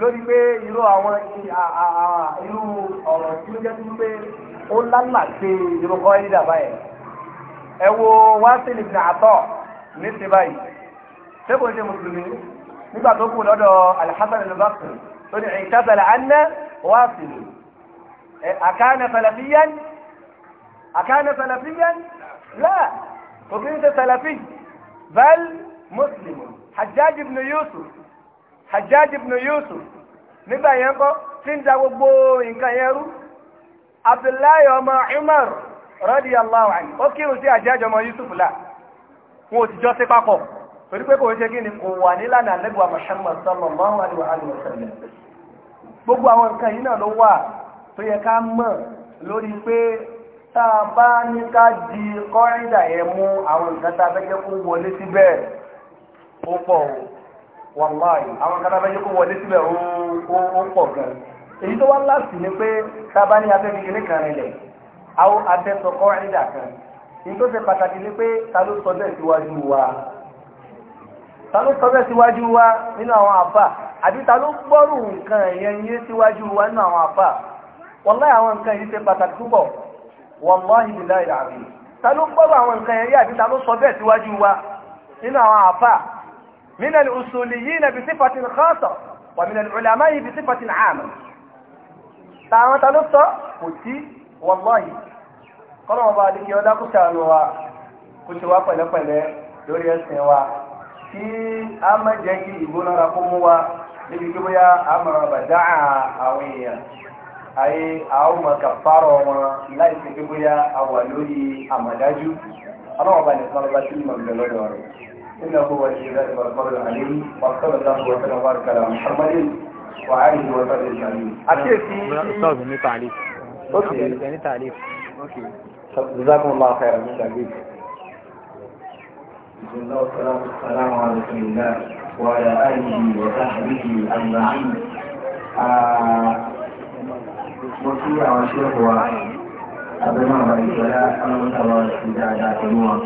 [SPEAKER 2] lórí pé irú àwọn irú ọ̀rọ̀ tí ó jẹ́ sí pé ó lálà sí irú kọ́ ìdà báyìí ẹ wo wáṣíl ibn Atọ ní ti báyìí ṣé kò ṣe mùsùlùmí nígbà tó kù lọ́dọ̀ al-Hasan al-Basri tó ní ìtàzàlẹ̀ anna wáṣíl àkáàna salafiyan àkáàna salafiyan láà kò kí ń ṣe salafi bal muslim Hajjaj ibn Yusuf hajjaj ibn yusuf nígbà yẹn kọ́ tí ń da gbogbo nǹkan yẹn rú abdullahi ọmọ umar radiyallahu anhu ó kírun sí hajjaj ọmọ yusuf la wọn ò ti jọ sí papọ̀ torí pé kò ń ṣe kí ni wa gbogbo àwọn nǹkan yìí náà ló wà tó yẹ ká mọ̀ lórí pé tá a bá ní ká di kọ́rìndà yẹn mú àwọn wàláì àwọn kan abẹ́jọ́ kó wọlé síbẹ̀ ó pọ̀ gan èyí tó wá láti ni pé sábà ní afẹ́ kékeré kan rinlẹ̀ àwọn atẹ́sọkọ́ ẹ̀dà kan èyí tó ṣe pàtàkì ni pé ta ló sọ bẹ́ẹ̀ síwájú wa ta ló sọ bẹ́ẹ̀ síwájú wa nínú àwọn àfà àbí ta ló gbọ́rù nǹkan ẹ̀yẹn yé síwájú wa nínú àwọn àfà wàláì àwọn nǹkan yìí ṣe pàtàkì púpọ̀ wàláì bìláì ràbì ta ló gbọ́rù àwọn nǹkan ẹ̀yẹ àbí ta ló sọ bẹ́ẹ̀ síwájú wa nínú àwọn àfà من الأصوليين بصفة خاصة ومن العلماء بصفة عامة تعالى تنصى قلت والله قالوا بالك يا ذاك سانوا كنت واقف لقلة lórí ẹsẹ̀ wa kí a má jẹ́ kí ìgbónára kó mú wa níbi kí bóyá a máa bàdá àwọn èèyàn ayé àwọn màkà fárọ̀ wọn láì sí kí bóyá a wà lórí àmàdájú ọlọ́wọ́ bá nìkan lọ́ba sí ìmọ̀ ìgbẹ́lọ́dọ̀ rẹ̀. إنه هو ذلك والقدر العليم وصلى الله وسلم وبارك على محمد وعلى آله وصحبه أجمعين. أستاذ لي تعليق. أوكي. يعني تعليق. أوكي. جزاكم الله خيرا من تعليق.
[SPEAKER 1] بسم الله والسلام والسلام على رسول الله وعلى آله وصحبه أجمعين. mo kí àwọn ṣẹ́kọ̀ọ́ àbẹ̀mọ̀ àbàyè sọ́lá ọlọ́mọdé àwọn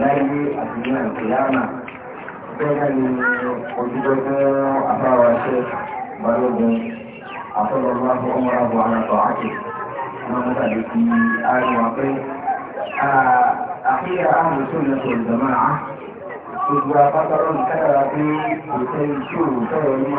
[SPEAKER 1] láyé àti ní àìkìyàmà bẹ́ẹ̀ ni ojúbọ fún afáwa ṣe balógun afọlọ́gbọ́n fún ọmọ ọmọ àràtọ̀ àti wọn mú tàbí kí a rí wọn pé àkíyà àrùn tó